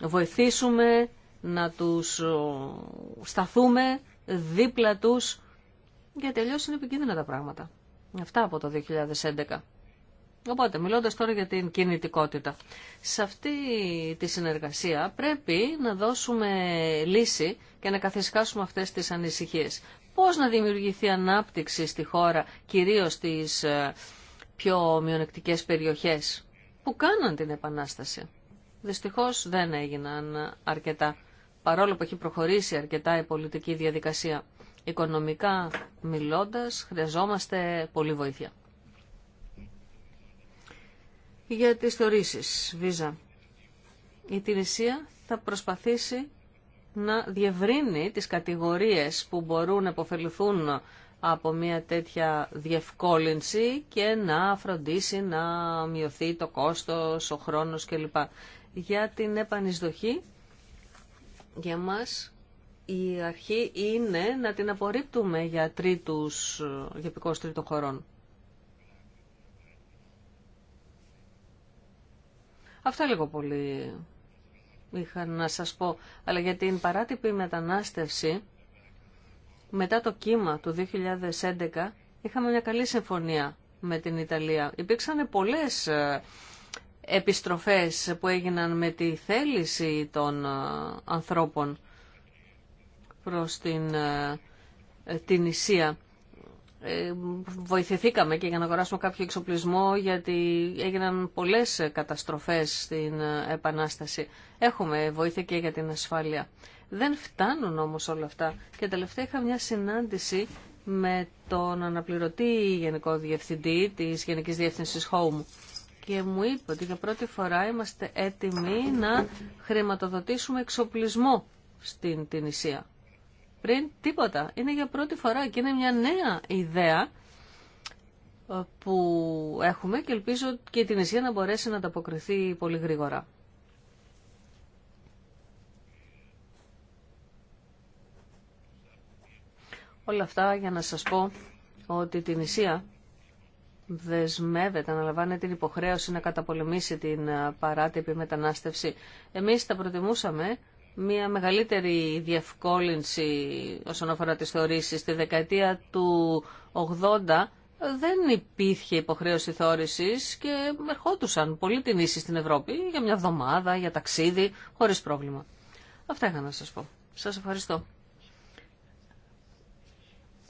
Speaker 2: βοηθήσουμε, να τους σταθούμε δίπλα τους, γιατί αλλιώ είναι επικίνδυνα τα πράγματα. Αυτά από το 2011. Οπότε, μιλώντα τώρα για την κινητικότητα. Σε αυτή τη συνεργασία πρέπει να δώσουμε λύση και να καθισκάσουμε αυτές τις ανησυχίες. Πώς να δημιουργηθεί ανάπτυξη στη χώρα, κυρίως στις ε, πιο μειονεκτικές περιοχές, που κάναν την επανάσταση. Δυστυχώς δεν έγιναν αρκετά παρόλο που έχει προχωρήσει αρκετά η πολιτική διαδικασία. Οικονομικά μιλώντας, χρειαζόμαστε πολύ βοήθεια. Για τις θεωρήσεις, Βίζα. Η Τινησία θα προσπαθήσει να διευρύνει τις κατηγορίες που μπορούν να επωφεληθούν από μια τέτοια διευκόλυνση και να φροντίσει να μειωθεί το κόστος, ο χρόνος κλπ. Για την επανεισδοχή για μας η αρχή είναι να την απορρίπτουμε για τρίτους, για επικός τρίτων χωρών. Αυτά λίγο πολύ είχα να σας πω. Αλλά για την παράτυπη μετανάστευση, μετά το κύμα του 2011, είχαμε μια καλή συμφωνία με την Ιταλία. Υπήρξαν πολλές ε, επιστροφές που έγιναν με τη θέληση των ε, ανθρώπων προς την, ε, την Ισία. Ε, βοηθηθήκαμε και για να αγοράσουμε κάποιο εξοπλισμό γιατί έγιναν πολλές καταστροφές στην Επανάσταση. Έχουμε βοήθεια και για την ασφάλεια. Δεν φτάνουν όμως όλα αυτά. Και τελευταία είχα μια συνάντηση με τον αναπληρωτή γενικό διευθυντή της Γενικής Διεύθυνσης Home και μου είπε ότι για πρώτη φορά είμαστε έτοιμοι να χρηματοδοτήσουμε εξοπλισμό στην την Ισία. Πριν τίποτα. Είναι για πρώτη φορά και είναι μια νέα ιδέα ε, που έχουμε και ελπίζω και την Ισία να μπορέσει να ανταποκριθεί πολύ γρήγορα. Όλα αυτά για να σας πω ότι την Ισία δεσμεύεται, αναλαμβάνει την υποχρέωση να καταπολεμήσει την ε, παράτυπη μετανάστευση. Εμείς θα προτιμούσαμε μια μεγαλύτερη διευκόλυνση όσον αφορά τις θεωρήσεις. Στη δεκαετία του 80 δεν υπήρχε υποχρέωση θεώρησης και ερχόντουσαν πολύ την ίση στην Ευρώπη για μια εβδομάδα, για ταξίδι, χωρίς πρόβλημα. Αυτά είχα να σας πω. Σας ευχαριστώ.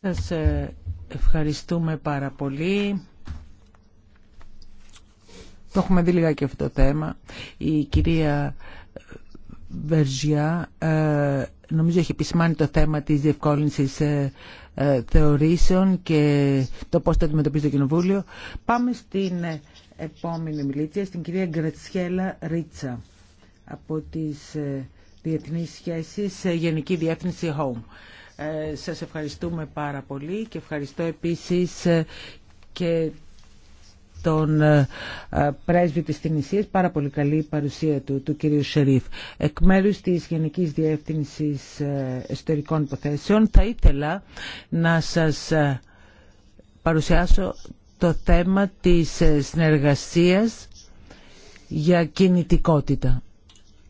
Speaker 1: Σας ε, ευχαριστούμε πάρα πολύ. Το έχουμε δει και αυτό το θέμα. Η κυρία Βερζιά ε, νομίζω έχει επισημάνει το θέμα της διευκόλυνσης ε, ε, θεωρήσεων και το πώς το αντιμετωπίζει το Κοινοβούλιο. Πάμε στην επόμενη μιλήτρια, στην κυρία Γκρατσιέλα Ρίτσα από τις Διεθνείς Σχέσεις, Γενική Διεύθυνση Home. Σας ευχαριστούμε πάρα πολύ και ευχαριστώ επίσης και τον ε, ε, πρέσβη της Τινησίας, πάρα πολύ καλή παρουσία του, του κυρίου Σερίφ. Εκ μέρου της γενική διεύθυνση ε, εσωτερικών Υποθέσεων θα ήθελα να σας παρουσιάσω το θέμα της συνεργασίας για κινητικότητα.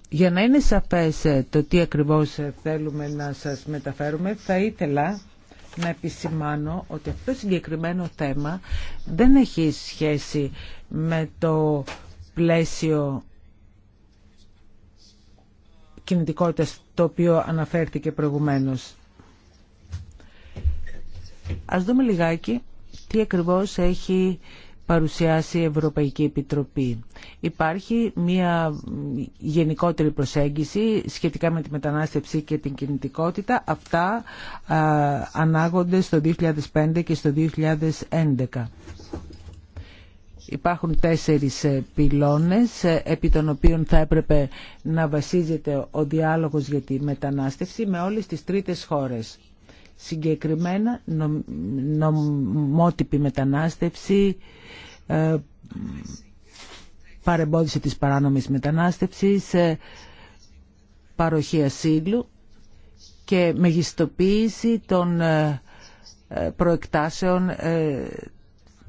Speaker 1: Για να είναι σαφές το τι ακριβώς θέλουμε να σας μεταφέρουμε, θα ήθελα να επισημάνω ότι αυτό το συγκεκριμένο θέμα δεν έχει σχέση με το πλαίσιο κινητικότητας το οποίο αναφέρθηκε προηγουμένως. Ας δούμε λιγάκι τι ακριβώς έχει παρουσιάσει η Ευρωπαϊκή Επιτροπή. Υπάρχει μια γενικότερη προσέγγιση σχετικά με τη μετανάστευση και την κινητικότητα. Αυτά ανάγονται στο 2005 και στο 2011. Υπάρχουν τέσσερις ε, πυλώνες ε, επί των οποίων θα έπρεπε να βασίζεται ο διάλογος για τη μετανάστευση με όλες τις τρίτες χώρες συγκεκριμένα νομότυπη μετανάστευση, ε, παρεμπόδιση της παράνομης μετανάστευσης, ε, παροχή ασύλου και μεγιστοποίηση των ε, ε, προεκτάσεων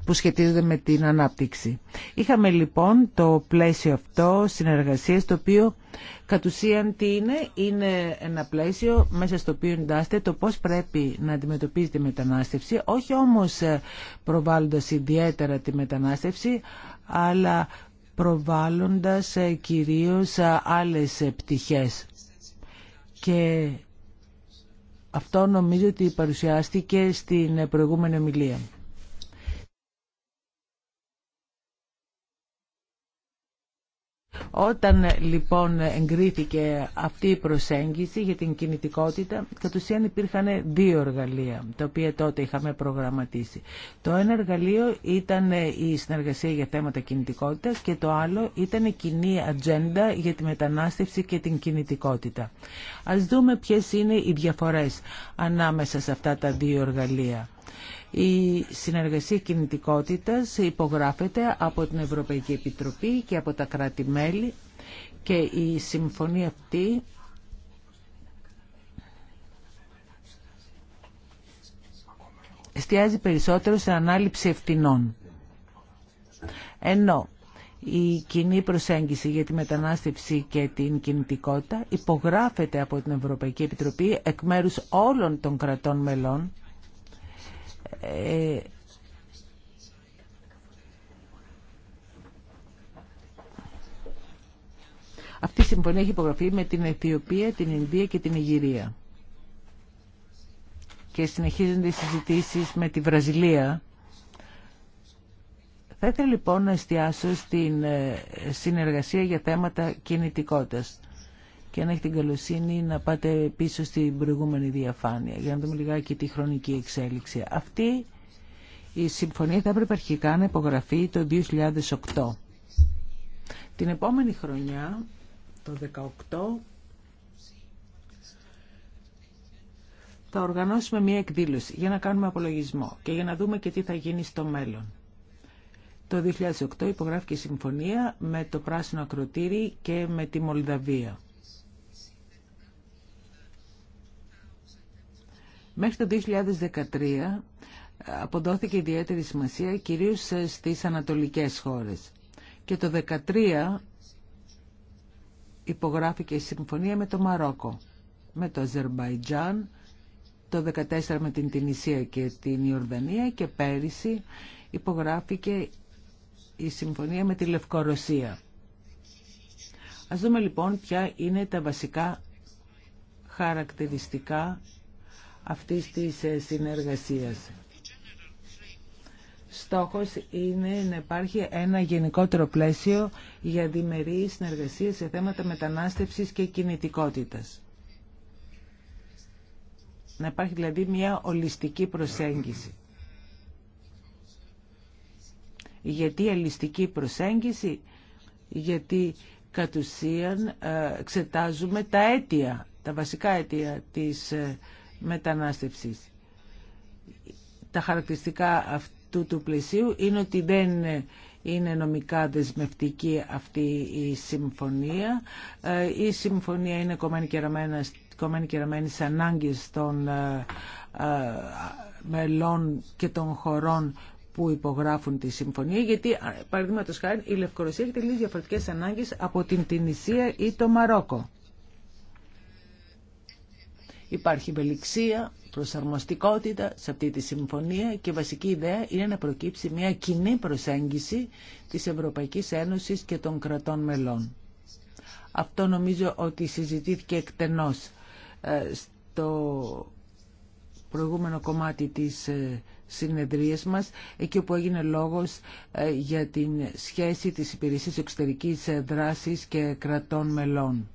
Speaker 1: που σχετίζονται με την ανάπτυξη. Είχαμε λοιπόν το πλαίσιο αυτό συνεργασία, το οποίο κατ' ουσίαν τι είναι, είναι ένα πλαίσιο μέσα στο οποίο εντάσσεται το πώς πρέπει να αντιμετωπίζεται η μετανάστευση, όχι όμως ε, προβάλλοντας ιδιαίτερα τη μετανάστευση, αλλά προβάλλοντας ε, κυρίως ε, άλλες πτυχές. Και αυτό νομίζω ότι παρουσιάστηκε στην προηγούμενη ομιλία. Όταν λοιπόν εγκρίθηκε αυτή η προσέγγιση για την κινητικότητα, κατ' ουσίαν υπήρχαν δύο εργαλεία, τα οποία τότε είχαμε προγραμματίσει. Το ένα εργαλείο ήταν η συνεργασία για θέματα κινητικότητας και το άλλο ήταν η κοινή ατζέντα για τη μετανάστευση και την κινητικότητα. Ας δούμε ποιες είναι οι διαφορές ανάμεσα σε αυτά τα δύο εργαλεία. Η συνεργασία κινητικότητας υπογράφεται από την Ευρωπαϊκή Επιτροπή και από τα κράτη-μέλη και η συμφωνία αυτή εστιάζει περισσότερο σε ανάληψη ευθυνών. Ενώ η κοινή προσέγγιση για τη μετανάστευση και την κινητικότητα υπογράφεται από την Ευρωπαϊκή Επιτροπή εκ μέρους όλων των κρατών μελών ε, αυτή η συμφωνία έχει υπογραφεί με την Αιθιοπία, την Ινδία και την Ιγυρία. Και συνεχίζονται οι συζητήσεις με τη Βραζιλία. Θα ήθελα λοιπόν να εστιάσω στην ε, συνεργασία για θέματα κινητικότητας και να έχει την καλοσύνη να πάτε πίσω στην προηγούμενη διαφάνεια για να δούμε λιγάκι τη χρονική εξέλιξη. Αυτή η συμφωνία θα έπρεπε αρχικά να υπογραφεί το 2008. Την επόμενη χρονιά, το 2018, θα οργανώσουμε μία εκδήλωση για να κάνουμε απολογισμό και για να δούμε και τι θα γίνει στο μέλλον. Το 2008 υπογράφηκε συμφωνία με το Πράσινο Ακροτήρι και με τη Μολδαβία. Μέχρι το 2013 ε, αποδόθηκε ιδιαίτερη σημασία κυρίως στις ανατολικές χώρες. Και το 2013 υπογράφηκε η συμφωνία με το Μαρόκο, με το Αζερμπαϊτζάν, το 2014 με την Τινησία και την Ιορδανία και πέρυσι υπογράφηκε η συμφωνία με τη Λευκορωσία. Ας δούμε λοιπόν ποια είναι τα βασικά χαρακτηριστικά αυτής της ε, συνεργασίας. Στόχος είναι να υπάρχει ένα γενικότερο πλαίσιο για διμερή συνεργασία σε θέματα μετανάστευσης και κινητικότητας. Να υπάρχει δηλαδή μια ολιστική προσέγγιση. Γιατί η ολιστική προσέγγιση, γιατί κατ' ουσίαν ε, εξετάζουμε τα αίτια, τα βασικά αίτια της ε, τα χαρακτηριστικά αυτού του πλαισίου είναι ότι δεν είναι νομικά δεσμευτική αυτή η συμφωνία. Ε, η συμφωνία είναι κομμένη και ραμμένη στις ανάγκες των ε, ε, μελών και των χωρών που υπογράφουν τη συμφωνία, γιατί παραδείγματο χάρη η Λευκορωσία έχει τελείω διαφορετικέ ανάγκε από την Τινησία ή το Μαρόκο. Υπάρχει ευελιξία, προσαρμοστικότητα σε αυτή τη συμφωνία και η βασική ιδέα είναι να προκύψει μια κοινή προσέγγιση της Ευρωπαϊκής Ένωσης και των κρατών μελών. Αυτό νομίζω ότι συζητήθηκε εκτενώς ε, στο προηγούμενο κομμάτι της ε, συνεδρίας μας, εκεί όπου έγινε λόγος ε, για την σχέση της υπηρεσίας εξωτερικής δράσης και κρατών μελών.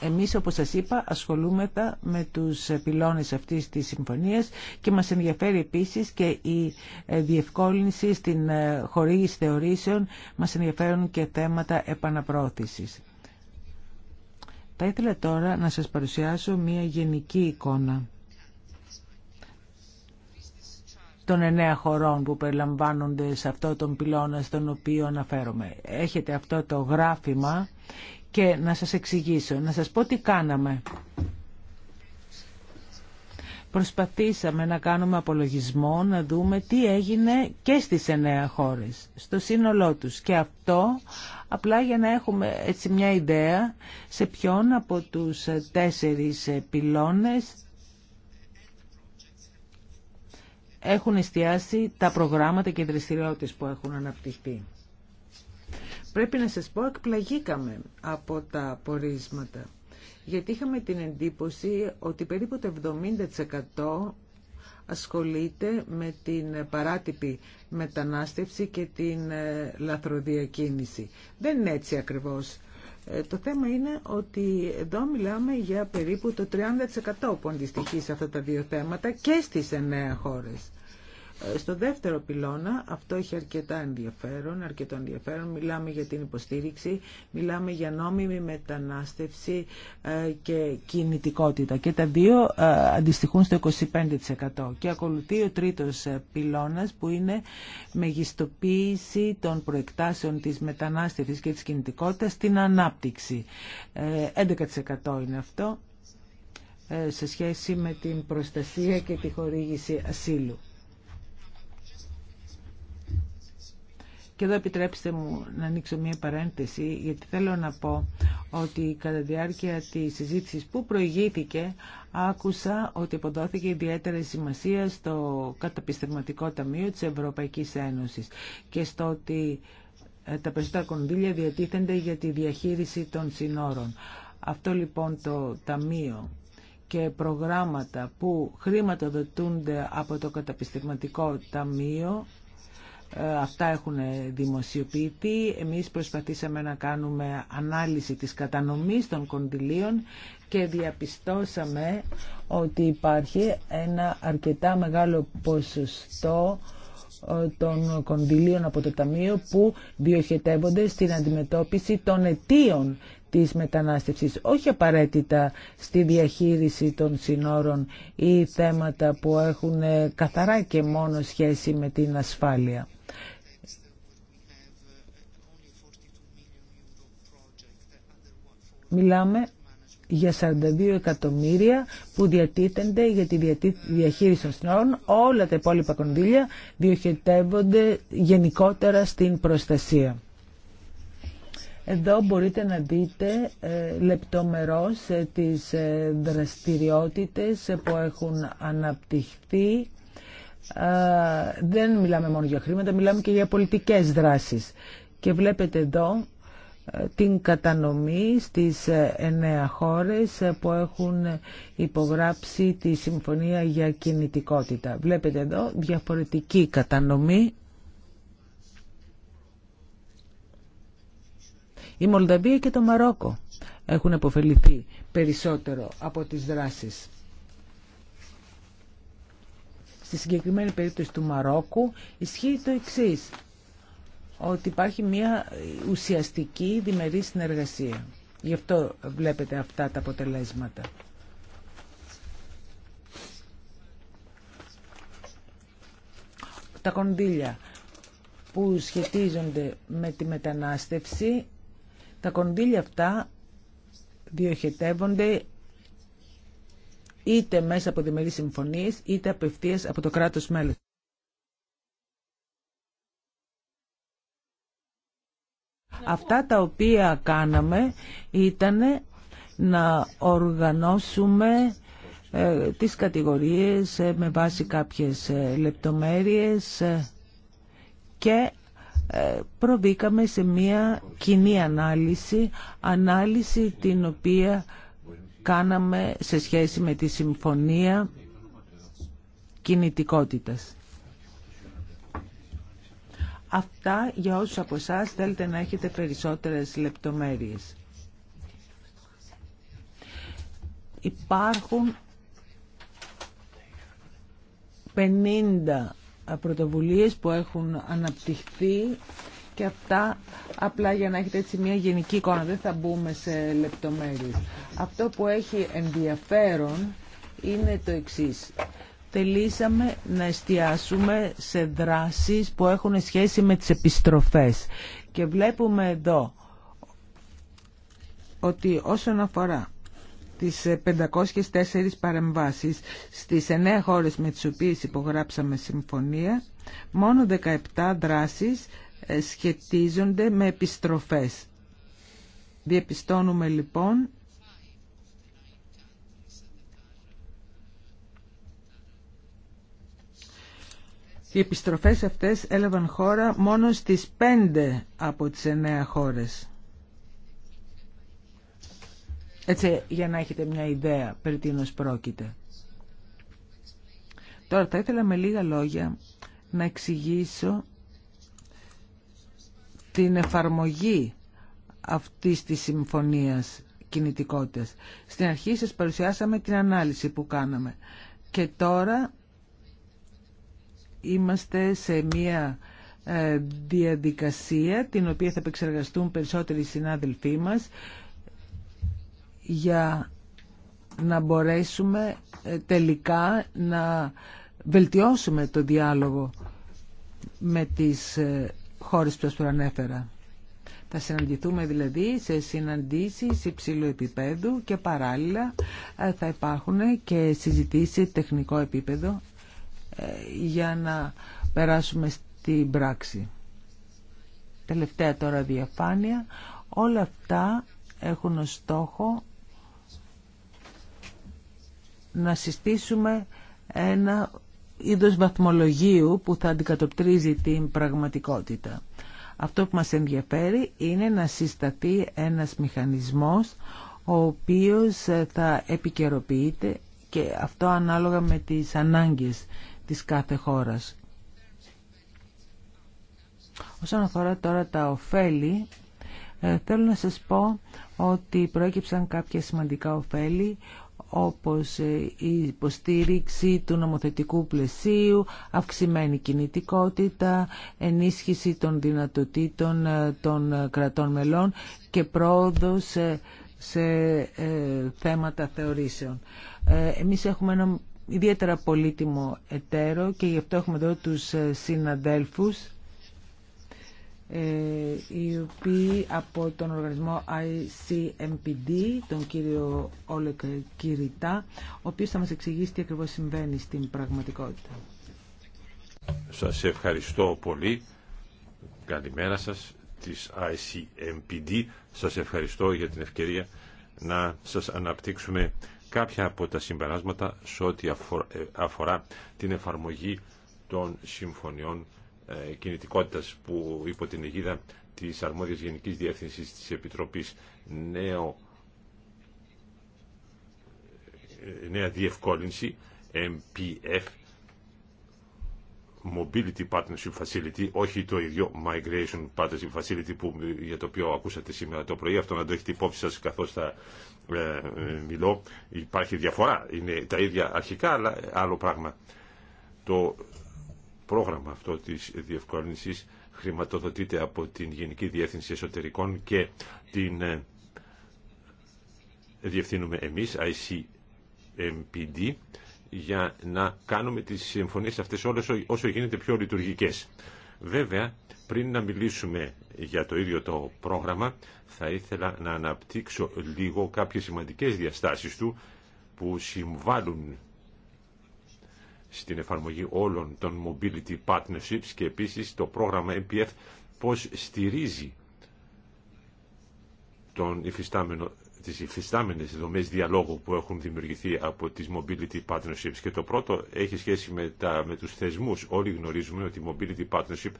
Speaker 1: Εμείς, όπως σας είπα, ασχολούμεθα με τους πυλώνες αυτής της συμφωνίας και μας ενδιαφέρει επίσης και η ε, διευκόλυνση στην ε, χορήγηση θεωρήσεων. Μας ενδιαφέρουν και θέματα επαναπρόθεσης. Θα ήθελα τώρα να σας παρουσιάσω μία γενική εικόνα των εννέα χωρών που περιλαμβάνονται σε αυτό τον πυλώνα στον οποίο αναφέρομαι. Έχετε αυτό το γράφημα και να σας εξηγήσω, να σας πω τι κάναμε. Προσπαθήσαμε να κάνουμε απολογισμό, να δούμε τι έγινε και στις εννέα χώρες, στο σύνολό τους. Και αυτό απλά για να έχουμε έτσι μια ιδέα σε ποιον από τους τέσσερις πυλώνες έχουν εστιάσει τα προγράμματα και δραστηριότητες που έχουν αναπτυχθεί. Πρέπει να σας πω, εκπλαγήκαμε από τα πορίσματα, γιατί είχαμε την εντύπωση ότι περίπου το 70% ασχολείται με την παράτυπη μετανάστευση και την ε, λαθροδιακίνηση. Δεν είναι έτσι ακριβώς. Ε, το θέμα είναι ότι εδώ μιλάμε για περίπου το 30% που αντιστοιχεί σε αυτά τα δύο θέματα και στις εννέα χώρες. Στο δεύτερο πυλώνα αυτό έχει αρκετά ενδιαφέρον, αρκετό ενδιαφέρον. Μιλάμε για την υποστήριξη, μιλάμε για νόμιμη μετανάστευση ε, και κινητικότητα και τα δύο ε, αντιστοιχούν στο 25% και ακολουθεί ο τρίτος ε, πυλώνας που είναι μεγιστοποίηση των προεκτάσεων της μετανάστευσης και της κινητικότητας στην ανάπτυξη. 11% είναι αυτό σε σχέση με την προστασία και τη χορήγηση ασύλου. Και εδώ επιτρέψτε μου να ανοίξω μια παρένθεση, γιατί θέλω να πω ότι κατά τη διάρκεια της συζήτησης που προηγήθηκε, άκουσα ότι αποδόθηκε ιδιαίτερη σημασία στο καταπιστευματικό ταμείο της Ευρωπαϊκής Ένωσης και στο ότι ε, τα περισσότερα κονδύλια διατίθενται για τη διαχείριση των συνόρων. Αυτό λοιπόν το ταμείο και προγράμματα που χρηματοδοτούνται από το καταπιστευματικό ταμείο ε, αυτά έχουν δημοσιοποιηθεί. Εμείς προσπαθήσαμε να κάνουμε ανάλυση της κατανομής των κοντιλίων και διαπιστώσαμε ότι υπάρχει ένα αρκετά μεγάλο ποσοστό ε, των κοντιλίων από το Ταμείο που διοχετεύονται στην αντιμετώπιση των αιτίων της μετανάστευσης, όχι απαραίτητα στη διαχείριση των συνόρων ή θέματα που έχουν καθαρά και μόνο σχέση με την ασφάλεια. μιλάμε για 42 εκατομμύρια που διατίθενται για τη διαχείριση των συνόρων. Όλα τα υπόλοιπα κονδύλια διοχετεύονται γενικότερα στην προστασία. Εδώ μπορείτε να δείτε ε, λεπτομερώς ε, τις ε, δραστηριότητες που έχουν αναπτυχθεί. Δεν μιλάμε μόνο για χρήματα, μιλάμε και για πολιτικές δράσεις. Και βλέπετε εδώ την κατανομή στις ε, εννέα χώρες ε, που έχουν υπογράψει τη Συμφωνία για Κινητικότητα. Βλέπετε εδώ διαφορετική κατανομή. Η Μολδαβία και το Μαρόκο έχουν αποφεληθεί περισσότερο από τις δράσεις. Στη συγκεκριμένη περίπτωση του Μαρόκου ισχύει το εξής ότι υπάρχει μια ουσιαστική διμερή συνεργασία. Γι' αυτό βλέπετε αυτά τα αποτελέσματα. Τα κονδύλια που σχετίζονται με τη μετανάστευση, τα κονδύλια αυτά διοχετεύονται είτε μέσα από διμερείς συμφωνίες, είτε απευθείας από το κράτος μέλος. Αυτά τα οποία κάναμε ήταν να οργανώσουμε ε, τις κατηγορίες ε, με βάση κάποιες ε, λεπτομέρειες και προβήκαμε σε μία κοινή ανάλυση, ανάλυση την οποία κάναμε σε σχέση με τη Συμφωνία Κινητικότητας. Αυτά για όσους από εσά θέλετε να έχετε περισσότερες λεπτομέρειες. Υπάρχουν 50 πρωτοβουλίες που έχουν αναπτυχθεί και αυτά απλά για να έχετε έτσι μια γενική εικόνα. Δεν θα μπούμε σε λεπτομέρειες. Αυτό που έχει ενδιαφέρον είναι το εξής θελήσαμε να εστιάσουμε σε δράσεις που έχουν σχέση με τις επιστροφές. Και βλέπουμε εδώ ότι όσον αφορά τις 504 παρεμβάσεις στις 9 χώρες με τις οποίες υπογράψαμε συμφωνία, μόνο 17 δράσεις ε, σχετίζονται με επιστροφές. Διεπιστώνουμε λοιπόν Οι επιστροφές αυτές έλαβαν χώρα μόνο στις πέντε από τις εννέα χώρες. Έτσι, για να έχετε μια ιδέα περί τίνος πρόκειται. Τώρα, θα ήθελα με λίγα λόγια να εξηγήσω την εφαρμογή αυτής της συμφωνίας κινητικότητας. Στην αρχή σας παρουσιάσαμε την ανάλυση που κάναμε και τώρα είμαστε σε μία ε, διαδικασία την οποία θα επεξεργαστούν περισσότεροι συνάδελφοί μας για να μπορέσουμε ε, τελικά να βελτιώσουμε το διάλογο με τις ε, χώρες που προανέφερα. Θα συναντηθούμε δηλαδή σε συναντήσεις υψηλού επίπεδου και παράλληλα θα υπάρχουν και συζητήσεις τεχνικό επίπεδο για να περάσουμε στην πράξη. Τελευταία τώρα διαφάνεια. Όλα αυτά έχουν ως στόχο να συστήσουμε ένα είδος βαθμολογίου που θα αντικατοπτρίζει την πραγματικότητα. Αυτό που μας ενδιαφέρει είναι να συσταθεί ένας μηχανισμός ο οποίος θα επικαιροποιείται και αυτό ανάλογα με τις ανάγκες της κάθε χώρας. Όσον αφορά τώρα τα ωφέλη, ε, θέλω να σας πω ότι προέκυψαν κάποια σημαντικά ωφέλη όπως ε, η υποστήριξη του νομοθετικού πλαισίου, αυξημένη κινητικότητα, ενίσχυση των δυνατοτήτων ε, των κρατών μελών και πρόοδος σε, θέματα θεωρήσεων. εμείς έχουμε ένα ιδιαίτερα πολύτιμο εταίρο και γι' αυτό έχουμε εδώ τους ε, συναδέλφους ε, οι οποίοι από τον οργανισμό ICMPD, τον κύριο Όλεκ Κυριτά, ο οποίος θα μας εξηγήσει τι ακριβώς συμβαίνει στην πραγματικότητα.
Speaker 3: Σας ευχαριστώ πολύ. Καλημέρα σας της ICMPD. Σας ευχαριστώ για την ευκαιρία να σας αναπτύξουμε κάποια από τα συμπεράσματα σε ό,τι ε, αφορά την εφαρμογή των συμφωνιών ε, κινητικότητας που υπό την αιγίδα της αρμόδιας Γενικής Διεύθυνσης της Επιτροπής νέο, ε, νέα διευκόλυνση MPF Mobility Partnership Facility, όχι το ίδιο Migration Partnership Facility που, για το οποίο ακούσατε σήμερα το πρωί. Αυτό να το έχετε υπόψη σας καθώς θα ε, ε, μιλώ υπάρχει διαφορά. Είναι τα ίδια αρχικά αλλά άλλο πράγμα. Το πρόγραμμα αυτό της διευκόλυνσης χρηματοδοτείται από την Γενική Διεύθυνση Εσωτερικών και την ε, διευθύνουμε εμείς, ICMPD, για να κάνουμε τις συμφωνίες αυτές όλες όσο γίνεται πιο λειτουργικές. Βέβαια, πριν να μιλήσουμε για το ίδιο το πρόγραμμα, θα ήθελα να αναπτύξω λίγο κάποιες σημαντικές διαστάσεις του που συμβάλλουν στην εφαρμογή όλων των mobility partnerships και επίσης το πρόγραμμα MPF πώς στηρίζει τον υφιστάμενο τις υφιστάμενες δομές διαλόγου που έχουν δημιουργηθεί από τις Mobility Partnerships και το πρώτο έχει σχέση με, τα, με τους θεσμούς. Όλοι γνωρίζουμε ότι η Mobility Partnership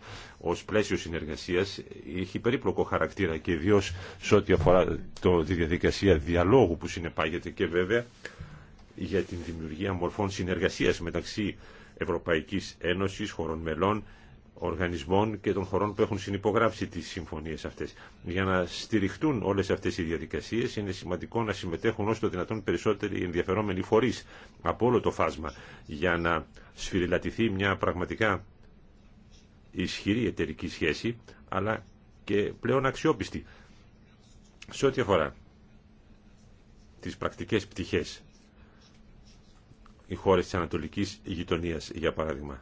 Speaker 3: ως πλαίσιο συνεργασίας έχει περίπλοκο χαρακτήρα και ιδίω σε ό,τι αφορά το, τη διαδικασία διαλόγου που συνεπάγεται και βέβαια για την δημιουργία μορφών συνεργασίας μεταξύ Ευρωπαϊκής Ένωσης, χωρών μελών, οργανισμών και των χωρών που έχουν συνυπογράψει τις συμφωνίες αυτές. Για να στηριχτούν όλες αυτές οι διαδικασίες είναι σημαντικό να συμμετέχουν όσο το δυνατόν περισσότεροι ενδιαφερόμενοι φορείς από όλο το φάσμα για να σφυριλατηθεί μια πραγματικά ισχυρή εταιρική σχέση αλλά και πλέον αξιόπιστη. Σε ό,τι αφορά τις πρακτικές πτυχές οι χώρες της Ανατολικής Γειτονίας για παράδειγμα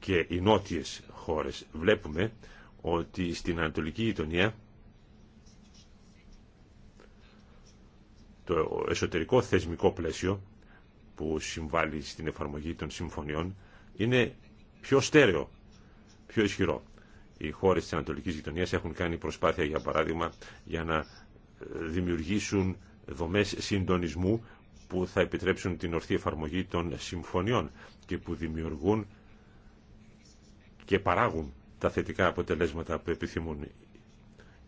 Speaker 3: και οι νότιες χώρες. Βλέπουμε ότι στην Ανατολική Γειτονία το εσωτερικό θεσμικό πλαίσιο που συμβάλλει στην εφαρμογή των συμφωνιών είναι πιο στέρεο, πιο ισχυρό. Οι χώρες της Ανατολικής Γειτονίας έχουν κάνει προσπάθεια, για παράδειγμα, για να δημιουργήσουν δομές συντονισμού που θα επιτρέψουν την ορθή εφαρμογή των συμφωνιών και που δημιουργούν και παράγουν τα θετικά αποτελέσματα που επιθυμούν.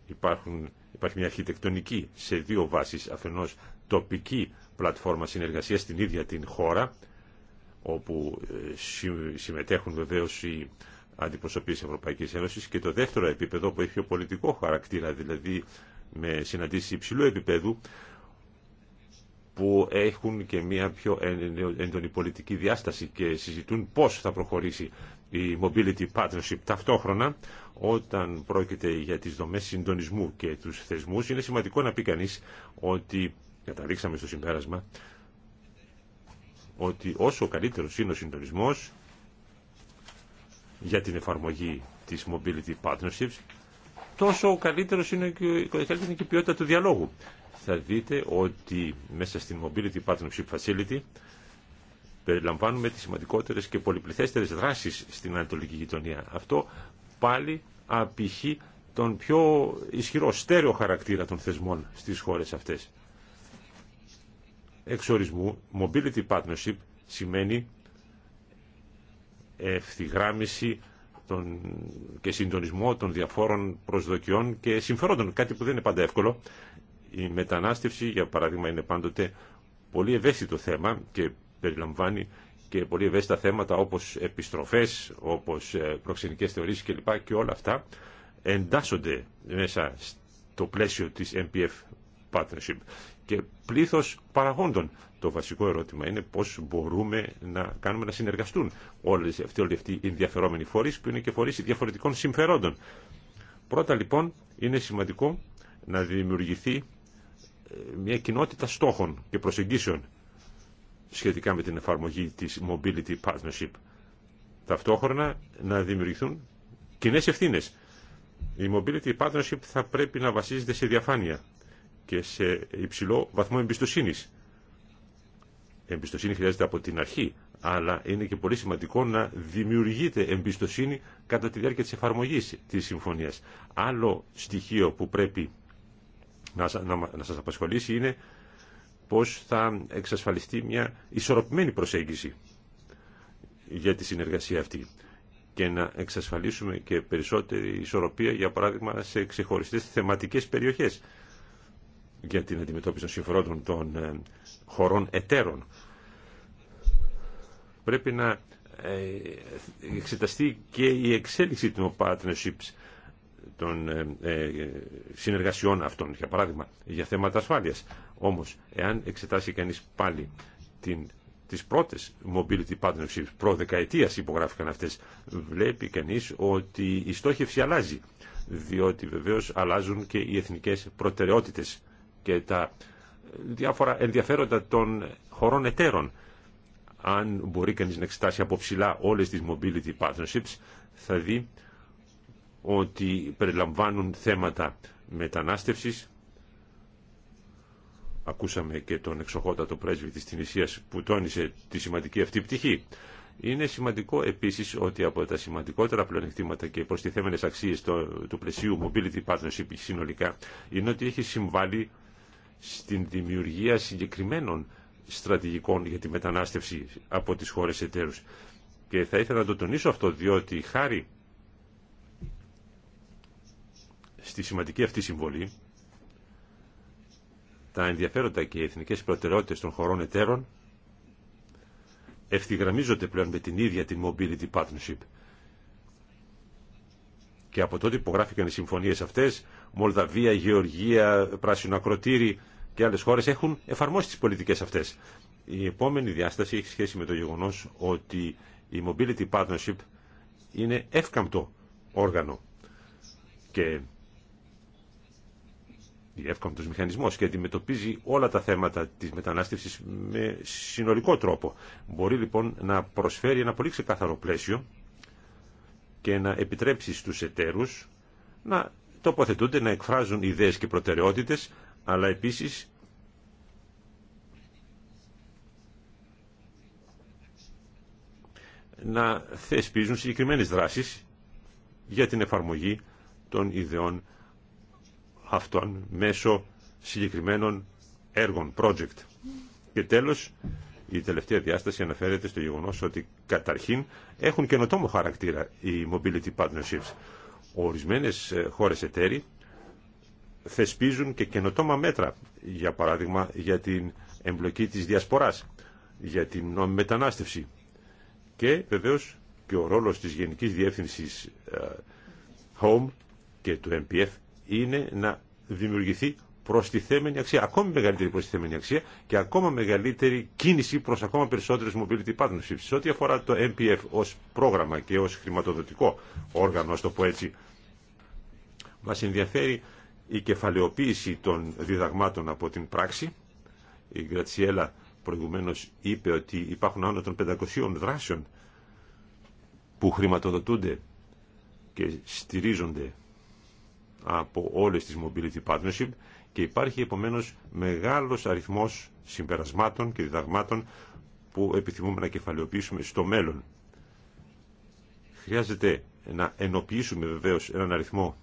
Speaker 3: Υπάρχουν, υπάρχει μια αρχιτεκτονική σε δύο βάσεις, αφενός τοπική πλατφόρμα συνεργασίας στην ίδια την χώρα, όπου ε, συμμετέχουν βεβαίως οι αντιπροσωπείς Ευρωπαϊκής Ένωσης και το δεύτερο επίπεδο που έχει ο πολιτικό χαρακτήρα, δηλαδή με συναντήσεις υψηλού επίπεδου, που έχουν και μια πιο έντονη πολιτική διάσταση και συζητούν πώς θα προχωρήσει η Mobility Partnership. Ταυτόχρονα, όταν πρόκειται για τις δομές συντονισμού και τους θεσμούς, είναι σημαντικό να πει κανείς ότι, καταλήξαμε στο συμπέρασμα, ότι όσο καλύτερος είναι ο συντονισμός για την εφαρμογή της Mobility Partnerships, τόσο καλύτερος είναι και, καλύτερη είναι και η ποιότητα του διαλόγου. Θα δείτε ότι μέσα στην Mobility Partnership Facility περιλαμβάνουμε τις σημαντικότερες και πολυπληθέστερες δράσεις στην Ανατολική Γειτονία. Αυτό πάλι απηχεί τον πιο ισχυρό στέρεο χαρακτήρα των θεσμών στις χώρες αυτές. Εξορισμού, mobility partnership σημαίνει ευθυγράμμιση και συντονισμό των διαφόρων προσδοκιών και συμφερόντων, κάτι που δεν είναι πάντα εύκολο. Η μετανάστευση, για παράδειγμα, είναι πάντοτε πολύ ευαίσθητο θέμα και περιλαμβάνει και πολύ ευαίσθητα θέματα όπως επιστροφές, όπως ε, προξενικές θεωρήσεις κλπ. Και όλα αυτά εντάσσονται μέσα στο πλαίσιο της MPF Partnership και πλήθος παραγόντων. Το βασικό ερώτημα είναι πώς μπορούμε να κάνουμε να συνεργαστούν όλες, αυτοί, όλοι αυτοί οι ενδιαφερόμενοι φορείς που είναι και φορείς διαφορετικών συμφερόντων. Πρώτα λοιπόν είναι σημαντικό να δημιουργηθεί ε, μια κοινότητα στόχων και προσεγγίσεων σχετικά με την εφαρμογή της Mobility Partnership. Ταυτόχρονα να δημιουργηθούν κοινέ ευθύνε. Η Mobility Partnership θα πρέπει να βασίζεται σε διαφάνεια και σε υψηλό βαθμό εμπιστοσύνης. Εμπιστοσύνη χρειάζεται από την αρχή, αλλά είναι και πολύ σημαντικό να δημιουργείται εμπιστοσύνη κατά τη διάρκεια της εφαρμογής της συμφωνίας. Άλλο στοιχείο που πρέπει να σας απασχολήσει είναι πώς θα εξασφαλιστεί μια ισορροπημένη προσέγγιση για τη συνεργασία αυτή και να εξασφαλίσουμε και περισσότερη ισορροπία, για παράδειγμα, σε ξεχωριστές θεματικές περιοχές για την αντιμετώπιση των συμφερόντων των ε, χωρών εταίρων. Πρέπει να ε, εξεταστεί και η εξέλιξη των partnerships των ε, συνεργασιών αυτών, για παράδειγμα, για θέματα ασφάλειας. Όμως, εάν εξετάσει κανείς πάλι την, τις πρώτες mobility partnerships προδεκαετίας υπογράφηκαν αυτές, βλέπει κανείς ότι η στόχευση αλλάζει, διότι βεβαίως αλλάζουν και οι εθνικές προτεραιότητες και τα διάφορα ενδιαφέροντα των χωρών εταίρων. Αν μπορεί κανείς να εξετάσει από ψηλά όλες τις mobility partnerships, θα δει ότι περιλαμβάνουν θέματα μετανάστευσης, Ακούσαμε και τον εξοχότατο πρέσβη της Τινησίας που τόνισε τη σημαντική αυτή πτυχή. Είναι σημαντικό επίσης ότι από τα σημαντικότερα πλεονεκτήματα και προστιθέμενες αξίες του πλαισίου Mobility Partnership συνολικά είναι ότι έχει συμβάλει στην δημιουργία συγκεκριμένων στρατηγικών για τη μετανάστευση από τις χώρες εταίρους. Και θα ήθελα να το τονίσω αυτό διότι χάρη στη σημαντική αυτή συμβολή τα ενδιαφέροντα και οι εθνικές προτεραιότητες των χωρών εταίρων ευθυγραμμίζονται πλέον με την ίδια την Mobility Partnership. Και από τότε που γράφηκαν οι συμφωνίες αυτές, Μολδαβία, Γεωργία, Πράσινο Ακροτήρι και άλλες χώρες έχουν εφαρμόσει τις πολιτικές αυτές. Η επόμενη διάσταση έχει σχέση με το γεγονός ότι η Mobility Partnership είναι εύκαμπτο όργανο και διεύκοντος μηχανισμό και αντιμετωπίζει όλα τα θέματα της μετανάστευσης με συνολικό τρόπο. Μπορεί λοιπόν να προσφέρει ένα πολύ ξεκάθαρο πλαίσιο και να επιτρέψει στους εταίρους να τοποθετούνται, να εκφράζουν ιδέες και προτεραιότητες, αλλά επίσης να θεσπίζουν συγκεκριμένες δράσεις για την εφαρμογή των ιδεών αυτών μέσω συγκεκριμένων έργων, project. Και τέλος, η τελευταία διάσταση αναφέρεται στο γεγονός ότι καταρχήν έχουν καινοτόμο χαρακτήρα οι mobility partnerships. Ορισμένες ε, χώρες εταίροι θεσπίζουν και καινοτόμα μέτρα, για παράδειγμα για την εμπλοκή της διασποράς, για την μετανάστευση και βεβαίως και ο ρόλος της Γενικής Διεύθυνσης ε, Home και του MPF είναι να δημιουργηθεί προστιθέμενη αξία, ακόμη μεγαλύτερη προστιθέμενη αξία και ακόμα μεγαλύτερη κίνηση προς ακόμα περισσότερες mobility partnerships. Σε ό,τι αφορά το MPF ως πρόγραμμα και ως χρηματοδοτικό όργανο, ας το πω έτσι, μας ενδιαφέρει η κεφαλαιοποίηση των διδαγμάτων από την πράξη. Η Γκρατσιέλα προηγουμένως είπε ότι υπάρχουν άνω των 500 δράσεων που χρηματοδοτούνται και στηρίζονται από όλες τις Mobility Partnership και υπάρχει επομένως μεγάλος αριθμός συμπερασμάτων και διδαγμάτων που επιθυμούμε να κεφαλαιοποιήσουμε στο μέλλον. Χρειάζεται να ενοποιήσουμε βεβαίως έναν αριθμό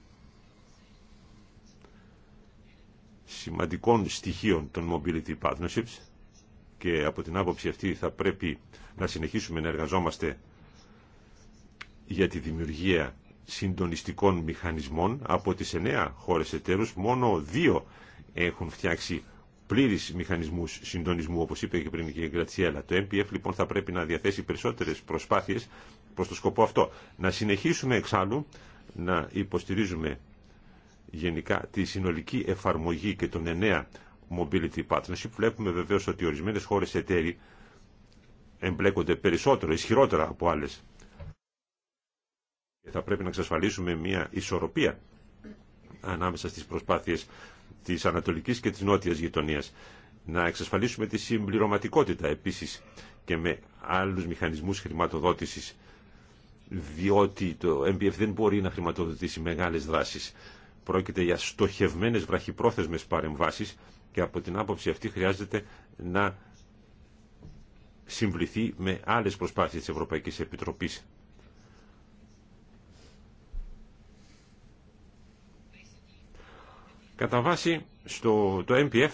Speaker 3: σημαντικών στοιχείων των Mobility Partnerships και από την άποψη αυτή θα πρέπει να συνεχίσουμε να εργαζόμαστε για τη δημιουργία συντονιστικών μηχανισμών από τις εννέα χώρες εταίρους μόνο δύο έχουν φτιάξει πλήρης μηχανισμούς συντονισμού όπως είπε και πριν η Γκρατσιέλα. Το MPF λοιπόν θα πρέπει να διαθέσει περισσότερες προσπάθειες προς το σκοπό αυτό. Να συνεχίσουμε εξάλλου να υποστηρίζουμε γενικά τη συνολική εφαρμογή και τον εννέα Mobility Partnership. Βλέπουμε βεβαίως ότι ορισμένες χώρες εταίροι εμπλέκονται περισσότερο, ισχυρότερα από άλλες θα πρέπει να εξασφαλίσουμε μια ισορροπία ανάμεσα στις προσπάθειες της ανατολικής και της νότιας γειτονίας. Να εξασφαλίσουμε τη συμπληρωματικότητα επίσης και με άλλους μηχανισμούς χρηματοδότησης διότι το MPF δεν μπορεί να χρηματοδοτήσει μεγάλες δράσεις. Πρόκειται για στοχευμένες βραχυπρόθεσμες παρεμβάσεις και από την άποψη αυτή χρειάζεται να συμβληθεί με άλλες προσπάθειες της Ευρωπαϊκής Επιτροπής Κατά βάση στο, το MPF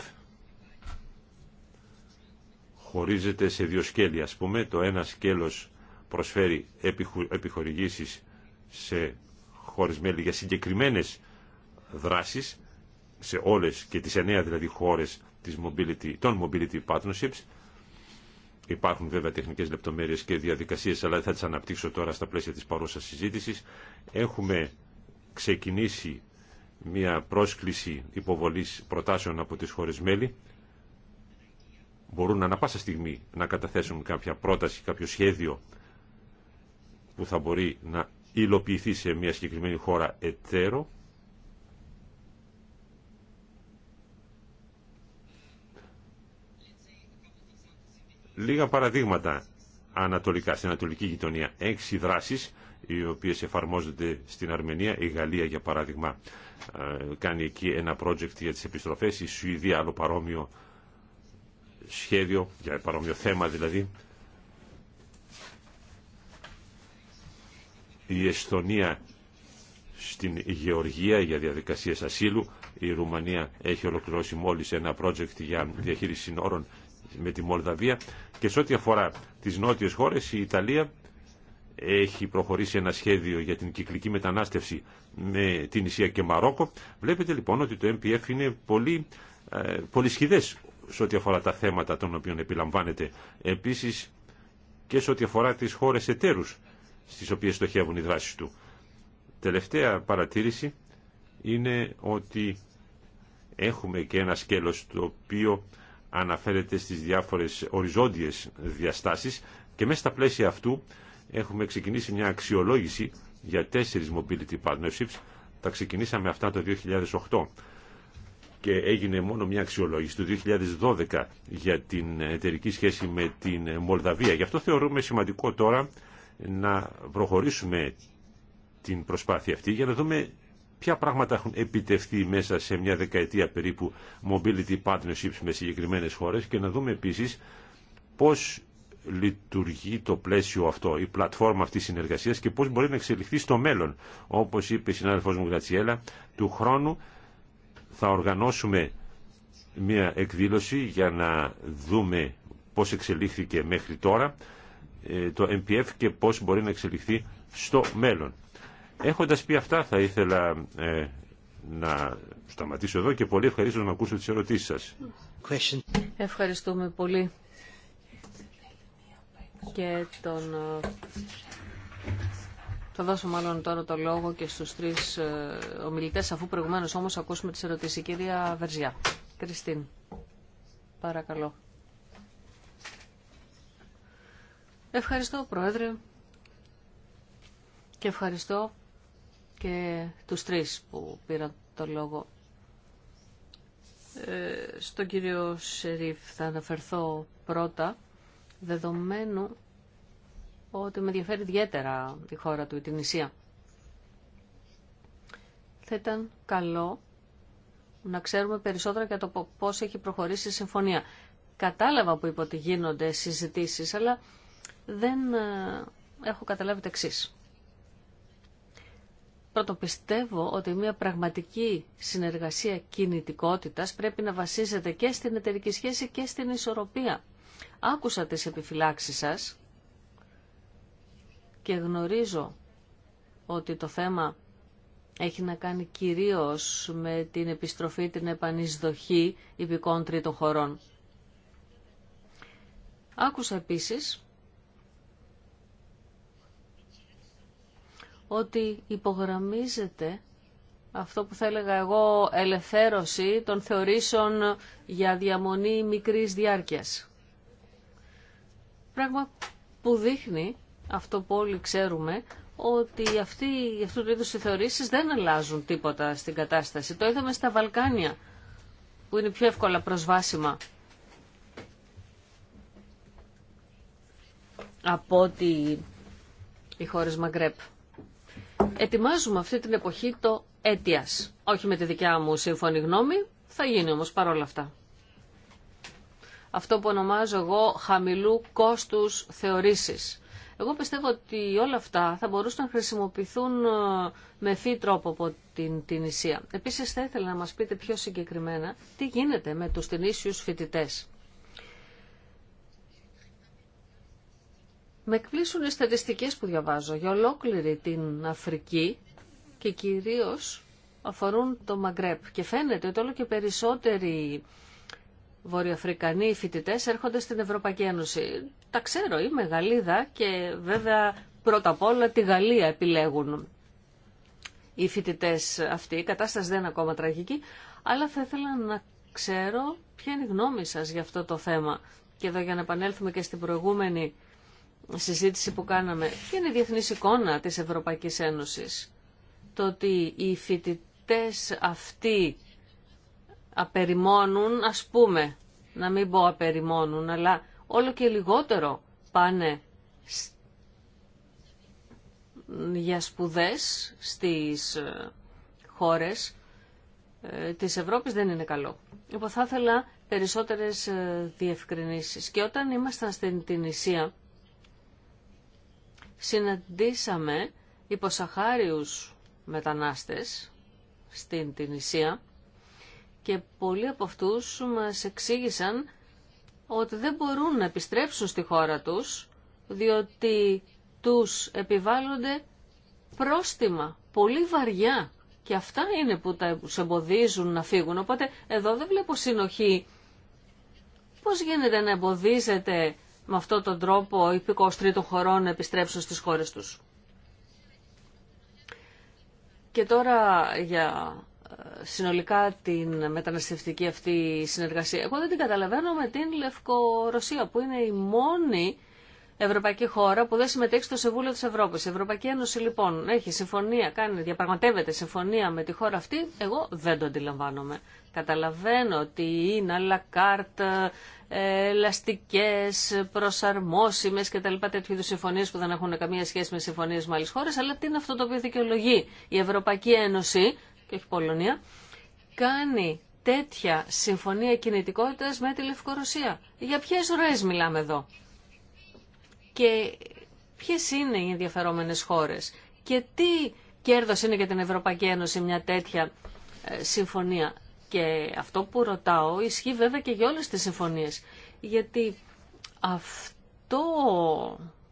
Speaker 3: χωρίζεται σε δύο σκέλη ας πούμε. Το ένα σκέλος προσφέρει επιχορηγήσεις σε χώρες μέλη για συγκεκριμένες δράσεις σε όλες και τις εννέα δηλαδή χώρες της mobility, των Mobility Partnerships. Υπάρχουν βέβαια τεχνικές λεπτομέρειες και διαδικασίες, αλλά θα τις αναπτύξω τώρα στα πλαίσια της παρούσας συζήτησης. Έχουμε ξεκινήσει μια πρόσκληση υποβολής προτάσεων από τις χώρες μέλη μπορούν ανα πάσα στιγμή να καταθέσουν κάποια πρόταση, κάποιο σχέδιο που θα μπορεί να υλοποιηθεί σε μια συγκεκριμένη χώρα εταίρο Λίγα παραδείγματα ανατολικά, στην ανατολική γειτονία. Έξι δράσεις οι οποίες εφαρμόζονται στην Αρμενία, η Γαλλία για παράδειγμα ε, κάνει εκεί ένα project για τις επιστροφές, η Σουηδία άλλο παρόμοιο σχέδιο, για παρόμοιο θέμα δηλαδή. Η Εστονία στην Γεωργία για διαδικασίες ασύλου. Η Ρουμανία έχει ολοκληρώσει μόλις ένα project για διαχείριση συνόρων με τη Μολδαβία. Και σε ό,τι αφορά τις νότιες χώρες, η Ιταλία έχει προχωρήσει ένα σχέδιο για την κυκλική μετανάστευση με την Ισία και Μαρόκο. Βλέπετε λοιπόν ότι το MPF είναι πολύ, ε, πολύ σχηδές σε ό,τι αφορά τα θέματα των οποίων επιλαμβάνεται. Επίσης και σε ό,τι αφορά τις χώρες εταίρους στις οποίες στοχεύουν οι δράσεις του. Τελευταία παρατήρηση είναι ότι έχουμε και ένα σκέλος το οποίο αναφέρεται στις διάφορες οριζόντιες διαστάσεις και μέσα στα πλαίσια αυτού έχουμε ξεκινήσει μια αξιολόγηση για τέσσερις mobility partnerships. Τα ξεκινήσαμε αυτά το 2008 και έγινε μόνο μια αξιολόγηση το 2012 για την εταιρική σχέση με την Μολδαβία. Γι' αυτό θεωρούμε σημαντικό τώρα να προχωρήσουμε την προσπάθεια αυτή για να δούμε ποια πράγματα έχουν επιτευχθεί μέσα σε μια δεκαετία περίπου mobility partnerships με συγκεκριμένες χώρες και να δούμε επίσης πώς λειτουργεί το πλαίσιο αυτό, η πλατφόρμα αυτής της συνεργασίας και πώς μπορεί να εξελιχθεί στο μέλλον. Όπως είπε η συνάδελφός μου Γρατσιέλα, του χρόνου θα οργανώσουμε μια εκδήλωση για να δούμε πώς εξελίχθηκε μέχρι τώρα ε, το MPF και πώς μπορεί να εξελιχθεί στο μέλλον. Έχοντας πει αυτά θα ήθελα ε, να σταματήσω εδώ και πολύ ευχαρίστω να ακούσω τις ερωτήσεις σας.
Speaker 2: Ευχαριστούμε πολύ και τον... Ε, θα δώσω μάλλον τώρα το λόγο και στους τρεις ε, ομιλητές, αφού προηγουμένως όμως ακούσουμε τις ερωτήσεις. Η κυρία Βερζιά. Κριστίν, παρακαλώ. Ευχαριστώ, Πρόεδρε, και ευχαριστώ και τους τρεις που πήραν το λόγο. Ε, στον κύριο Σερίφ θα αναφερθώ πρώτα δεδομένου ότι με ενδιαφέρει ιδιαίτερα τη χώρα του, η νησία. Θα ήταν καλό να ξέρουμε περισσότερα για το πώς έχει προχωρήσει η συμφωνία. Κατάλαβα που είπε ότι γίνονται συζητήσεις, αλλά δεν ε, έχω καταλάβει το εξή. Πρώτον, πιστεύω ότι μια πραγματική συνεργασία κινητικότητας πρέπει να βασίζεται και στην εταιρική σχέση και στην ισορροπία Άκουσα τις επιφυλάξεις σας και γνωρίζω ότι το θέμα έχει να κάνει κυρίως με την επιστροφή, την επανεισδοχή υπηκών τρίτων χωρών. Άκουσα επίσης ότι υπογραμμίζεται αυτό που θα έλεγα εγώ ελευθέρωση των θεωρήσεων για διαμονή μικρής διάρκειας. Πράγμα που δείχνει αυτό που όλοι ξέρουμε ότι αυτοί, αυτού του είδους οι θεωρήσεις δεν αλλάζουν τίποτα στην κατάσταση. Το είδαμε στα Βαλκάνια που είναι πιο εύκολα προσβάσιμα από ότι οι χώρες Μαγκρέπ. Ετοιμάζουμε αυτή την εποχή το αίτιας. Όχι με τη δικιά μου σύμφωνη γνώμη, θα γίνει όμως παρόλα αυτά αυτό που ονομάζω εγώ χαμηλού κόστους θεωρήσεις. Εγώ πιστεύω ότι όλα αυτά θα μπορούσαν να χρησιμοποιηθούν ε, με φύ τρόπο από την, την Ισία. Επίσης θα ήθελα να μας πείτε πιο συγκεκριμένα τι γίνεται με τους τινήσιους φοιτητέ. Με εκπλήσουν οι στατιστικές που διαβάζω για ολόκληρη την Αφρική και κυρίως αφορούν το Μαγκρέπ. Και φαίνεται ότι όλο και περισσότεροι βορειοαφρικανοί φοιτητέ έρχονται στην Ευρωπαϊκή Ένωση. Τα ξέρω, είμαι Γαλλίδα και βέβαια πρώτα απ' όλα τη Γαλλία επιλέγουν οι φοιτητέ αυτοί. Η κατάσταση δεν είναι ακόμα τραγική, αλλά θα ήθελα να ξέρω ποια είναι η γνώμη σα για αυτό το θέμα. Και εδώ για να επανέλθουμε και στην προηγούμενη συζήτηση που κάναμε, ποια είναι η διεθνή εικόνα τη Ευρωπαϊκή Ένωση, Το ότι οι φοιτητέ αυτοί απεριμόνουν, ας πούμε, να μην πω απεριμόνουν, αλλά όλο και λιγότερο πάνε για σπουδές στις ε, χώρες ε, της Ευρώπης δεν είναι καλό. Λοιπόν, θα ήθελα περισσότερες ε, διευκρινήσεις. Και όταν ήμασταν στην Τινησία, συναντήσαμε υποσαχάριους μετανάστες στην Τινησία, και πολλοί από αυτούς μας εξήγησαν ότι δεν μπορούν να επιστρέψουν στη χώρα τους διότι τους επιβάλλονται πρόστιμα, πολύ βαριά και αυτά είναι που τα εμποδίζουν να φύγουν. Οπότε εδώ δεν βλέπω συνοχή. Πώς γίνεται να εμποδίζεται με αυτόν τον τρόπο οι πικός τρίτων χωρών να επιστρέψουν στις χώρες τους. Και τώρα για συνολικά την μεταναστευτική αυτή συνεργασία. Εγώ δεν την καταλαβαίνω με την Λευκορωσία που είναι η μόνη ευρωπαϊκή χώρα που δεν συμμετέχει στο Συμβούλιο τη Ευρώπη. Η Ευρωπαϊκή Ένωση λοιπόν έχει συμφωνία, κάνει, διαπραγματεύεται συμφωνία με τη χώρα αυτή. Εγώ δεν το αντιλαμβάνομαι. Καταλαβαίνω ότι είναι αλακάρτ, ε, ελαστικές, προσαρμόσιμες και τα λοιπά τέτοιου είδου συμφωνίε που δεν έχουν καμία σχέση με συμφωνίε με άλλε χώρε, αλλά τι είναι αυτό το οποίο δικαιολογεί η Ευρωπαϊκή Ένωση και όχι Πολωνία, κάνει τέτοια συμφωνία κινητικότητας με τη Λευκορωσία. Για ποιες ροές μιλάμε εδώ και ποιες είναι οι ενδιαφερόμενες χώρες και τι κέρδος είναι για την Ευρωπαϊκή Ένωση μια τέτοια ε, συμφωνία. Και αυτό που ρωτάω ισχύει βέβαια και για όλες τις συμφωνίες. Γιατί αυτό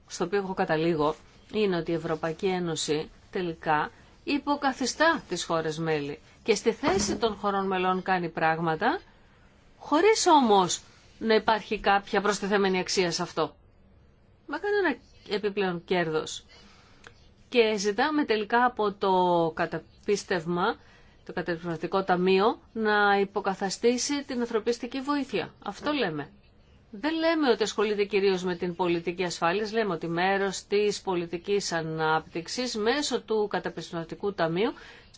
Speaker 2: στο οποίο έχω καταλήγω είναι ότι η Ευρωπαϊκή Ένωση τελικά υποκαθιστά τις χώρες μέλη και στη θέση των χωρών μελών κάνει πράγματα, χωρίς όμως να υπάρχει κάποια προστιθέμενη αξία σε αυτό. Μα κανένα επιπλέον κέρδος. Και ζητάμε τελικά από το καταπίστευμα, το κατευθυντικό ταμείο, να υποκαθαστήσει την ανθρωπιστική βοήθεια. Αυτό λέμε. Δεν λέμε ότι ασχολείται κυρίως με την πολιτική ασφάλεια, λέμε ότι μέρος της πολιτικής ανάπτυξης μέσω του καταπιστωτικού ταμείου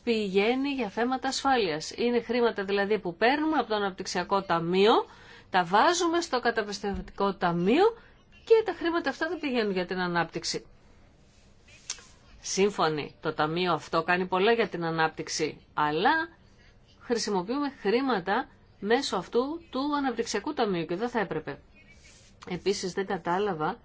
Speaker 2: πηγαίνει για θέματα ασφάλειας. Είναι χρήματα δηλαδή που παίρνουμε από το αναπτυξιακό ταμείο, τα βάζουμε στο καταπιστωτικό ταμείο και τα χρήματα αυτά δεν πηγαίνουν για την ανάπτυξη. Σύμφωνοι, το ταμείο αυτό κάνει πολλά για την ανάπτυξη, αλλά χρησιμοποιούμε χρήματα μέσω αυτού του Αναπτυξιακού Ταμείου και δεν θα έπρεπε. Επίσης δεν κατάλαβα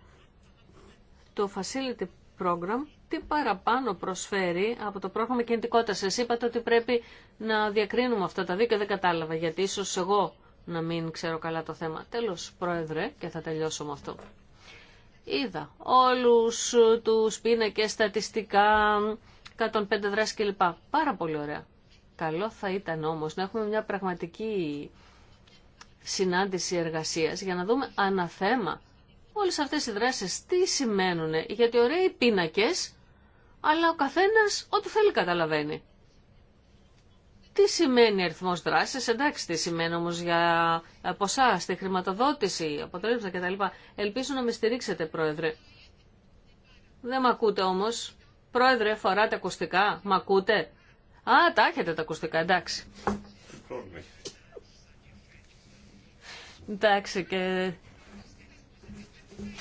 Speaker 2: το Facility Program τι παραπάνω προσφέρει από το πρόγραμμα κινητικότητας. Σα είπατε ότι πρέπει να διακρίνουμε αυτά τα δύο και δεν κατάλαβα γιατί ίσως εγώ να μην ξέρω καλά το θέμα. Τέλος, Πρόεδρε, και θα τελειώσω με αυτό. Είδα όλους τους πίνακε στατιστικά, 105 δράσει κλπ. Πάρα πολύ ωραία. Καλό θα ήταν όμως να έχουμε μια πραγματική συνάντηση εργασίας για να δούμε αναθέμα όλες αυτές οι δράσεις τι σημαίνουν, γιατί ωραίοι πίνακες, αλλά ο καθένας ό,τι θέλει καταλαβαίνει. Τι σημαίνει αριθμός δράσης, εντάξει τι σημαίνει όμως για ποσά, στη χρηματοδότηση, τα κτλ. Ελπίζω να με στηρίξετε πρόεδρε. Δεν με ακούτε όμως. Πρόεδρε, φοράτε ακουστικά, μ' ακούτε. Α, τα έχετε τα ακουστικά, εντάξει. Εντάξει και...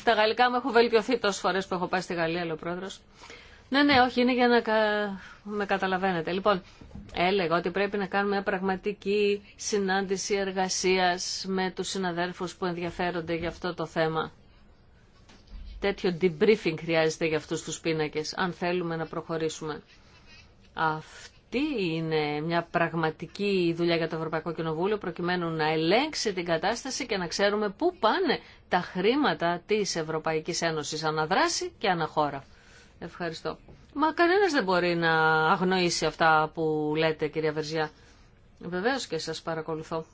Speaker 2: Τα γαλλικά μου έχουν βελτιωθεί τόσε φορέ που έχω πάει στη Γαλλία, λέει ο πρόεδρο. Ναι, ναι, όχι, είναι για να με καταλαβαίνετε. Λοιπόν, έλεγα ότι πρέπει να κάνουμε μια πραγματική συνάντηση εργασία με του συναδέλφου που ενδιαφέρονται για αυτό το θέμα. Τέτοιο debriefing χρειάζεται για αυτού του πίνακε αν θέλουμε να προχωρήσουμε. Αυτό τι είναι μια πραγματική δουλειά για το Ευρωπαϊκό Κοινοβούλιο προκειμένου να ελέγξει την κατάσταση και να ξέρουμε πού πάνε τα χρήματα της Ευρωπαϊκής Ένωσης αναδράση και αναχώρα. Ευχαριστώ. Μα κανένας δεν μπορεί να αγνοήσει αυτά που λέτε κυρία Βερζιά. Βεβαίως και σας παρακολουθώ.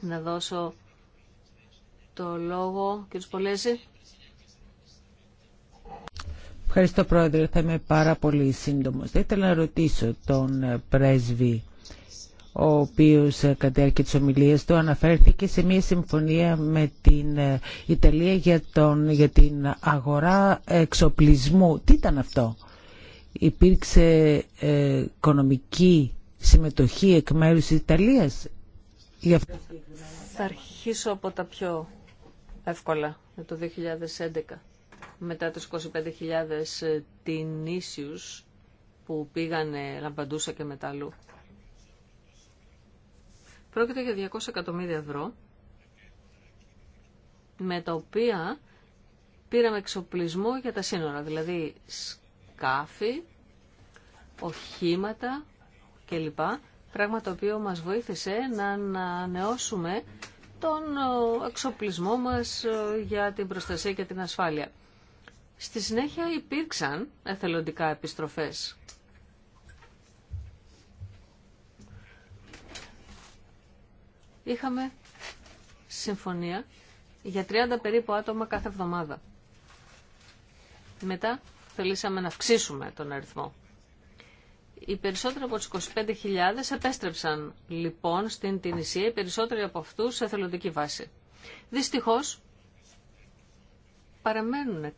Speaker 2: Να δώσω το λόγο, κύριος Πολέζη.
Speaker 1: Ευχαριστώ Πρόεδρε, θα είμαι πάρα πολύ σύντομος. Θα ήθελα να ρωτήσω τον ε, πρέσβη ο οποίος ε, κατά τη διάρκεια της ομιλίας του αναφέρθηκε σε μια συμφωνία με την ε, Ιταλία για, τον, για την αγορά εξοπλισμού. Τι ήταν αυτό. Υπήρξε οικονομική συμμετοχή εκ μέρους της Ιταλίας. για
Speaker 2: Θα αρχίσω από τα πιο εύκολα, με το 2011 μετά τους 25.000 Ίσιους που πήγανε Λαμπαντούσα και μετά αλλού. Πρόκειται για 200 εκατομμύρια ευρώ, με τα οποία πήραμε εξοπλισμό για τα σύνορα, δηλαδή σκάφη, οχήματα κλπ. Πράγμα το οποίο μας βοήθησε να ανανεώσουμε τον ε, εξοπλισμό μας ε, για την προστασία και την ασφάλεια. Στη συνέχεια υπήρξαν εθελοντικά επιστροφές. Είχαμε συμφωνία για 30 περίπου άτομα κάθε εβδομάδα. Μετά θελήσαμε να αυξήσουμε τον αριθμό. Οι περισσότεροι από τους 25.000 επέστρεψαν λοιπόν στην Τινησία, οι περισσότεροι από αυτούς σε εθελοντική βάση. Δυστυχώς παραμένουν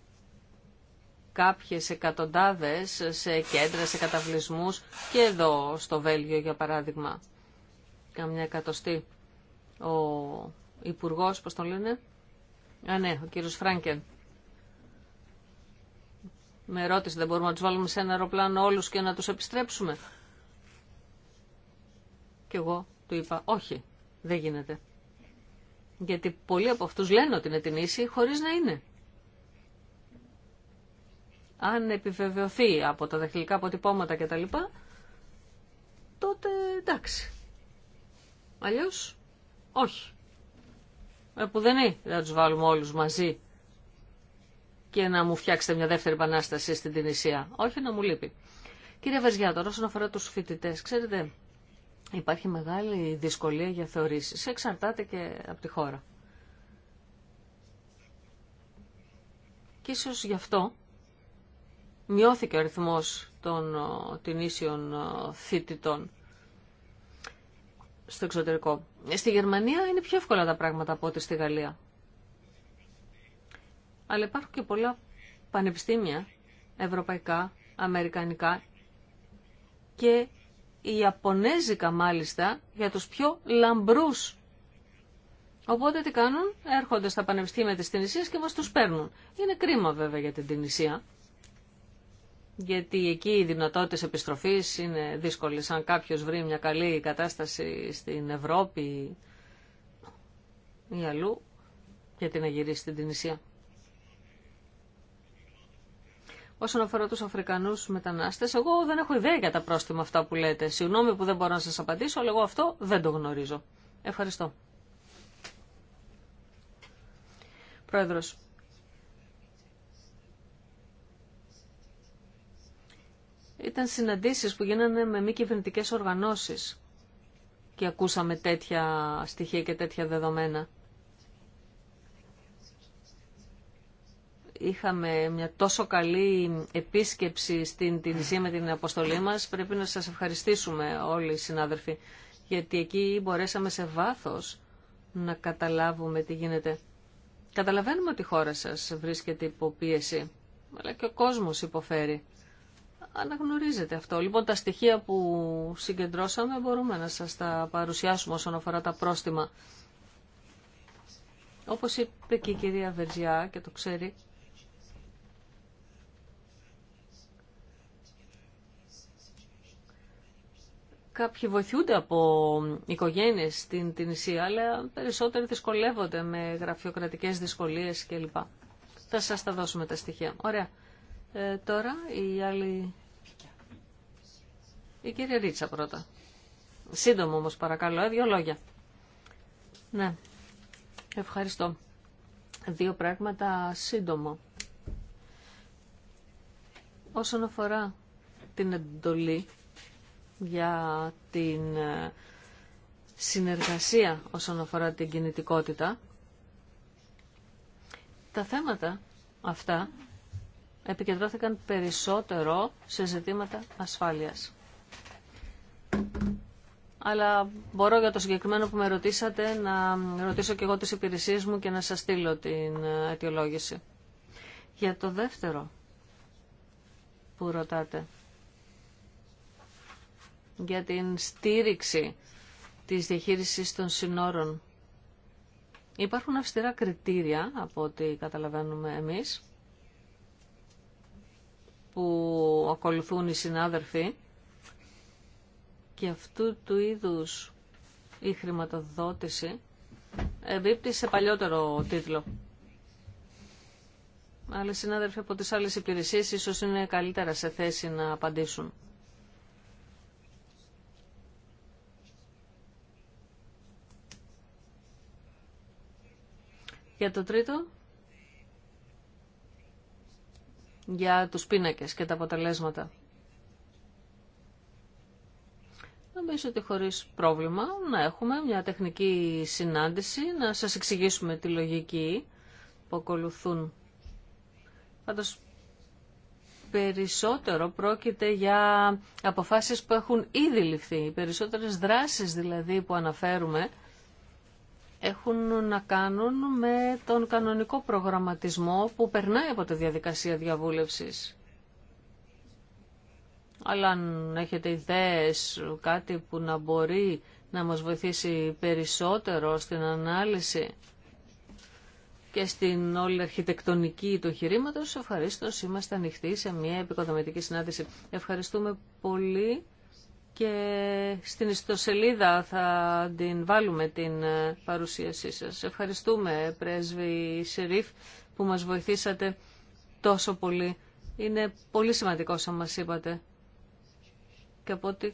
Speaker 2: κάποιες εκατοντάδες σε κέντρα, σε καταβλισμούς και εδώ στο Βέλγιο για παράδειγμα. Καμιά εκατοστή. Ο υπουργό, πώς τον λένε. Α, ναι, ο κύριος Φράγκεν. Με ρώτησε, δεν μπορούμε να τους βάλουμε σε ένα αεροπλάνο όλους και να τους επιστρέψουμε. Και εγώ του είπα, όχι, δεν γίνεται. Γιατί πολλοί από αυτούς λένε ότι είναι την ίση χωρίς να είναι αν επιβεβαιωθεί από τα δαχτυλικά αποτυπώματα κτλ, τότε εντάξει. Αλλιώ, όχι. Ε, δεν είναι, να τους βάλουμε όλους μαζί και να μου φτιάξετε μια δεύτερη επανάσταση στην Τινησία. Όχι, να μου λείπει. Κύριε Βεζιά, τώρα όσον αφορά τους φοιτητέ, ξέρετε, υπάρχει μεγάλη δυσκολία για θεωρήσεις. Εξαρτάται και από τη χώρα. Και ίσως γι' αυτό μειώθηκε ο αριθμός των την θητητών στο εξωτερικό. Στη Γερμανία είναι πιο εύκολα τα πράγματα από ό,τι στη Γαλλία. Αλλά υπάρχουν και πολλά πανεπιστήμια, ευρωπαϊκά, αμερικανικά και οι Ιαπωνέζικα μάλιστα για τους πιο λαμπρούς. Οπότε τι κάνουν, έρχονται στα πανεπιστήμια της Τινησίας και μας τους παίρνουν. Είναι κρίμα βέβαια για την Τινησία, γιατί εκεί οι δυνατότητε επιστροφή είναι δύσκολε. Αν κάποιο βρει μια καλή κατάσταση στην Ευρώπη ή αλλού, γιατί να γυρίσει στην Τινησία. Όσον αφορά του Αφρικανού μετανάστε, εγώ δεν έχω ιδέα για τα πρόστιμα αυτά που λέτε. Συγγνώμη που δεν μπορώ να σα απαντήσω, αλλά εγώ αυτό δεν το γνωρίζω. Ευχαριστώ. Πρόεδρος, ήταν συναντήσεις που γίνανε με μη κυβερνητικέ οργανώσεις και ακούσαμε τέτοια στοιχεία και τέτοια δεδομένα. Είχαμε μια τόσο καλή επίσκεψη στην Τινησία με την αποστολή μας. Πρέπει να σας ευχαριστήσουμε όλοι οι συνάδελφοι, γιατί εκεί μπορέσαμε σε βάθος να καταλάβουμε τι γίνεται. Καταλαβαίνουμε ότι η χώρα σας βρίσκεται υπό αλλά και ο κόσμος υποφέρει αναγνωρίζεται αυτό. Λοιπόν, τα στοιχεία που συγκεντρώσαμε μπορούμε να σας τα παρουσιάσουμε όσον αφορά τα πρόστιμα. Όπως είπε και η κυρία Βερζιά και το ξέρει, κάποιοι βοηθούνται από οικογένειες στην Τινησία, αλλά περισσότεροι δυσκολεύονται με γραφειοκρατικές δυσκολίες κλπ. Θα σας τα δώσουμε τα στοιχεία. Ωραία. Ε, τώρα οι άλλοι η κυρία Ρίτσα πρώτα. Σύντομο όμως παρακαλώ, ε, δύο λόγια. Ναι, ευχαριστώ. Δύο πράγματα σύντομο. Όσον αφορά την εντολή για την ε, συνεργασία όσον αφορά την κινητικότητα, τα θέματα αυτά επικεντρώθηκαν περισσότερο σε ζητήματα ασφάλειας αλλά μπορώ για το συγκεκριμένο που με ρωτήσατε να ρωτήσω και εγώ τις υπηρεσίες μου και να σας στείλω την ε, αιτιολόγηση. Για το δεύτερο που ρωτάτε, για την στήριξη της διαχείρισης των συνόρων. Υπάρχουν αυστηρά κριτήρια από ό,τι καταλαβαίνουμε εμείς που ακολουθούν οι συνάδελφοι και αυτού του είδους η χρηματοδότηση εμπίπτει σε παλιότερο τίτλο. Άλλοι συνάδελφοι από τις άλλες υπηρεσίες ίσως είναι καλύτερα σε θέση να απαντήσουν. Για το τρίτο, για τους πίνακες και τα αποτελέσματα. Εμείς ότι χωρίς πρόβλημα να έχουμε μια τεχνική συνάντηση, να σας εξηγήσουμε τη λογική που ακολουθούν. Πάντως περισσότερο πρόκειται για αποφάσεις που έχουν ήδη ληφθεί. Οι περισσότερες δράσεις δηλαδή που αναφέρουμε έχουν να κάνουν με τον κανονικό προγραμματισμό που περνάει από τη διαδικασία διαβούλευσης. Αλλά αν έχετε ιδέες, κάτι που να μπορεί να μας βοηθήσει περισσότερο στην ανάλυση και στην όλη αρχιτεκτονική του χειρήματο, ευχαρίστω είμαστε ανοιχτοί σε μια επικοδομητική συνάντηση. Ευχαριστούμε πολύ και στην ιστοσελίδα θα την βάλουμε την ε, παρουσίασή σας. Ευχαριστούμε, πρέσβη Σερίφ, που μας βοηθήσατε τόσο πολύ. Είναι πολύ σημαντικό όσο μας είπατε και από ό,τι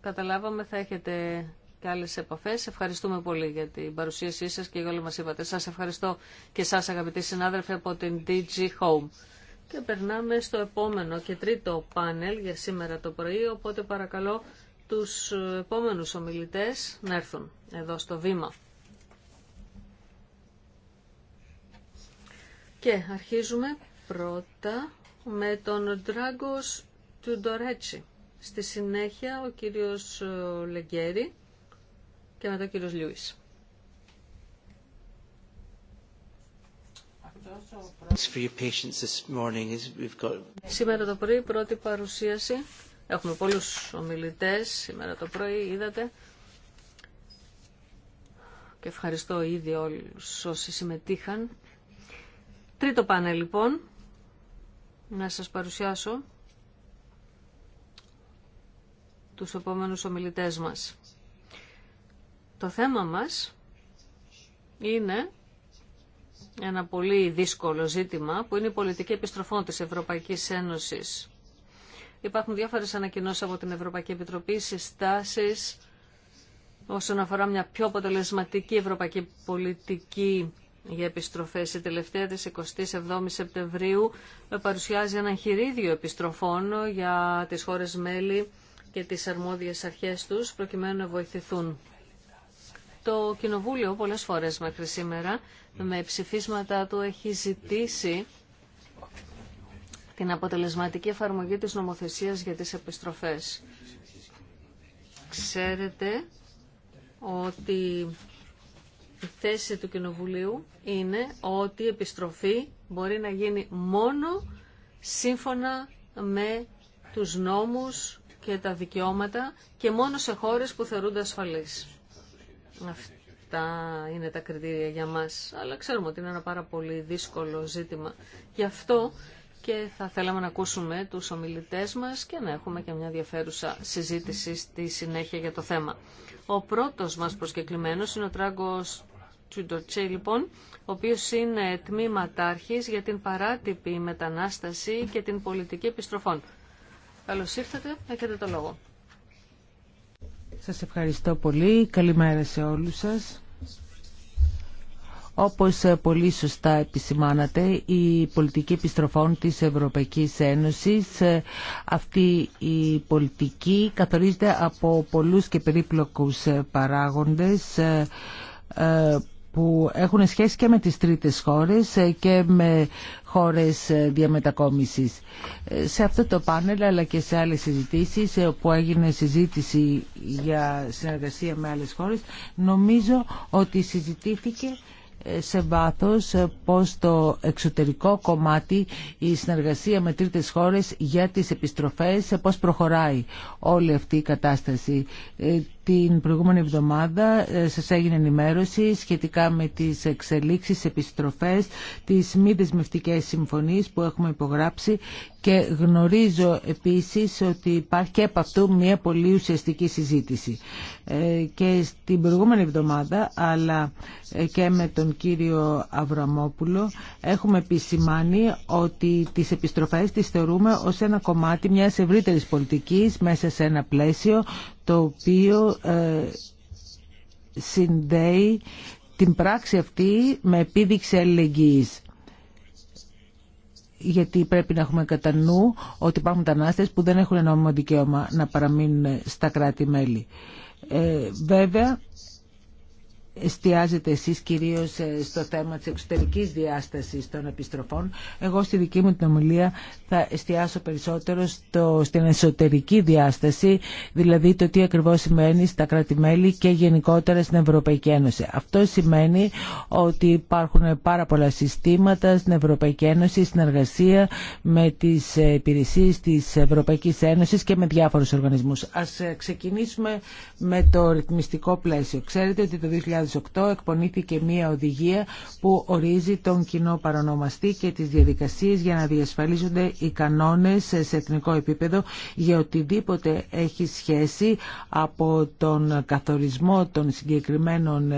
Speaker 2: καταλάβαμε θα έχετε και άλλες επαφές. Ευχαριστούμε πολύ για την παρουσίασή σας και για όλα μας είπατε. Σας ευχαριστώ και σας αγαπητοί συνάδελφοι από την DG Home. Και περνάμε στο επόμενο και τρίτο πάνελ για σήμερα το πρωί, οπότε παρακαλώ τους επόμενους ομιλητές να έρθουν εδώ στο βήμα. Και αρχίζουμε πρώτα με τον Dragos. Στη συνέχεια ο κύριος ε, Λεγκέρι και μετά ο κύριος Λιούις. Σήμερα το πρωί πρώτη παρουσίαση. Έχουμε πολλούς ομιλητές σήμερα το πρωί, είδατε. Και ευχαριστώ ήδη όλους όσοι συμμετείχαν. Τρίτο πάνελ λοιπόν, να σας παρουσιάσω τους επόμενους ομιλητές μας. Το θέμα μας είναι ένα πολύ δύσκολο ζήτημα που είναι η πολιτική επιστροφών της Ευρωπαϊκής Ένωσης. Υπάρχουν διάφορες ανακοινώσεις από την Ευρωπαϊκή Επιτροπή, συστάσεις όσον αφορά μια πιο αποτελεσματική ευρωπαϊκή πολιτική για επιστροφές. Η τελευταία της 27 Σεπτεμβρίου παρουσιάζει ένα χειρίδιο επιστροφών για τις χώρες μέλη και τις αρμόδιες αρχές τους προκειμένου να βοηθηθούν. Το Κοινοβούλιο πολλές φορές μέχρι σήμερα με ψηφίσματα του έχει ζητήσει την αποτελεσματική εφαρμογή της νομοθεσίας για τις επιστροφές. Ξέρετε ότι η θέση του Κοινοβουλίου είναι ότι η επιστροφή μπορεί να γίνει μόνο σύμφωνα με τους νόμους και τα δικαιώματα και μόνο σε χώρες που θεωρούνται ασφαλείς. Αυτά είναι τα κριτήρια για μας, αλλά ξέρουμε ότι είναι ένα πάρα πολύ δύσκολο ζήτημα. Γι' αυτό και θα θέλαμε να ακούσουμε τους ομιλητές μας και να έχουμε και μια ενδιαφέρουσα συζήτηση στη συνέχεια για το θέμα. Ο πρώτος μας προσκεκλημένος είναι ο Τράγκος Τσουντοτσέ, λοιπόν, ο οποίος είναι τμήματάρχης για την παράτυπη μετανάσταση και την πολιτική επιστροφών. Καλώς ήρθατε, έχετε το λόγο.
Speaker 1: Σας ευχαριστώ πολύ. Καλημέρα σε όλους σας. Όπως πολύ σωστά επισημάνατε, η πολιτική επιστροφών της Ευρωπαϊκής Ένωσης, αυτή η πολιτική καθορίζεται από πολλούς και περίπλοκους παράγοντες ε, ε, που έχουν σχέση και με τις τρίτες χώρες και με χώρες ε, διαμετακόμισης. Ε, σε αυτό το πάνελ αλλά και σε άλλες συζητήσεις ε, που έγινε συζήτηση για συνεργασία με άλλες χώρες νομίζω ότι συζητήθηκε σε βάθος πως το εξωτερικό κομμάτι η συνεργασία με τρίτες χώρες για τις επιστροφές πώς προχωράει όλη αυτή η κατάσταση την προηγούμενη εβδομάδα ε, σας έγινε ενημέρωση σχετικά με τις εξελίξεις, επιστροφές, τις μη δεσμευτικές συμφωνίες που έχουμε υπογράψει και γνωρίζω επίσης ότι υπάρχει και από αυτού μια πολύ ουσιαστική συζήτηση. Ε, και στην προηγούμενη εβδομάδα, αλλά ε, και με τον κύριο Αβραμόπουλο, έχουμε επισημάνει ότι τις επιστροφές τις θεωρούμε ως ένα κομμάτι μιας ευρύτερης πολιτικής μέσα σε ένα πλαίσιο το οποίο ε, συνδέει την πράξη αυτή με επίδειξη αλληλεγγύης γιατί πρέπει να έχουμε κατά νου ότι υπάρχουν μετανάστες που δεν έχουν νόμιμο δικαίωμα να παραμείνουν στα κράτη-μέλη. Ε, βέβαια, εστιάζετε εσείς κυρίως ε, στο θέμα της εξωτερικής διάστασης των επιστροφών. Εγώ στη δική μου την ομιλία θα εστιάσω περισσότερο στην εσωτερική διάσταση, δηλαδή το τι ακριβώς σημαίνει στα κράτη-μέλη και γενικότερα στην Ευρωπαϊκή Ένωση. Αυτό σημαίνει ότι υπάρχουν πάρα πολλά συστήματα στην Ευρωπαϊκή Ένωση, συνεργασία με τις υπηρεσίες της Ευρωπαϊκής Ένωσης και με διάφορους οργανισμούς. Ας ξεκινήσουμε με το ρυθμιστικό πλαίσιο. Ξέρετε ότι το 2008 εκπονήθηκε μία οδηγία που ορίζει τον κοινό παρονομαστή και τις διαδικασίες για να διασφαλίζονται οι κανόνες σε εθνικό επίπεδο για οτιδήποτε έχει σχέση από τον καθορισμό των συγκεκριμένων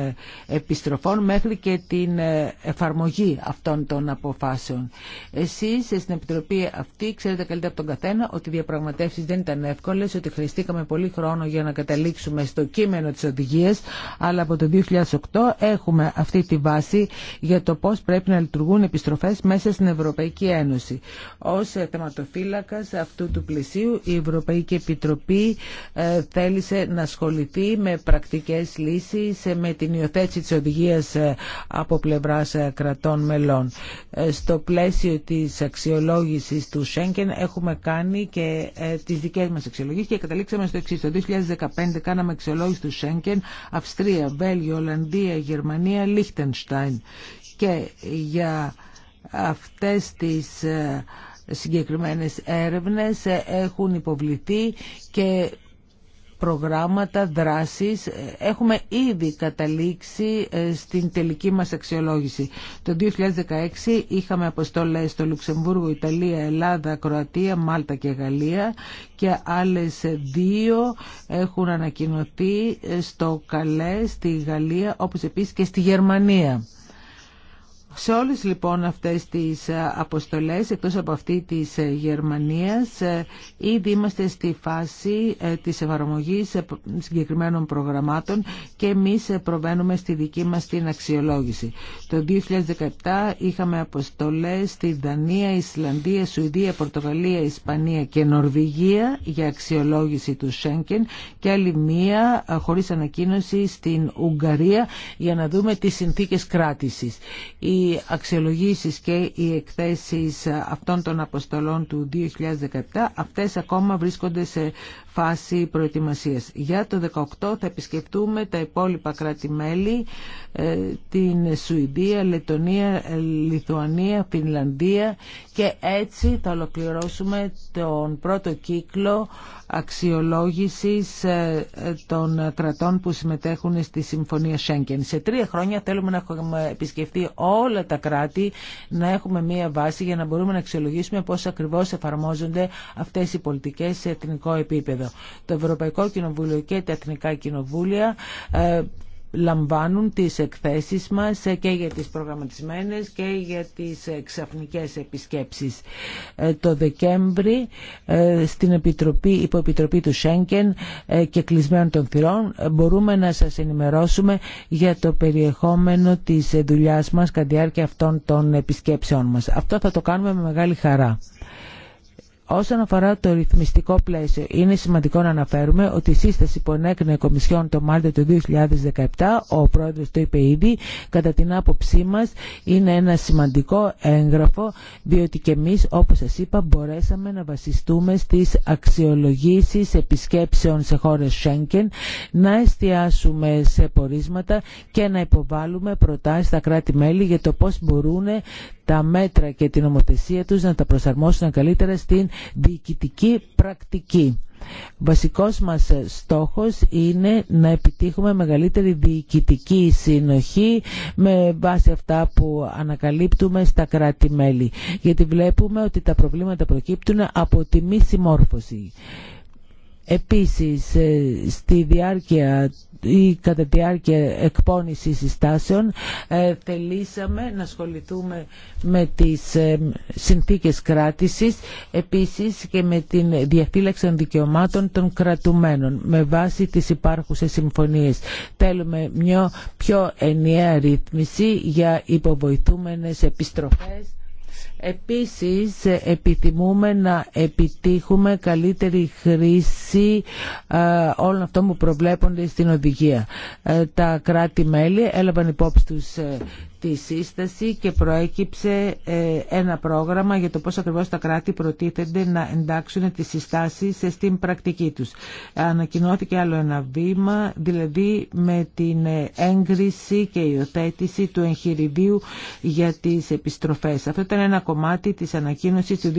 Speaker 1: επιστροφών μέχρι και την εφαρμογή αυτών των αποφάσεων. Εσείς στην Επιτροπή αυτή ξέρετε καλύτερα από τον καθένα ότι οι διαπραγματεύσεις δεν ήταν εύκολες, ότι χρειαστήκαμε πολύ χρόνο για να καταλήξουμε στο κείμενο της οδηγίας, αλλά από το 2008 έχουμε αυτή τη βάση για το πώς πρέπει να λειτουργούν επιστροφές μέσα στην Ευρωπαϊκή Ένωση. Ως θεματοφύλακας αυτού του πλαισίου η Ευρωπαϊκή Επιτροπή ε, θέλησε να ασχοληθεί με πρακτικές λύσεις, ε, με την υιοθέτηση της οδηγίας ε, από πλευράς κρατών μελών. Στο πλαίσιο της αξιολόγησης του Σέγγεν έχουμε κάνει και τις δικές μας αξιολογήσεις και καταλήξαμε στο εξής. Το 2015 κάναμε αξιολόγηση του Σέγγεν, Αυστρία, Βέλγιο, Ολλανδία, Γερμανία, Λίχτενστάιν και για αυτές τις ε, συγκεκριμένες έρευνες ε, έχουν υποβληθεί και προγράμματα δράσεις έχουμε ήδη καταλήξει ε, στην τελική μας αξιολόγηση. Το 2016 είχαμε αποστολές στο Λουξεμβούργο, Ιταλία, Ελλάδα, Κροατία, Μάλτα και Γαλλία και άλλες δύο έχουν ανακοινωθεί ε, στο Καλέ, στη Γαλλία, όπως επίσης και στη Γερμανία. Σε όλες λοιπόν αυτές τις ε, αποστολές, εκτός από αυτή της ε, Γερμανίας, ε, ήδη είμαστε στη φάση της εφαρμογής συγκεκριμένων προγραμμάτων και εμείς προβαίνουμε στη δική μας την αξιολόγηση. Το 2017 είχαμε αποστολές στη Δανία, Ισλανδία, Σουηδία, Πορτογαλία, Ισπανία και Νορβηγία για αξιολόγηση του Σέγκεν και άλλη μία χωρίς ανακοίνωση στην Ουγγαρία για να δούμε τις συνθήκες κράτησης οι αξιολογήσεις και οι εκθέσεις αυτών των αποστολών του 2017, αυτές ακόμα βρίσκονται σε φάση προετοιμασίας. Για το 2018 θα επισκεφτούμε τα υπόλοιπα κράτη-μέλη, ε, την Σουηδία, Λετωνία, Λιθουανία, Φινλανδία και έτσι θα ολοκληρώσουμε τον πρώτο κύκλο αξιολόγησης ε, των κρατών που συμμετέχουν στη Συμφωνία Σέγγεν. Σε τρία χρόνια θέλουμε να έχουμε επισκεφτεί όλα όλα τα κράτη να έχουμε μία βάση για να μπορούμε να αξιολογήσουμε πώς ακριβώς εφαρμόζονται αυτές οι πολιτικές σε εθνικό επίπεδο. Το Ευρωπαϊκό Κοινοβούλιο και τα Εθνικά Κοινοβούλια ε, λαμβάνουν τις εκθέσεις μας και για τις προγραμματισμένες και για τις ε, ξαφνικές επισκέψεις. Ε, το Δεκέμβρη ε, στην Επιτροπή, Υποεπιτροπή του Σέγγεν και κλεισμένων των θυρών μπορούμε να σας ενημερώσουμε για το περιεχόμενο της δουλειάς μας κατά διάρκεια αυτών των επισκέψεών μας. Αυτό θα το κάνουμε με μεγάλη χαρά. Όσον αφορά το ρυθμιστικό πλαίσιο, είναι σημαντικό να αναφέρουμε ότι η σύσταση που ενέκρινε η Κομισιόν το Μάρτιο του 2017, ο πρόεδρος το είπε ήδη, κατά την άποψή μας είναι ένα σημαντικό έγγραφο, διότι και εμείς, όπως σας είπα, μπορέσαμε να βασιστούμε στις αξιολογήσεις επισκέψεων σε χώρες Σέγγεν, να εστιάσουμε σε πορίσματα και να υποβάλουμε προτάσεις στα κράτη-μέλη για το πώς μπορούν τα μέτρα και την ομοθεσία τους να τα προσαρμόσουν καλύτερα στην διοικητική πρακτική. Βασικός μας ε, στόχος είναι να επιτύχουμε μεγαλύτερη διοικητική συνοχή με βάση αυτά που ανακαλύπτουμε στα κράτη-μέλη. Γιατί βλέπουμε ότι τα προβλήματα προκύπτουν από τη μη συμμόρφωση. Επίσης, ε, στη διάρκεια ή κατά τη διάρκεια εκπόνηση συστάσεων ε, θελήσαμε να ασχοληθούμε με τις ε, συνθήκες κράτησης επίσης και με την διαφύλαξη των δικαιωμάτων των κρατουμένων με βάση τις υπάρχουσες συμφωνίες. Θέλουμε μια πιο ενιαία ρύθμιση για υποβοηθούμενες επιστροφές Επίσης επιθυμούμε να επιτύχουμε καλύτερη χρήση ε, όλων αυτών που προβλέπονται στην οδηγία. Ε, τα κράτη-μέλη έλαβαν υπόψη τους ε, τη σύσταση και προέκυψε ε, ένα πρόγραμμα για το πώς ακριβώς τα κράτη προτίθενται να εντάξουν τις συστάσεις στην πρακτική τους. Ανακοινώθηκε άλλο ένα βήμα, δηλαδή με την ε, έγκριση και υιοθέτηση του εγχειριδίου για τις επιστροφές. Αυτό ήταν ένα κομμάτι της ανακοίνωσης του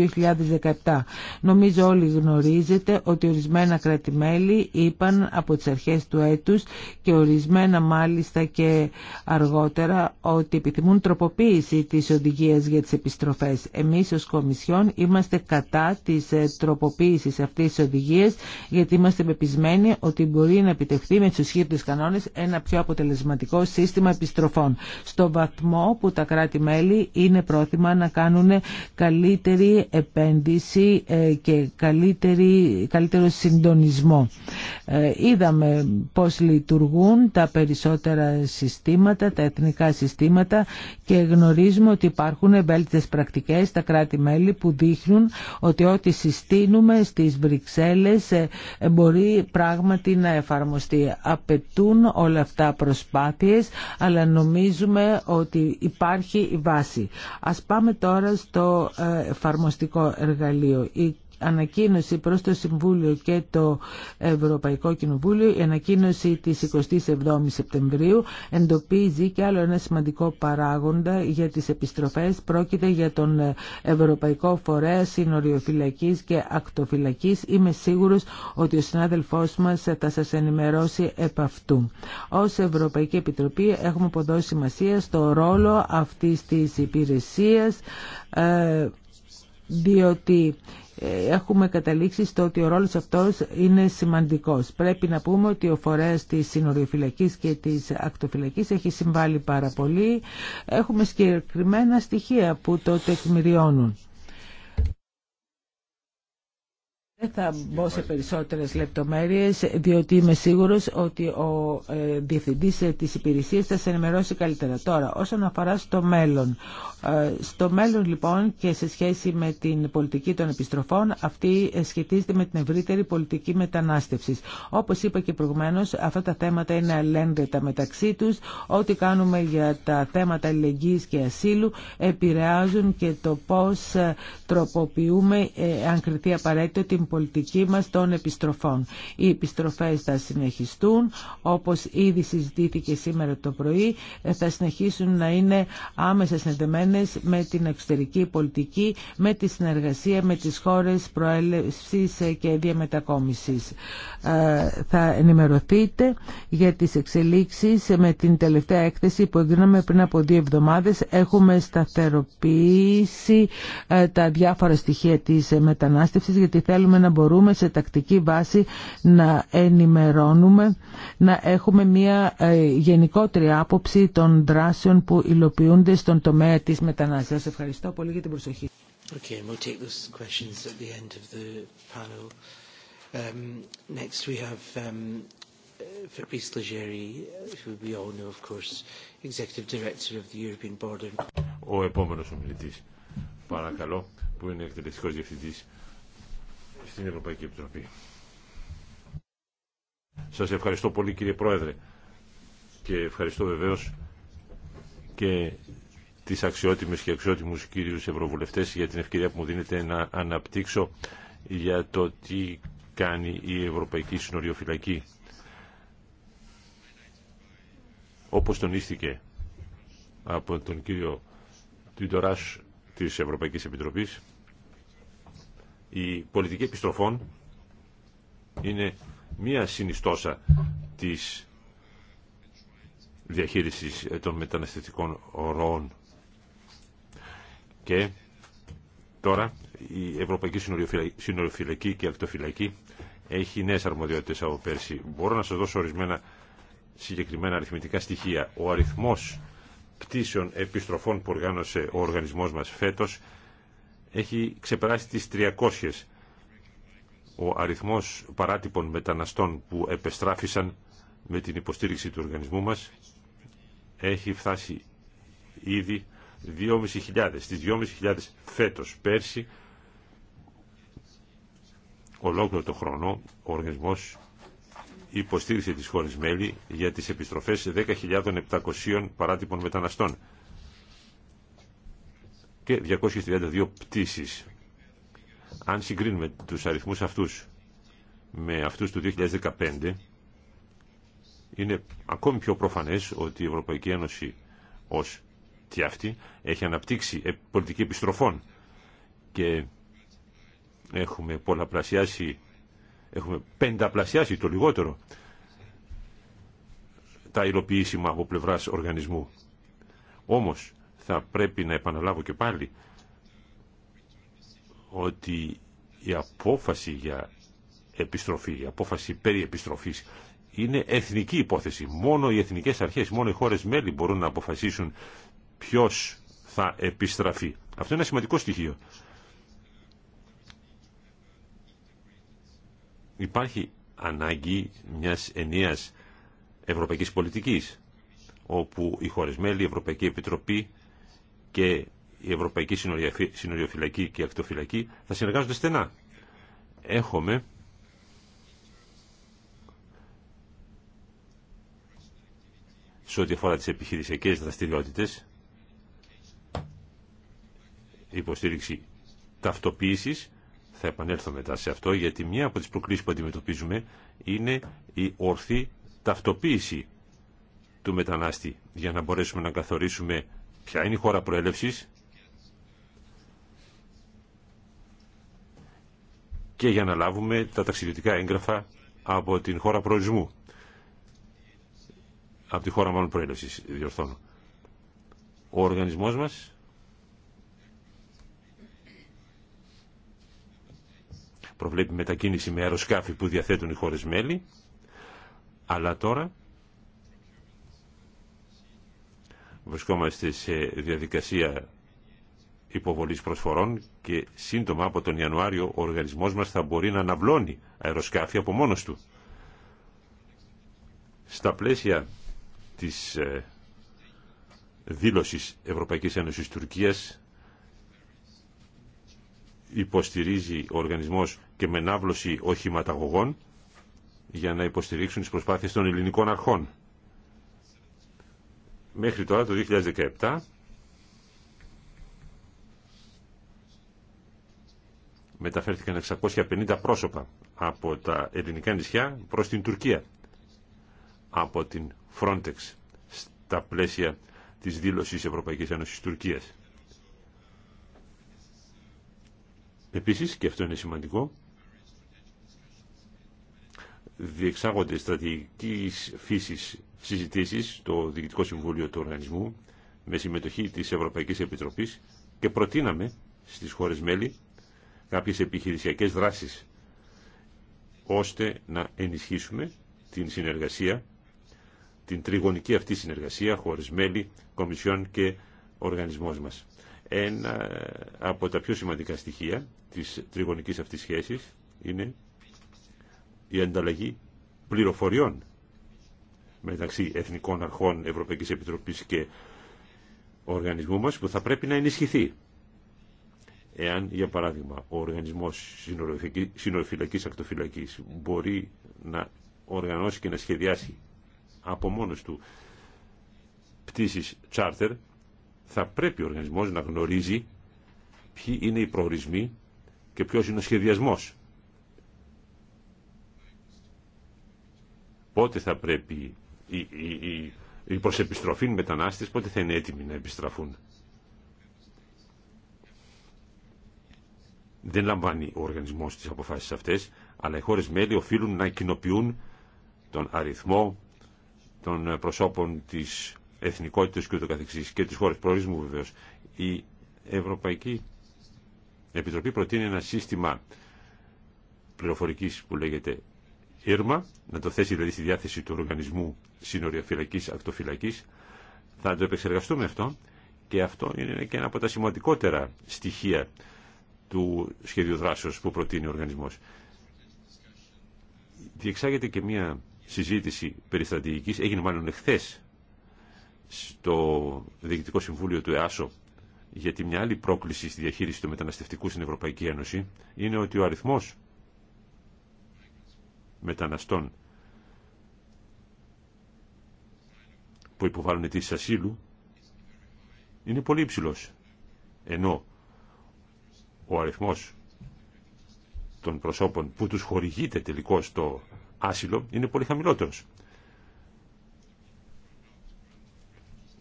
Speaker 1: 2017. Νομίζω όλοι γνωρίζετε ότι ορισμένα κράτη-μέλη είπαν από τις αρχές του έτους και ορισμένα μάλιστα και αργότερα ότι ότι επιθυμούν τροποποίηση της οδηγίας για τις επιστροφές. Εμείς ως Κομισιόν είμαστε κατά της ε, τροποποίησης αυτής της οδηγίας γιατί είμαστε πεπισμένοι ότι μπορεί να επιτευχθεί με τους ισχύρτες κανόνες ένα πιο αποτελεσματικό σύστημα επιστροφών στο βαθμό που τα κράτη-μέλη είναι πρόθυμα να κάνουν καλύτερη επένδυση ε, και καλύτερη, καλύτερο συντονισμό. Ε, είδαμε πώς λειτουργούν τα περισσότερα συστήματα, τα εθνικά συστήματα και γνωρίζουμε ότι υπάρχουν εμπέλτες πρακτικές στα κράτη-μέλη που δείχνουν ότι ό,τι συστήνουμε στις Βρυξέλλες ε, ε, μπορεί πράγματι να εφαρμοστεί. Απαιτούν όλα αυτά προσπάθειες, αλλά νομίζουμε ότι υπάρχει η βάση. Ας πάμε τώρα στο ε, εφαρμοστικό εργαλείο ανακοίνωση προς το Συμβούλιο και το Ευρωπαϊκό Κοινοβούλιο, η ανακοίνωση της 27 η Σεπτεμβρίου εντοπίζει και άλλο ένα σημαντικό παράγοντα για τις επιστροφές. Πρόκειται για τον Ευρωπαϊκό Φορέα Συνοριοφυλακής και Ακτοφυλακής. Είμαι σίγουρος ότι ο συνάδελφός μας θα σας ενημερώσει επ' αυτού. Ως Ευρωπαϊκή Επιτροπή έχουμε αποδώσει σημασία στο ρόλο αυτής της υπηρεσίας ε, διότι έχουμε καταλήξει στο ότι ο ρόλος αυτός είναι σημαντικός. Πρέπει να πούμε ότι ο φορέας της συνοριοφυλακής και της ακτοφυλακής έχει συμβάλει πάρα πολύ. Έχουμε συγκεκριμένα στοιχεία που το τεκμηριώνουν. Δεν θα μπω σε περισσότερες λεπτομέρειες, διότι είμαι σίγουρος ότι ο ε, διευθυντής ε, της υπηρεσίας θα σε ενημερώσει καλύτερα. Τώρα, όσον αφορά στο μέλλον. Ε, στο μέλλον, λοιπόν, και σε σχέση με την πολιτική των επιστροφών, αυτή ε, σχετίζεται με την ευρύτερη πολιτική μετανάστευσης. Όπως είπα και προηγουμένως, αυτά τα θέματα είναι αλληλένδετα μεταξύ τους. Ό,τι κάνουμε για τα θέματα αλληλεγγύης και ασύλου επηρεάζουν και το πώς τροποποιούμε, αν κριθεί απαραίτητο, την πολιτική μας των επιστροφών. Οι επιστροφές θα συνεχιστούν, όπως ήδη συζητήθηκε σήμερα το πρωί, θα συνεχίσουν να είναι άμεσα συνδεμένες με την εξωτερική πολιτική, με τη συνεργασία με τις χώρες προέλευσης και διαμετακόμισης. Ε, θα ενημερωθείτε για τις εξελίξεις με την τελευταία έκθεση που εγκρίναμε πριν από δύο εβδομάδες. Έχουμε σταθεροποιήσει ε, τα διάφορα στοιχεία της μετανάστευσης γιατί θέλουμε θέλουμε να μπορούμε σε τακτική βάση να ενημερώνουμε, να έχουμε μια ε, γενικότερη άποψη των δράσεων που υλοποιούνται στον τομέα της μετανάστευσης. Σας ευχαριστώ πολύ για την προσοχή. Okay, we'll take those questions at the end of the panel. Um, next we have um, Fabrice Legeri, who we all know, of course, Executive Director of the European Border.
Speaker 3: Ο επόμενος ομιλητής, παρακαλώ, που είναι εκτελεστικός διευθυντής στην Ευρωπαϊκή Επιτροπή. Σας ευχαριστώ πολύ κύριε Πρόεδρε και ευχαριστώ βεβαίως και τις αξιότιμες και αξιότιμους κύριους Ευρωβουλευτές για την ευκαιρία που μου δίνετε να αναπτύξω για το τι κάνει η Ευρωπαϊκή Συνοριοφυλακή. Όπως τονίστηκε από τον κύριο Τιντοράς της Ευρωπαϊκής Επιτροπής, η πολιτική επιστροφών είναι μία συνιστόσα της διαχείρισης των μεταναστευτικών ροών. Και τώρα η Ευρωπαϊκή Συνοριοφυλακή και Ακτοφυλακή έχει νέες αρμοδιότητες από πέρσι. Μπορώ να σας δώσω ορισμένα συγκεκριμένα αριθμητικά στοιχεία. Ο αριθμός πτήσεων επιστροφών που οργάνωσε ο οργανισμός μας φέτος έχει ξεπεράσει τις 300 ο αριθμός παράτυπων μεταναστών που επεστράφησαν με την υποστήριξη του οργανισμού μας έχει φτάσει ήδη 2.500, στις 2.500 φέτος πέρσι ολόκληρο το χρόνο ο οργανισμός υποστήριξε τις χώρες μέλη για τις επιστροφές 10.700 παράτυπων μεταναστών και 232 πτήσεις. Αν συγκρίνουμε τους αριθμούς αυτούς με αυτούς του 2015, είναι ακόμη πιο προφανές ότι η Ευρωπαϊκή Ένωση ως τι αυτή έχει αναπτύξει πολιτική επιστροφών και έχουμε πολλαπλασιάσει, έχουμε πενταπλασιάσει το λιγότερο τα υλοποιήσιμα από πλευράς οργανισμού. Όμως θα πρέπει να επαναλάβω και πάλι ότι η απόφαση για επιστροφή, η απόφαση περί επιστροφής είναι εθνική υπόθεση. Μόνο οι εθνικές αρχές, μόνο οι χώρες μέλη μπορούν να αποφασίσουν ποιος θα επιστραφεί. Αυτό είναι ένα σημαντικό στοιχείο. Υπάρχει ανάγκη μιας ενίας ευρωπαϊκής πολιτικής, όπου οι χώρες μέλη, η Ευρωπαϊκή Επιτροπή και η Ευρωπαϊκή Συνοριοφυλακή και η Ακτοφυλακή θα συνεργάζονται στενά. Έχουμε σε ό,τι αφορά τις επιχειρησιακές δραστηριότητες υποστήριξη ταυτοποίησης θα επανέλθω μετά σε αυτό γιατί μία από τις προκλήσεις που αντιμετωπίζουμε είναι η ορθή ταυτοποίηση του μετανάστη για να μπορέσουμε να καθορίσουμε ποια είναι η χώρα προέλευσης και για να λάβουμε τα ταξιδιωτικά έγγραφα από την χώρα προορισμού. Από τη χώρα μάλλον προέλευσης, διορθώνω. Ο οργανισμός μας προβλέπει μετακίνηση με αεροσκάφη που διαθέτουν οι χώρες μέλη, αλλά τώρα Βρισκόμαστε σε διαδικασία υποβολής προσφορών και σύντομα από τον Ιανουάριο ο οργανισμός μας θα μπορεί να αναβλώνει αεροσκάφη από μόνος του. Στα πλαίσια της ε, δήλωσης Ευρωπαϊκής Ένωσης Τουρκίας υποστηρίζει ο οργανισμός και μενάβλωση οχηματαγωγών για να υποστηρίξουν τις προσπάθειες των ελληνικών αρχών μέχρι τώρα το 2017 μεταφέρθηκαν 650 πρόσωπα από τα ελληνικά νησιά προς την Τουρκία από την Frontex στα πλαίσια της δήλωσης Ευρωπαϊκής Ένωσης Τουρκίας. Επίσης, και αυτό είναι σημαντικό, διεξάγονται στρατηγικής φύσης συζητήσει στο Διοικητικό Συμβούλιο του Οργανισμού με συμμετοχή της Ευρωπαϊκής Επιτροπής και προτείναμε στι χώρες μέλη κάποιε επιχειρησιακές δράσεις ώστε να ενισχύσουμε την συνεργασία, την τριγωνική αυτή συνεργασία χώρες μέλη, κομισιόν και οργανισμός μας. Ένα από τα πιο σημαντικά στοιχεία της τριγωνικής αυτή σχέσης είναι η ανταλλαγή πληροφοριών μεταξύ Εθνικών Αρχών Ευρωπαϊκής Επιτροπής και οργανισμού μας που θα πρέπει να ενισχυθεί. Εάν, για παράδειγμα, ο οργανισμός συνοφυλακή ακτοφυλακής μπορεί να οργανώσει και να σχεδιάσει από μόνος του πτήσεις τσάρτερ θα πρέπει ο οργανισμός να γνωρίζει ποιοι είναι οι προορισμοί και ποιος είναι ο σχεδιασμός. πότε θα πρέπει οι, οι, οι μετανάστες, πότε θα είναι έτοιμοι να επιστραφούν. Δεν λαμβάνει ο οργανισμός τις αποφάσεις αυτές, αλλά οι χώρες μέλη οφείλουν να κοινοποιούν τον αριθμό των προσώπων της εθνικότητας και ούτω καθεξής και της χώρες προορισμού βεβαίως. Η Ευρωπαϊκή Επιτροπή προτείνει ένα σύστημα πληροφορικής που λέγεται Ήρμα, να το θέσει δηλαδή στη διάθεση του οργανισμού φυλακή Ακτοφυλακή, Θα το επεξεργαστούμε αυτό και αυτό είναι και ένα από τα σημαντικότερα στοιχεία του σχεδίου δράσεω που προτείνει ο οργανισμός. Διεξάγεται και μια συζήτηση στρατηγικής, έγινε μάλλον εχθές στο Διοικητικό Συμβούλιο του ΕΑΣΟ γιατί μια άλλη πρόκληση στη διαχείριση του μεταναστευτικού στην Ευρωπαϊκή Ένωση είναι ότι ο αριθμός μεταναστών που υποβάλλουν αιτήσεις ασύλου είναι πολύ υψηλός. Ενώ ο αριθμός των προσώπων που τους χορηγείται τελικώς το άσυλο είναι πολύ χαμηλότερος.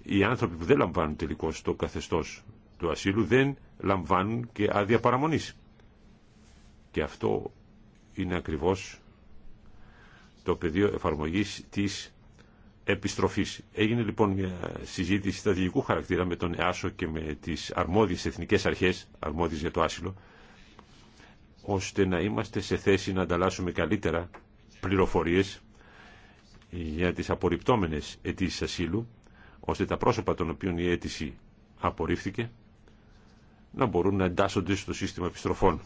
Speaker 3: Οι άνθρωποι που δεν λαμβάνουν τελικώς το καθεστώς του ασύλου δεν λαμβάνουν και άδεια παραμονής. Και αυτό είναι ακριβώς το πεδίο εφαρμογής της επιστροφής. Έγινε λοιπόν μια συζήτηση στρατηγικού χαρακτήρα με τον ΕΑΣΟ και με τις αρμόδιες εθνικές αρχές, αρμόδιες για το άσυλο, ώστε να είμαστε σε θέση να ανταλλάσσουμε καλύτερα πληροφορίες για τις απορριπτόμενες αιτήσει ασύλου, ώστε τα πρόσωπα των οποίων η αίτηση απορρίφθηκε να μπορούν να εντάσσονται στο σύστημα επιστροφών.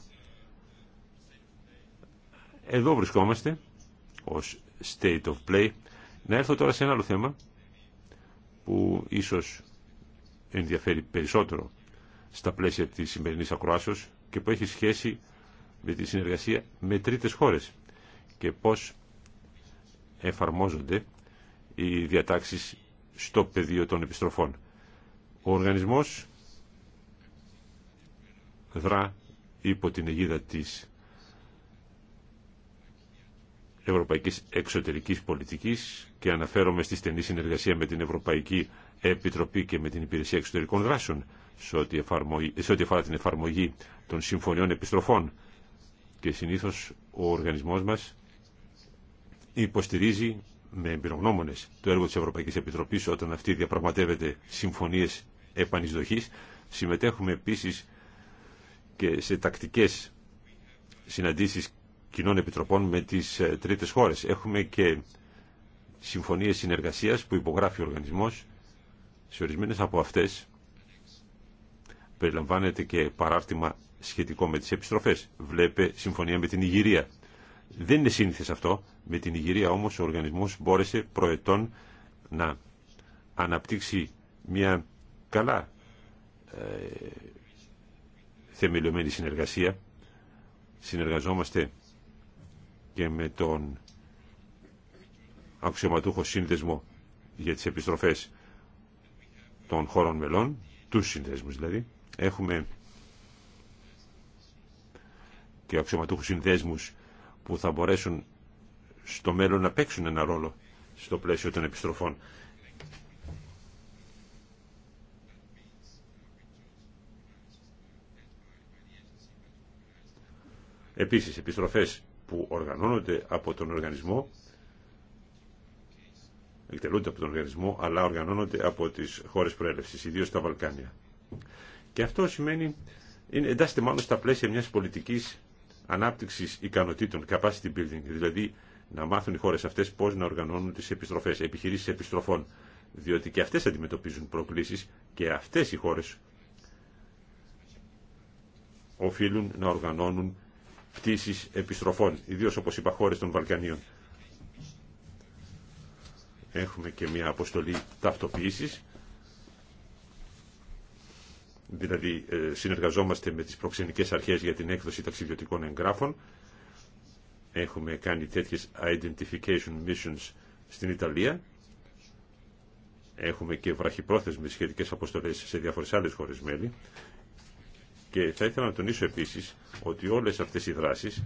Speaker 3: Εδώ βρισκόμαστε ως state of play. Να έρθω τώρα σε ένα άλλο θέμα που ίσως ενδιαφέρει περισσότερο στα πλαίσια της σημερινής ακροάσεως και που έχει σχέση με τη συνεργασία με τρίτες χώρες και πώς εφαρμόζονται οι διατάξεις στο πεδίο των επιστροφών. Ο οργανισμός δρά υπό την αιγίδα της ευρωπαϊκής εξωτερικής πολιτικής και αναφέρομαι στη στενή συνεργασία με την Ευρωπαϊκή Επιτροπή και με την Υπηρεσία Εξωτερικών Δράσεων σε ό,τι, αφορά την εφαρμογή των συμφωνιών επιστροφών και συνήθως ο οργανισμός μας υποστηρίζει με εμπειρογνώμονες το έργο της Ευρωπαϊκής Επιτροπής όταν αυτή διαπραγματεύεται συμφωνίες επανεισδοχής. Συμμετέχουμε επίσης και σε τακτικές συναντήσεις κοινών επιτροπών με τις ε, τρίτες χώρες. Έχουμε και συμφωνίες συνεργασίας που υπογράφει ο οργανισμός. Σε ορισμένες από αυτές περιλαμβάνεται και παράρτημα σχετικό με τις επιστροφές. Βλέπε συμφωνία με την Ιγυρία. Δεν είναι σύνηθες αυτό. Με την Ιγυρία όμως ο οργανισμός μπόρεσε προετών να αναπτύξει μια καλά ε, θεμελιωμένη συνεργασία. Συνεργαζόμαστε και με τον αξιωματούχο σύνδεσμο για τις επιστροφές των χώρων μελών, τους συνδέσμους δηλαδή. Έχουμε και αξιωματούχους συνδέσμους που θα μπορέσουν στο μέλλον να παίξουν ένα ρόλο στο πλαίσιο των επιστροφών. Επίσης, επιστροφές που οργανώνονται από τον οργανισμό εκτελούνται από τον οργανισμό αλλά οργανώνονται από τις χώρες προέλευσης, ιδίως τα Βαλκάνια. Και αυτό σημαίνει, είναι, εντάσσεται μάλλον στα πλαίσια μιας πολιτικής ανάπτυξης ικανοτήτων, capacity building, δηλαδή να μάθουν οι χώρες αυτές πώς να οργανώνουν τις επιστροφές, επιχειρήσεις επιστροφών, διότι και αυτές αντιμετωπίζουν προκλήσεις και αυτές οι χώρες οφείλουν να οργανώνουν πτήσεις επιστροφών, ιδίως όπως είπα χώρες των Βαλκανίων. Έχουμε και μια αποστολή ταυτοποίηση. δηλαδή ε, συνεργαζόμαστε με τις προξενικές αρχές για την έκδοση ταξιδιωτικών εγγράφων. Έχουμε κάνει τέτοιε identification missions στην Ιταλία. Έχουμε και βραχυπρόθεσμες σχετικές αποστολές σε διάφορες άλλες χώρες μέλη. Και θα ήθελα να τονίσω επίσης ότι όλες αυτές οι δράσεις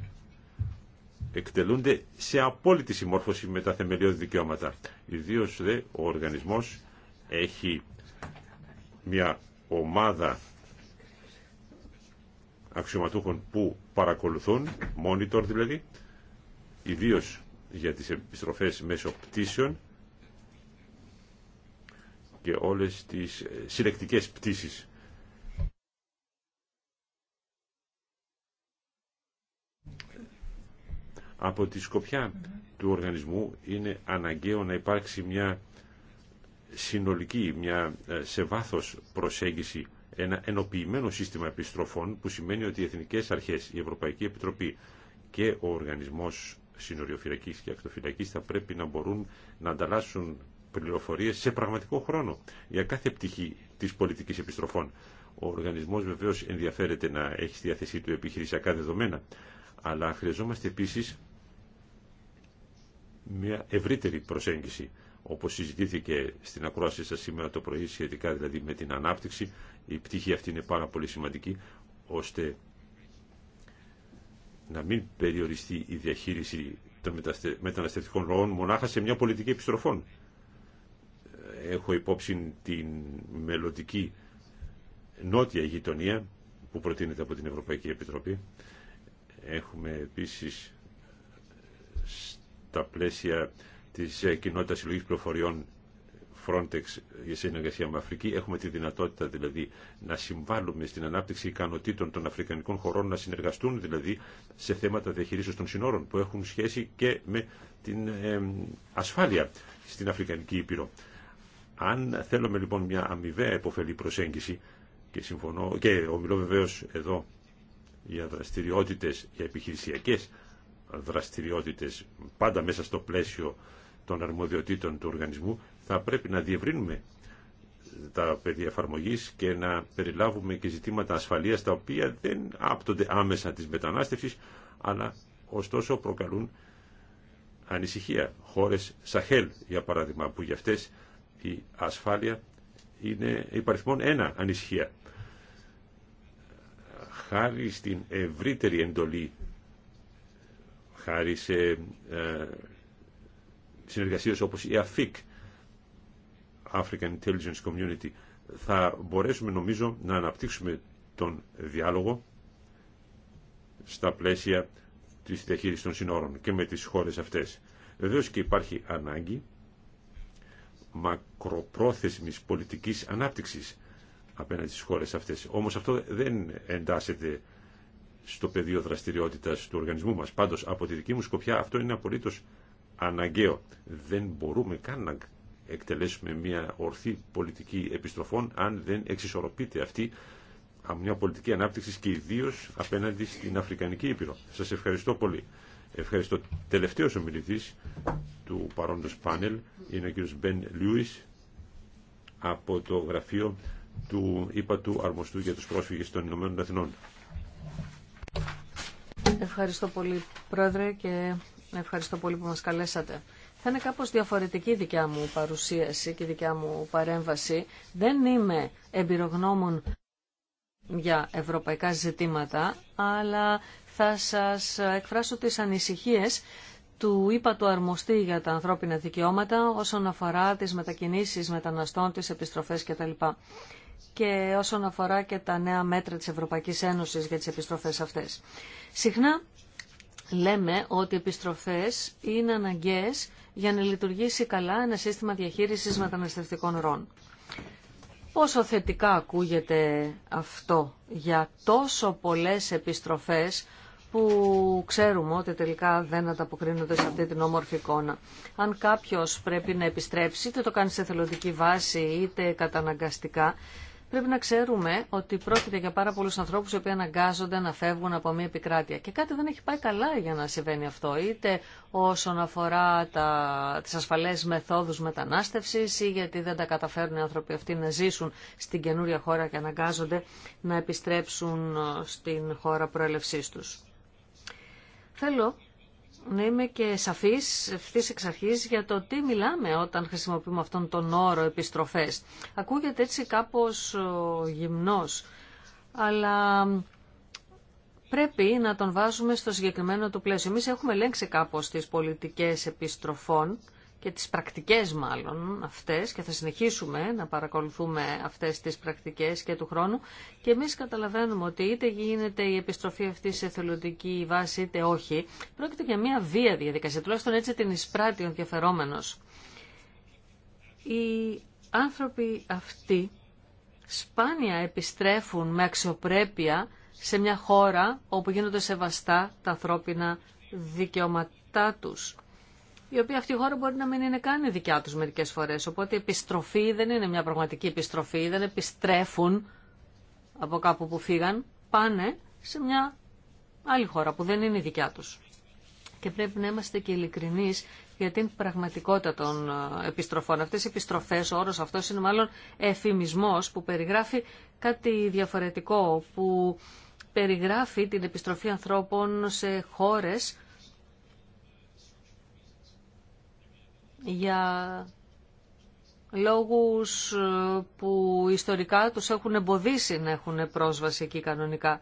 Speaker 3: εκτελούνται σε απόλυτη συμμόρφωση με τα θεμελιώδη δικαιώματα. Ιδίως δε ο οργανισμός έχει μια ομάδα αξιωματούχων που παρακολουθούν, monitor δηλαδή, ιδίως για τις επιστροφές μέσω πτήσεων και όλες τις συλλεκτικές πτήσεις. Από τη σκοπιά του οργανισμού είναι αναγκαίο να υπάρξει μια συνολική, μια ε, σε βάθος προσέγγιση, ένα ενοποιημένο σύστημα επιστροφών που σημαίνει ότι οι Εθνικές Αρχές, η Ευρωπαϊκή Επιτροπή και ο Οργανισμός Συνοριοφυλακής και Ακτοφυλακής θα πρέπει να μπορούν να ανταλλάσσουν πληροφορίες σε πραγματικό χρόνο για κάθε πτυχή της πολιτικής επιστροφών. Ο οργανισμός βεβαίως ενδιαφέρεται να έχει στη διάθεσή του επιχειρησιακά δεδομένα, αλλά χρειαζόμαστε επίσης μια ευρύτερη προσέγγιση όπως συζητήθηκε στην ακρόαση σας σήμερα το πρωί σχετικά δηλαδή με την ανάπτυξη η πτυχή αυτή είναι πάρα πολύ σημαντική ώστε να μην περιοριστεί η διαχείριση των μεταναστευτικών ροών μονάχα σε μια πολιτική επιστροφών. Έχω υπόψη την μελλοντική νότια γειτονία που προτείνεται από την Ευρωπαϊκή Επιτροπή. Έχουμε επίσης τα πλαίσια της ε, κοινότητας συλλογής πληροφοριών Frontex για συνεργασία με Αφρική. Έχουμε τη δυνατότητα δηλαδή να συμβάλλουμε στην ανάπτυξη ικανοτήτων των αφρικανικών χωρών να συνεργαστούν δηλαδή σε θέματα διαχειρίσεως των συνόρων που έχουν σχέση και με την ε, ασφάλεια στην Αφρικανική Ήπειρο. Αν θέλουμε λοιπόν μια αμοιβαία υποφελή προσέγγιση και, συμφωνώ, και ομιλώ βεβαίω εδώ για δραστηριότητες, για επιχειρησιακές δραστηριότητες πάντα μέσα στο πλαίσιο των αρμοδιοτήτων του οργανισμού θα πρέπει να διευρύνουμε τα πεδία εφαρμογή και να περιλάβουμε και ζητήματα ασφαλείας τα οποία δεν άπτονται άμεσα της μετανάστευσης αλλά ωστόσο προκαλούν ανησυχία. Χώρες Σαχέλ για παράδειγμα που για αυτές η ασφάλεια είναι υπαριθμόν ένα ανησυχία. Χάρη στην ευρύτερη εντολή χάρη σε ε, συνεργασίες όπως η ΑΦΙΚ, African Intelligence Community, θα μπορέσουμε νομίζω να αναπτύξουμε τον διάλογο στα πλαίσια της διαχείρισης των συνόρων και με τις χώρες αυτές. Βεβαίως και υπάρχει ανάγκη μακροπρόθεσμης πολιτικής ανάπτυξης απέναντι στις χώρες αυτές. Όμως αυτό δεν εντάσσεται στο πεδίο δραστηριότητα του οργανισμού μας. Πάντως, από τη δική μου σκοπιά αυτό είναι απολύτω αναγκαίο. Δεν μπορούμε καν να εκτελέσουμε μια ορθή πολιτική επιστροφών αν δεν εξισορροπείται αυτή από μια πολιτική ανάπτυξη και ιδίω απέναντι στην Αφρικανική Ήπειρο. Σα ευχαριστώ πολύ. Ευχαριστώ. Τελευταίο ομιλητή του παρόντο πάνελ είναι ο κ. Μπεν Λιούι από το γραφείο του ΥΠΑ του Αρμοστού για του πρόσφυγε των Ηνωμένων Εθνών.
Speaker 2: Ευχαριστώ πολύ, Πρόεδρε, και ευχαριστώ πολύ που μας καλέσατε. Θα είναι κάπως διαφορετική η δικιά μου παρουσίαση και η δικιά μου παρέμβαση. Δεν είμαι εμπειρογνώμων για ευρωπαϊκά ζητήματα, αλλά θα σας εκφράσω τις ανησυχίες του είπα του αρμοστή για τα ανθρώπινα δικαιώματα όσον αφορά τις μετακινήσεις μεταναστών, τις επιστροφές κτλ και όσον αφορά και τα νέα μέτρα της Ευρωπαϊκής Ένωσης για τις επιστροφές αυτές. Συχνά λέμε ότι οι επιστροφές είναι αναγκαίες για να λειτουργήσει καλά ένα σύστημα διαχείρισης μεταναστευτικών ροών. Πόσο θετικά ακούγεται αυτό για τόσο πολλές επιστροφές που ξέρουμε ότι τελικά δεν ανταποκρίνονται σε αυτή την όμορφη εικόνα. Αν κάποιος πρέπει να επιστρέψει, είτε το κάνει σε θελοντική βάση είτε καταναγκαστικά, πρέπει να ξέρουμε ότι πρόκειται για πάρα πολλούς ανθρώπους οι οποίοι αναγκάζονται να φεύγουν από μια επικράτεια. Και κάτι δεν έχει πάει καλά για να συμβαίνει αυτό, είτε όσον αφορά τα, τις ασφαλές μεθόδους μετανάστευσης ή γιατί δεν τα καταφέρουν οι άνθρωποι αυτοί να ζήσουν στην καινούρια χώρα και αναγκάζονται να επιστρέψουν στην χώρα προέλευσής τους. Θέλω να είμαι και σαφής ευθύ εξ αρχής για το τι μιλάμε όταν χρησιμοποιούμε αυτόν τον όρο επιστροφές. Ακούγεται έτσι κάπως γυμνός, αλλά πρέπει να τον βάζουμε στο συγκεκριμένο του πλαίσιο. Εμείς έχουμε ελέγξει κάπως τις πολιτικές επιστροφών και τις πρακτικές μάλλον αυτές και θα συνεχίσουμε να παρακολουθούμε αυτές τις πρακτικές και του χρόνου και εμείς καταλαβαίνουμε ότι είτε γίνεται η επιστροφή αυτή σε εθελοντική βάση είτε όχι πρόκειται για μια βία διαδικασία τουλάχιστον έτσι την εισπράττει ο ενδιαφερόμενος. Οι άνθρωποι αυτοί σπάνια επιστρέφουν με αξιοπρέπεια σε μια χώρα όπου γίνονται σεβαστά τα ανθρώπινα δικαιώματά τους η οποία αυτή η χώρα μπορεί να μην είναι καν δικιά του μερικέ φορέ. Οπότε η επιστροφή δεν είναι μια πραγματική επιστροφή, δεν επιστρέφουν από κάπου που φύγαν, πάνε σε μια άλλη χώρα που δεν είναι η δικιά του. Και πρέπει να είμαστε και ειλικρινεί για την πραγματικότητα των ε, επιστροφών. Αυτέ οι επιστροφέ, ο όρο αυτό είναι μάλλον εφημισμό που περιγράφει κάτι διαφορετικό, που περιγράφει την επιστροφή ανθρώπων σε χώρες για λόγους ε, που ιστορικά τους έχουν εμποδίσει να έχουν πρόσβαση εκεί κανονικά.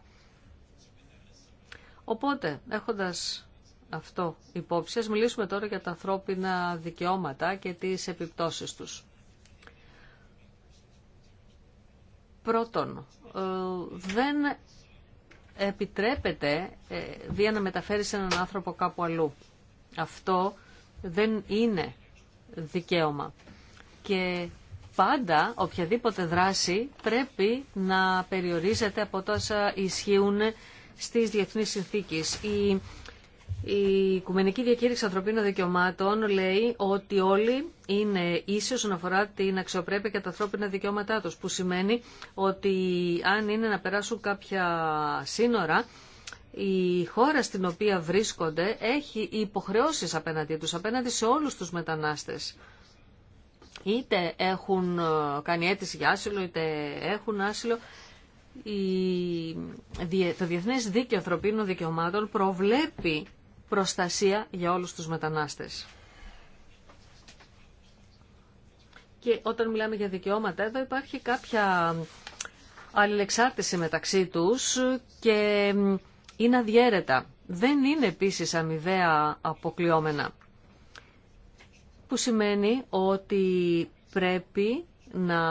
Speaker 2: Οπότε, έχοντας αυτό υπόψη, ας μιλήσουμε τώρα για τα ανθρώπινα δικαιώματα και τις επιπτώσεις τους. Πρώτον, ε, δεν επιτρέπεται ε, βία να μεταφέρει έναν άνθρωπο κάπου αλλού. Αυτό δεν είναι δικαίωμα. Και πάντα οποιαδήποτε δράση πρέπει να περιορίζεται από τόσα ισχύουν στις διεθνείς συνθήκες. Η, η Οικουμενική Διακήρυξη Ανθρωπίνων Δικαιωμάτων λέει ότι όλοι είναι ίσοι όσον αφορά την αξιοπρέπεια και τα ανθρώπινα δικαιώματά τους, που σημαίνει ότι αν είναι να περάσουν κάποια σύνορα, η χώρα στην οποία βρίσκονται έχει υποχρεώσεις απέναντί τους, απέναντι σε όλους τους μετανάστες. Είτε έχουν ε, κάνει αίτηση για άσυλο, είτε έχουν άσυλο. Το Διεθνές Δίκαιο Ανθρωπίνων Δικαιωμάτων προβλέπει προστασία για όλους τους μετανάστες. Και όταν μιλάμε για δικαιώματα, εδώ υπάρχει κάποια αλληλεξάρτηση μεταξύ τους και είναι αδιέρετα. Δεν είναι επίσης αμοιβαία αποκλειόμενα. Που σημαίνει ότι πρέπει να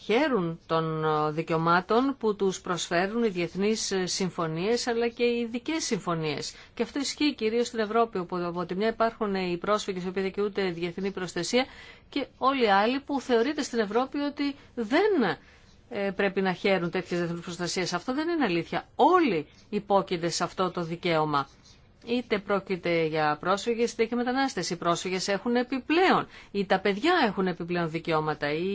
Speaker 2: χαίρουν των δικαιωμάτων που τους προσφέρουν οι διεθνείς συμφωνίες αλλά και οι ειδικέ συμφωνίες. Και αυτό ισχύει κυρίως στην Ευρώπη όπου από τη μια υπάρχουν οι πρόσφυγες οι οποίοι δικαιούνται διεθνή προστασία και όλοι οι άλλοι που θεωρείται στην Ευρώπη ότι δεν ε, πρέπει να χαίρουν τέτοιε διεθνούς προστασίε. Αυτό δεν είναι αλήθεια. Όλοι υπόκεινται σε αυτό το δικαίωμα. Είτε πρόκειται για πρόσφυγε είτε και μετανάστες. Οι πρόσφυγες έχουν επιπλέον. Ή τα παιδιά έχουν επιπλέον δικαιώματα. Οι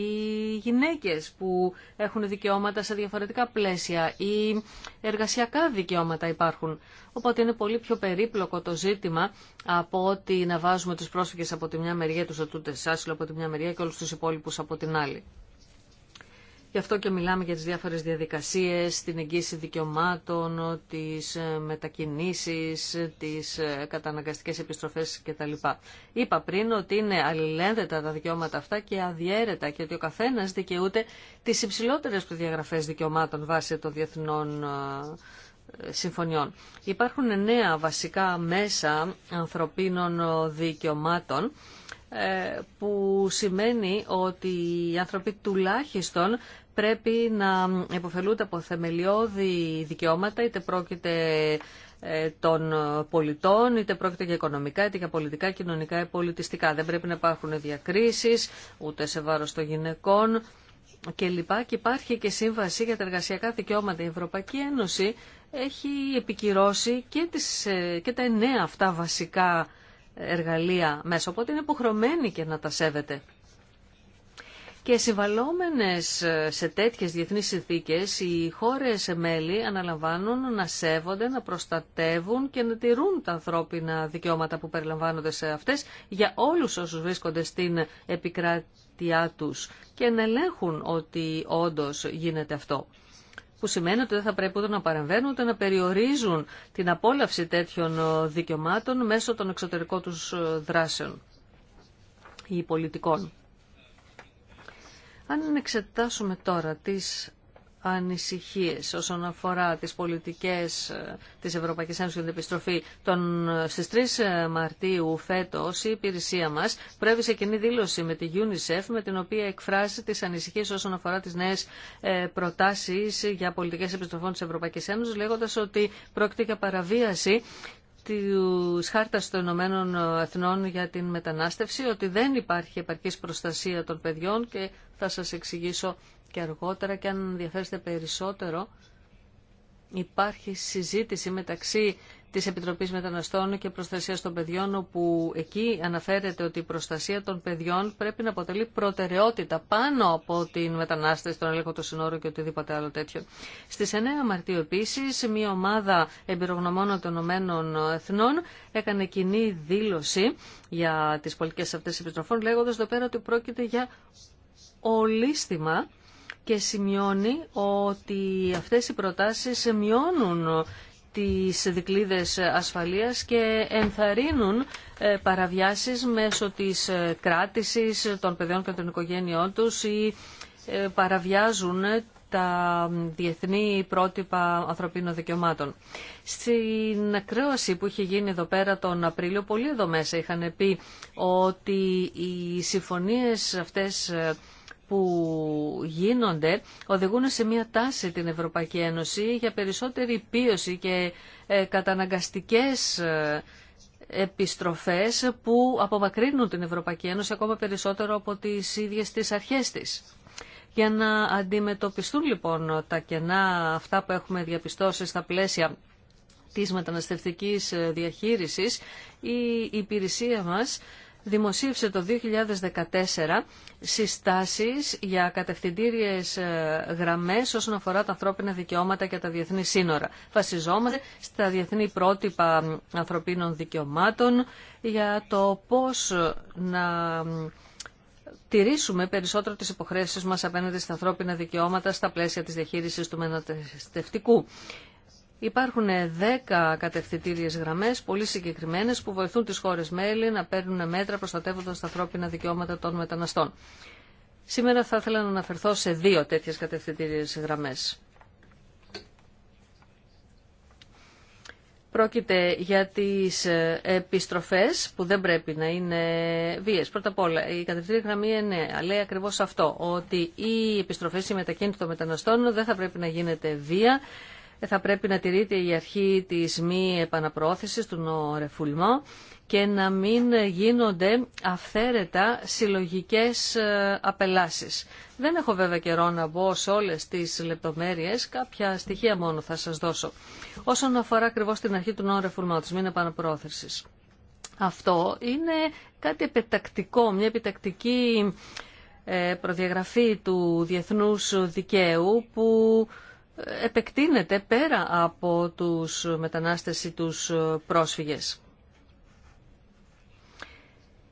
Speaker 2: γυναίκε που έχουν δικαιώματα σε διαφορετικά πλαίσια. Οι εργασιακά δικαιώματα υπάρχουν. Οπότε είναι πολύ πιο περίπλοκο το ζήτημα από ότι να βάζουμε του πρόσφυγες από τη μια μεριά, τους σε άσυλο από τη μια μεριά και όλου του υπόλοιπου από την άλλη. Γι' αυτό και μιλάμε για τις διάφορες διαδικασίες, την εγγύηση δικαιωμάτων, τις ε, μετακινήσεις, τις ε, καταναγκαστικές επιστροφές κτλ. Είπα πριν ότι είναι αλληλένδετα τα δικαιώματα αυτά και αδιέρετα και ότι ο καθένας δικαιούται τις υψηλότερες προδιαγραφές δικαιωμάτων βάσει των διεθνών ε, συμφωνιών. Υπάρχουν νέα βασικά μέσα ανθρωπίνων δικαιωμάτων ε, που σημαίνει ότι οι άνθρωποι τουλάχιστον πρέπει να υποφελούνται από θεμελιώδη δικαιώματα, είτε πρόκειται ε, των πολιτών, είτε πρόκειται για οικονομικά, είτε για πολιτικά, κοινωνικά ή πολιτιστικά. Δεν πρέπει να υπάρχουν διακρίσεις, ούτε σε βάρος των γυναικών κλπ. Και υπάρχει και σύμβαση για τα εργασιακά δικαιώματα. Η Ευρωπαϊκή Ένωση έχει επικυρώσει και, τις, ε, και τα εννέα αυτά βασικά εργαλεία μέσα, οπότε είναι υποχρεωμένη και να τα σέβεται. Και συμβαλόμενες ε, σε τέτοιες διεθνείς συνθήκες, οι χώρες μέλη αναλαμβάνουν να σέβονται, να προστατεύουν και να τηρούν τα ανθρώπινα δικαιώματα που περιλαμβάνονται σε αυτές για όλους όσους βρίσκονται στην επικράτειά τους και να ελέγχουν ότι όντως γίνεται αυτό που σημαίνει ότι δεν θα πρέπει ούτε να παρεμβαίνουν ούτε να περιορίζουν την απόλαυση τέτοιων ε, δικαιωμάτων μέσω των εξωτερικών τους ε, δράσεων ή πολιτικών. Αν εξετάσουμε τώρα τις ανησυχίες όσον αφορά τις πολιτικές ε, της Ευρωπαϊκής Ένωσης για την επιστροφή. Τον, ε, στις 3 ε, Μαρτίου φέτος η υπηρεσία μας προέβησε κοινή δήλωση με τη UNICEF με την οποία εκφράζει τις ανησυχίες όσον αφορά τις νέες προτάσεις για πολιτικές επιστροφών της Ευρωπαϊκής Ένωσης λέγοντας ότι πρόκειται για παραβίαση τη χάρτα των Ηνωμένων Εθνών για την μετανάστευση ότι δεν υπάρχει επαρκής προστασία των παιδιών και θα σας εξηγήσω και αργότερα και αν ενδιαφέρεστε περισσότερο υπάρχει συζήτηση μεταξύ της Επιτροπής Μεταναστών και Προστασίας των Παιδιών όπου εκεί αναφέρεται ότι η προστασία των παιδιών πρέπει να αποτελεί προτεραιότητα πάνω από την μετανάστευση, τον έλεγχο των συνόρου και οτιδήποτε άλλο τέτοιο. Στις 9 Μαρτίου επίσης μια ομάδα εμπειρογνωμόνων των Ηνωμένων Εθνών έκανε κοινή δήλωση για τις πολιτικές αυτές επιστροφών λέγοντας εδώ πέρα ότι πρόκειται για ολίσθημα και σημειώνει ότι αυτές οι προτάσεις μειώνουν τις δικλίδες ασφαλείας και ενθαρρύνουν ε, παραβιάσεις μέσω της ε, κράτησης των παιδιών και των οικογένειών τους ή ε, παραβιάζουν τα διεθνή πρότυπα ανθρωπίνων δικαιωμάτων. Στην ακρόαση που είχε γίνει εδώ πέρα τον Απρίλιο, πολλοί εδώ μέσα είχαν πει ότι οι συμφωνίες αυτές που γίνονται οδηγούν σε μια τάση την Ευρωπαϊκή Ένωση για περισσότερη πίωση και ε, καταναγκαστικές ε, επιστροφές που απομακρύνουν την Ευρωπαϊκή Ένωση ακόμα περισσότερο από τις ίδιες τις αρχές της. Για να αντιμετωπιστούν λοιπόν τα κενά αυτά που έχουμε διαπιστώσει στα πλαίσια της μεταναστευτικής ε, διαχείρισης, η υπηρεσία μας δημοσίευσε το 2014 συστάσεις για κατευθυντήριες ε, γραμμές όσον αφορά τα ανθρώπινα δικαιώματα και τα διεθνή σύνορα. Βασιζόμαστε στα διεθνή πρότυπα ανθρωπίνων δικαιωμάτων για το πώς να τηρήσουμε περισσότερο τις υποχρέσεις μας απέναντι στα ανθρώπινα δικαιώματα στα πλαίσια της διαχείρισης του μεταναστευτικού. Υπάρχουν 10 κατευθυντήριε γραμμέ, πολύ συγκεκριμένε, που βοηθούν τι χώρε μέλη να παίρνουν μέτρα προστατεύοντα τα ανθρώπινα δικαιώματα των μεταναστών. Σήμερα θα ήθελα να αναφερθώ σε δύο τέτοιε κατευθυντήριε γραμμέ. Πρόκειται για τις ε, επιστροφές που δεν πρέπει να είναι βίες. Πρώτα απ' όλα, η κατευθυντήρια γραμμή είναι, λέει ακριβώς αυτό, ότι οι επιστροφές, η μετακίνηση των μεταναστών δεν θα πρέπει να γίνεται βία, ε, θα πρέπει να τηρείται η αρχή της μη επαναπρόθεσης του νορεφουλμό και να μην γίνονται αυθαίρετα συλλογικές ε, απελάσεις. Δεν έχω βέβαια καιρό να μπω σε όλες τις λεπτομέρειες, κάποια στοιχεία μόνο θα σας δώσω. Όσον αφορά ακριβώς την αρχή του νορεφουλμό, της μη επαναπρόθεσης. Αυτό είναι κάτι επιτακτικό, μια επιτακτική ε, προδιαγραφή του διεθνούς δικαίου που επεκτείνεται πέρα από τους μετανάστες ή τους πρόσφυγες.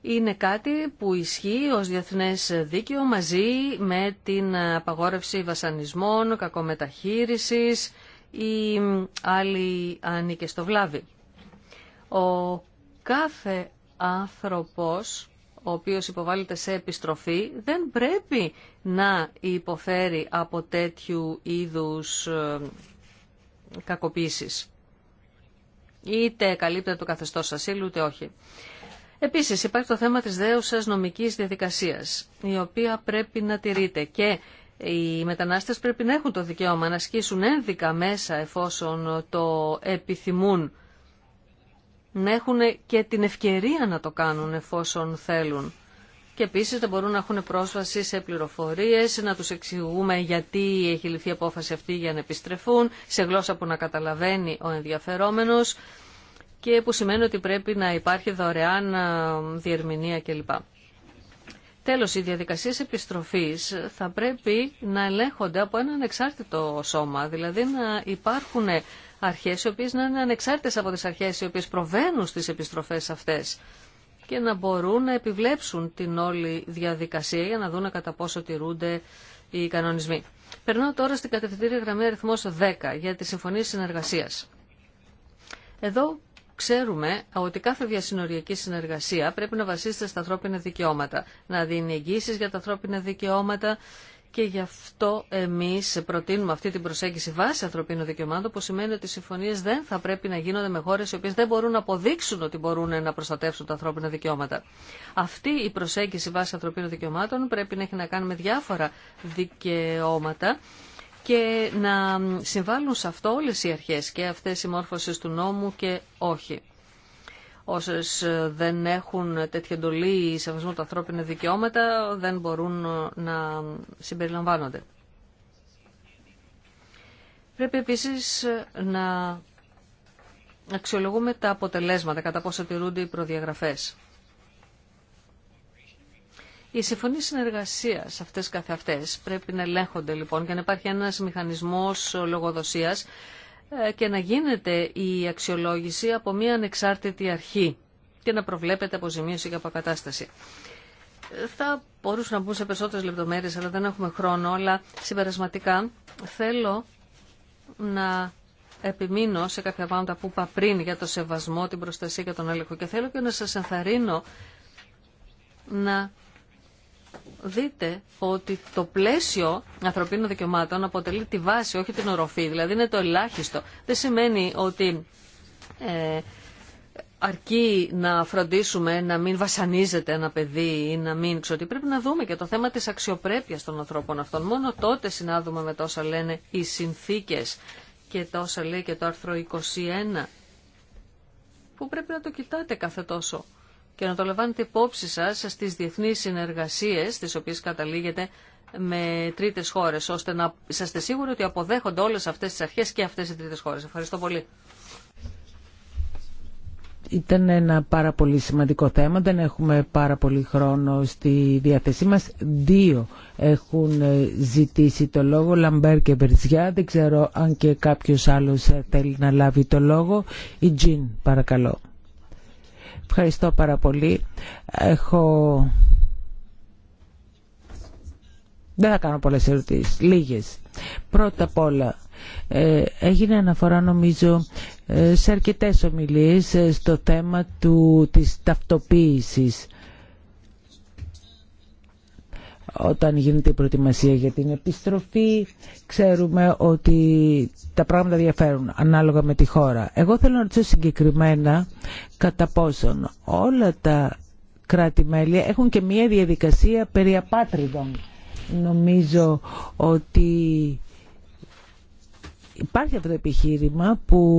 Speaker 2: Είναι κάτι που ισχύει ως διεθνές δίκαιο μαζί με την απαγόρευση βασανισμών, κακομεταχείρισης ή άλλοι ανήκε στο βλάβη. Ο κάθε άνθρωπος ο οποίος υποβάλλεται σε επιστροφή δεν πρέπει να υποφέρει από τέτοιου είδους ε, κακοποίησης Είτε καλύπτεται το καθεστώς ασύλου, είτε όχι. Επίσης υπάρχει το θέμα της δέουσας νομικής διαδικασίας, η οποία πρέπει να τηρείται και οι μετανάστες πρέπει να έχουν το δικαίωμα να ασκήσουν ένδικα μέσα εφόσον το επιθυμούν να έχουν και την ευκαιρία να το κάνουν εφόσον θέλουν. Και επίσης δεν μπορούν να έχουν πρόσβαση σε πληροφορίες, να τους εξηγούμε γιατί έχει ληφθεί η απόφαση αυτή για να επιστρεφούν, σε γλώσσα που να καταλαβαίνει ο ενδιαφερόμενος και που σημαίνει ότι πρέπει να υπάρχει δωρεάν διερμηνία κλπ. Τέλος, οι διαδικασίες επιστροφής θα πρέπει να ελέγχονται από έναν εξάρτητο σώμα, δηλαδή να υπάρχουν αρχές οι οποίε να είναι ανεξάρτητες από τις αρχέ οι οποίε προβαίνουν στι επιστροφέ αυτές και να μπορούν να επιβλέψουν την όλη διαδικασία για να δουν κατά πόσο τηρούνται οι κανονισμοί. Περνάω τώρα στην κατευθυντήρια γραμμή αριθμό 10 για τη συμφωνία συνεργασία. Εδώ ξέρουμε ότι κάθε διασυνοριακή συνεργασία πρέπει να βασίζεται στα ανθρώπινα δικαιώματα, να δίνει εγγύσει για τα ανθρώπινα δικαιώματα και γι' αυτό εμείς προτείνουμε αυτή την προσέγγιση βάση ανθρωπίνων δικαιωμάτων που σημαίνει ότι οι συμφωνίε δεν θα πρέπει να γίνονται με χώρε οι οποίες δεν μπορούν να αποδείξουν ότι μπορούν να προστατεύσουν τα ανθρώπινα δικαιώματα. Αυτή η προσέγγιση βάση ανθρωπίνων δικαιωμάτων πρέπει να έχει να κάνει με διάφορα δικαιώματα και να συμβάλλουν σε αυτό όλε οι αρχέ και αυτέ οι μόρφωσες του νόμου και όχι. Όσες ε, δεν έχουν τέτοια εντολή σεβασμό τα ανθρώπινα δικαιώματα δεν μπορούν ε, να συμπεριλαμβάνονται. Πρέπει επίσης ε, να αξιολογούμε τα αποτελέσματα, κατά πόσο τηρούνται οι προδιαγραφές. Οι συμφωνίες συνεργασίας αυτές καθεαυτές πρέπει να ελέγχονται λοιπόν και να υπάρχει ένας μηχανισμός λογοδοσίας ε, και να γίνεται η αξιολόγηση από μια ανεξάρτητη αρχή και να προβλέπεται αποζημίωση και αποκατάσταση. Ε, θα μπορούσα να μπουν σε περισσότερες λεπτομέρειες, αλλά δεν έχουμε χρόνο, αλλά συμπερασματικά θέλω να επιμείνω σε κάποια πράγματα που είπα πριν για το σεβασμό, την προστασία και τον έλεγχο και θέλω και να σας ενθαρρύνω να δείτε ότι το πλαίσιο ανθρωπίνων δικαιωμάτων αποτελεί τη βάση, όχι την οροφή, δηλαδή είναι το ελάχιστο. Δεν σημαίνει ότι ε, αρκεί να φροντίσουμε να μην βασανίζεται ένα παιδί ή να μην ξέρω πρέπει να δούμε και το θέμα της αξιοπρέπειας των ανθρώπων αυτών. Μόνο τότε συνάδουμε με τόσα λένε οι συνθήκες και τόσα λέει και το άρθρο 21 που πρέπει να το κοιτάτε κάθε τόσο και να το λαμβάνετε υπόψη σας στις διεθνείς συνεργασίες τις οποίες καταλήγετε με τρίτες χώρες ώστε να είστε σίγουροι ότι αποδέχονται όλες αυτές τις αρχές και αυτές οι τρίτες χώρες. Ευχαριστώ πολύ.
Speaker 1: Ήταν ένα πάρα πολύ σημαντικό θέμα. Δεν έχουμε πάρα πολύ χρόνο στη διάθεσή μας. Δύο έχουν ζητήσει το λόγο, Λαμπέρ και Μπερτζιά. Δεν ξέρω αν και κάποιος άλλος θέλει να λάβει το λόγο. Η Τζιν, παρακαλώ. Ευχαριστώ πάρα πολύ. Έχω... Δεν θα κάνω πολλές ερωτήσεις, λίγες. Πρώτα απ' όλα, ε, έγινε αναφορά νομίζω ε, σε αρκετές ομιλίες ε, στο θέμα του, της ταυτοποίησης όταν γίνεται η προετοιμασία για την επιστροφή. Ξέρουμε ότι τα πράγματα διαφέρουν ανάλογα με τη χώρα. Εγώ θέλω να ρωτήσω συγκεκριμένα κατά πόσον όλα τα κράτη-μέλη έχουν και μία διαδικασία περί απάτριδων. Νομίζω ότι υπάρχει αυτό το επιχείρημα που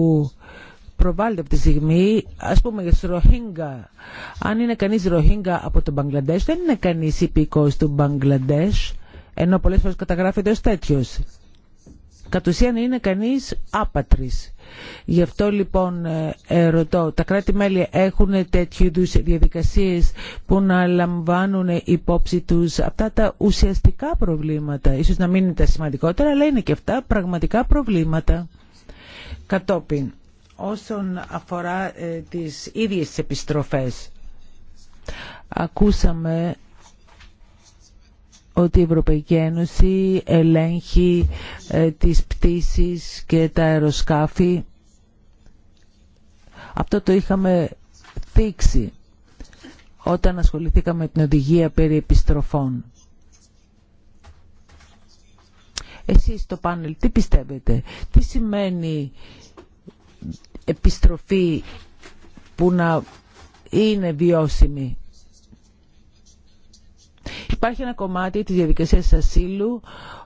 Speaker 1: προβάλλεται από τη στιγμή, ας πούμε για τους Ροχίνγκα. Αν είναι κανείς Ροχίνγκα από το Μπαγκλαντές, δεν είναι κανείς υπηκός του Μπαγκλαντές, ενώ πολλές φορές καταγράφεται ως τέτοιος. Κατ' ουσίαν είναι κανείς άπατρης. Γι' αυτό λοιπόν ε, ρωτώ, τα κράτη-μέλη έχουν τέτοιου είδου διαδικασίες που να λαμβάνουν υπόψη τους αυτά τα ουσιαστικά προβλήματα. Ίσως να μην είναι τα σημαντικότερα, αλλά είναι και αυτά πραγματικά προβλήματα. Κατόπιν, όσον αφορά ε, τις ίδιες επιστροφές. Ακούσαμε ότι η Ευρωπαϊκή Ένωση ελέγχει ε, τις πτήσεις και τα αεροσκάφη. Αυτό το είχαμε θίξει όταν ασχοληθήκαμε με την οδηγία περί επιστροφών. Εσείς στο πάνελ τι πιστεύετε, τι σημαίνει επιστροφή που να είναι βιώσιμη. Υπάρχει ένα κομμάτι της διαδικασίας ασύλου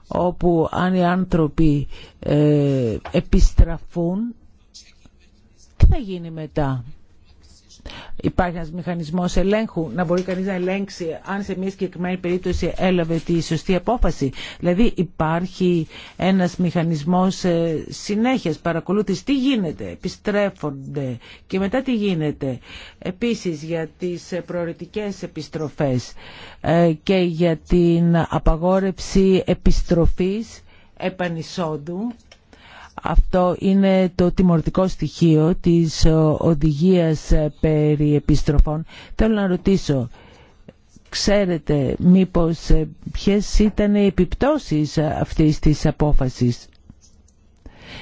Speaker 1: όπου αν οι άνθρωποι ε, επιστραφούν, τι θα γίνει μετά υπάρχει ένας μηχανισμός ελέγχου, να μπορεί κανείς να ελέγξει αν σε μια συγκεκριμένη περίπτωση έλαβε τη σωστή απόφαση. Δηλαδή υπάρχει ένας μηχανισμός ε, συνέχειας, παρακολούθηση. Τι γίνεται, επιστρέφονται και μετά τι γίνεται. Επίσης για τις ε, προαιρετικές επιστροφές ε, και για την απαγόρευση επιστροφής έπανισόδου, αυτό είναι το τιμωρητικό στοιχείο της ε, οδηγίας ε, περί επιστροφών. Θέλω να ρωτήσω, ξέρετε μήπως ε, ποιες ήταν οι επιπτώσεις αυτής της απόφασης.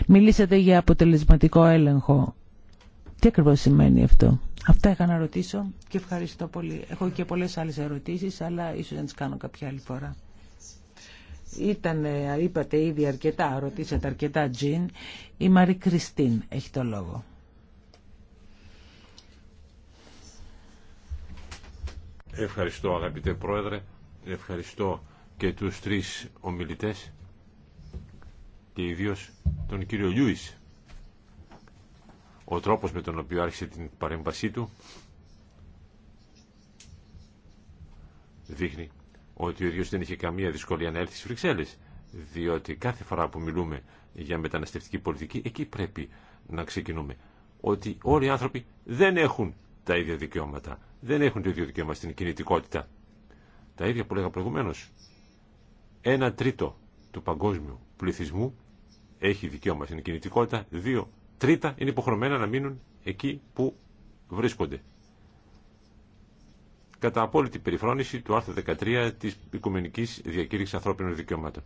Speaker 1: Μιλήσατε για αποτελεσματικό έλεγχο. Τι ακριβώ σημαίνει αυτό. Αυτά είχα να ρωτήσω και ευχαριστώ πολύ. Έχω και πολλές άλλες ερωτήσεις, αλλά ίσως να τις κάνω κάποια άλλη φορά. Ήταν, είπατε ήδη αρκετά, ρωτήσατε αρκετά Τζιν. Η Μαρή Κριστίν έχει το λόγο.
Speaker 3: Ευχαριστώ αγαπητέ Πρόεδρε, ευχαριστώ και τους τρεις ομιλητές και ιδίως τον κύριο Λιούις. Ο τρόπος με τον οποίο άρχισε την παρέμβασή του δείχνει ότι ο ίδιος δεν είχε καμία δυσκολία να έρθει στις Βρυξέλλες, διότι κάθε φορά που μιλούμε για μεταναστευτική πολιτική, εκεί πρέπει να ξεκινούμε. Ότι όλοι οι άνθρωποι δεν έχουν τα ίδια δικαιώματα, δεν έχουν το ίδιο δικαίωμα στην κινητικότητα. Τα ίδια που λέγα προηγουμένω. Ένα τρίτο του παγκόσμιου πληθυσμού έχει δικαίωμα στην κινητικότητα, δύο τρίτα είναι υποχρεωμένα να μείνουν εκεί που βρίσκονται κατά απόλυτη περιφρόνηση του άρθρου 13 της Οικουμενικής Διακήρυξης Ανθρώπινων Δικαιωμάτων.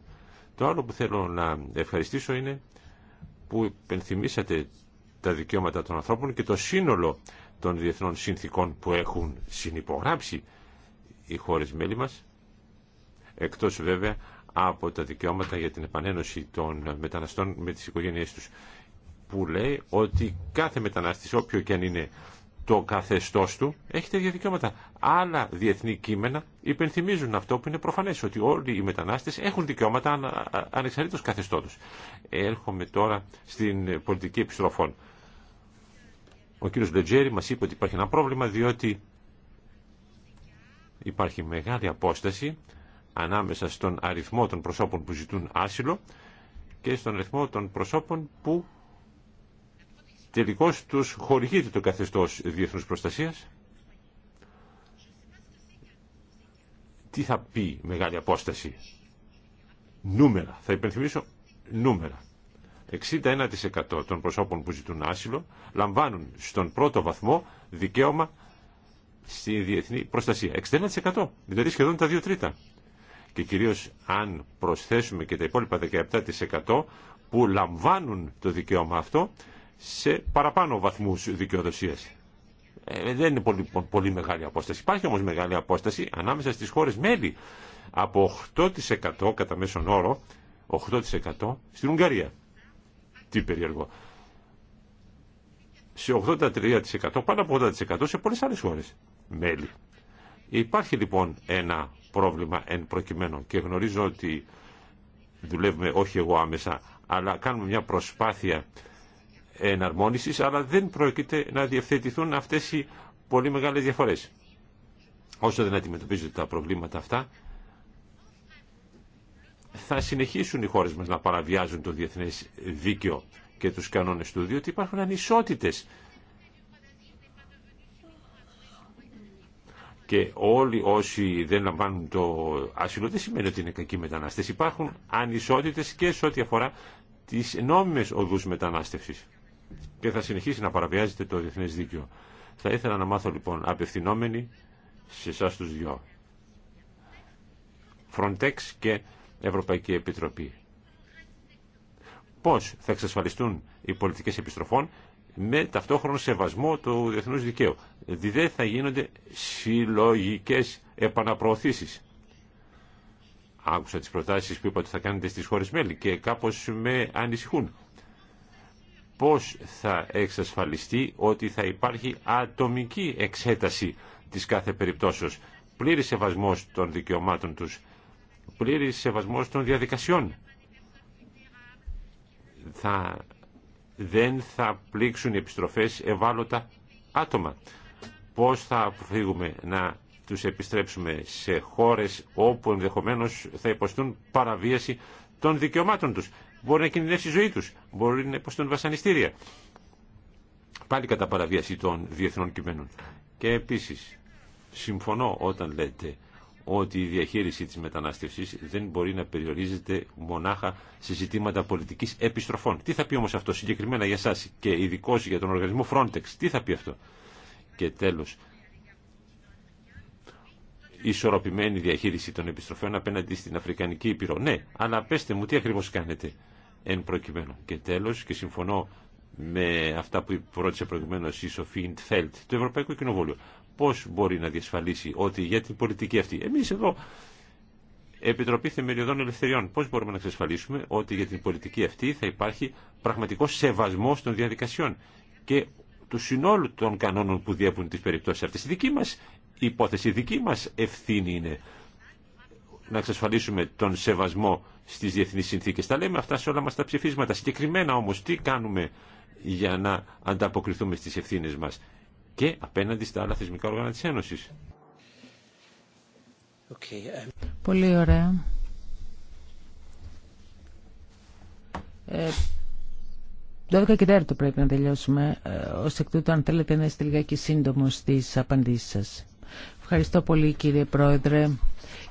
Speaker 3: Το άλλο που θέλω να ευχαριστήσω είναι που υπενθυμίσατε τα δικαιώματα των ανθρώπων και το σύνολο των διεθνών συνθήκων που έχουν συνυπογράψει οι χώρες μέλη μας, εκτός βέβαια από τα δικαιώματα για την επανένωση των μεταναστών με τις οικογένειές τους, που λέει ότι κάθε μετανάστης, όποιο και αν είναι το καθεστώς του, έχει τέτοια δικαιώματα. Άλλα διεθνή κείμενα υπενθυμίζουν αυτό που είναι προφανές, ότι όλοι οι μετανάστες έχουν δικαιώματα ανεξαρτήτως καθεστώτος. Έρχομαι τώρα στην πολιτική επιστροφών. Ο κύριος Λετζέρη μας είπε ότι υπάρχει ένα πρόβλημα διότι υπάρχει μεγάλη απόσταση ανάμεσα στον αριθμό των προσώπων που ζητούν άσυλο και στον αριθμό των προσώπων που τελικώς τους χορηγείται το καθεστώς διεθνούς προστασίας. Τι θα πει μεγάλη απόσταση. Νούμερα. Θα υπενθυμίσω νούμερα. 61% των προσώπων που ζητούν άσυλο λαμβάνουν στον πρώτο βαθμό δικαίωμα στη διεθνή προστασία. 61%. Δηλαδή σχεδόν τα δύο τρίτα. Και κυρίως αν προσθέσουμε και τα υπόλοιπα 17% που λαμβάνουν το δικαίωμα αυτό, σε παραπάνω βαθμούς δικαιοδοσία. Ε, δεν είναι πολύ, πολύ μεγάλη απόσταση. Υπάρχει όμως μεγάλη απόσταση ανάμεσα στις χώρες μέλη. Από 8% κατά μέσον όρο, 8% στην Ουγγαρία. Τι περίεργο. Σε 83%, πάνω από 80% σε πολλές άλλε χώρες μέλη. Υπάρχει λοιπόν ένα πρόβλημα εν προκειμένου και γνωρίζω ότι δουλεύουμε όχι εγώ άμεσα, αλλά κάνουμε μια προσπάθεια εναρμόνισης, αλλά δεν πρόκειται να διευθετηθούν αυτές οι πολύ μεγάλες διαφορές. Όσο δεν αντιμετωπίζονται τα προβλήματα αυτά, θα συνεχίσουν οι χώρες μας να παραβιάζουν το διεθνές δίκαιο και τους κανόνες του, διότι υπάρχουν ανισότητες. Και όλοι όσοι δεν λαμβάνουν το ασύλο δεν σημαίνει ότι είναι κακοί μετανάστες. Υπάρχουν ανισότητες και σε ό,τι αφορά τις νόμιμες οδούς μετανάστευσης και θα συνεχίσει να παραβιάζεται το διεθνές δίκαιο. Θα ήθελα να μάθω λοιπόν απευθυνόμενοι σε εσά τους δυο. Frontex και Ευρωπαϊκή Επιτροπή. Πώς θα εξασφαλιστούν οι πολιτικές επιστροφών με ταυτόχρονο σεβασμό του διεθνούς δικαίου. Δηλαδή δεν θα γίνονται συλλογικές επαναπροωθήσεις. Άκουσα τις προτάσεις που είπατε θα κάνετε στις χώρες μέλη και κάπως με ανησυχούν πώς θα εξασφαλιστεί ότι θα υπάρχει ατομική εξέταση της κάθε περιπτώσεως, πλήρης σεβασμός των δικαιωμάτων τους, πλήρης σεβασμός των διαδικασιών. δεν θα πλήξουν οι επιστροφές ευάλωτα άτομα. Πώς θα αποφύγουμε να τους επιστρέψουμε σε χώρες όπου ενδεχομένως θα υποστούν παραβίαση των δικαιωμάτων τους. Μπορεί να κινδυνεύσει η ζωή του. μπορεί να υποστούν βασανιστήρια. Πάλι κατά παραβίαση των διεθνών κειμένων. Και επίση, συμφωνώ όταν λέτε ότι η διαχείριση της μετανάστευσης δεν μπορεί να περιορίζεται μονάχα σε ζητήματα πολιτικής επιστροφών. Τι θα πει όμως αυτό συγκεκριμένα για εσάς και ειδικώ για τον οργανισμό Frontex. Τι θα πει αυτό. Και τέλος, ισορροπημένη διαχείριση των επιστροφών απέναντι στην Αφρικανική Ήπειρο. Ναι, αλλά πέστε μου τι ακριβώς κάνετε εν προκειμένου. Και τέλο, και συμφωνώ με αυτά που ρώτησε προηγουμένως η Σοφή Ιντφέλτ, το Ευρωπαϊκό Κοινοβούλιο, Πώ μπορεί να διασφαλίσει ότι για την πολιτική αυτή, εμεί εδώ Επιτροπή Θεμελιωδών Ελευθεριών. πώ μπορούμε να εξασφαλίσουμε ότι για την πολιτική αυτή θα υπάρχει πραγματικό σεβασμό των διαδικασιών και του συνόλου των κανόνων που διέπουν τι περιπτώσει αυτέ, Η δική μα υπόθεση, η δική μα ευθύνη είναι να εξασφαλίσουμε τον σεβασμό στις διεθνεί συνθήκες. Τα λέμε αυτά σε όλα μα τα ψηφίσματα. Συγκεκριμένα όμω, τι κάνουμε για να ανταποκριθούμε στις ευθύνε μας και απέναντι στα άλλα θεσμικά όργανα της Ένωση.
Speaker 1: Okay. Um, πολύ ωραία. Ε, 12 και 4 πρέπει να τελειώσουμε. Ε, Ω εκ τούτου, αν θέλετε να είστε λιγάκι σύντομο στι απαντήσει σα. Ευχαριστώ πολύ, κύριε Πρόεδρε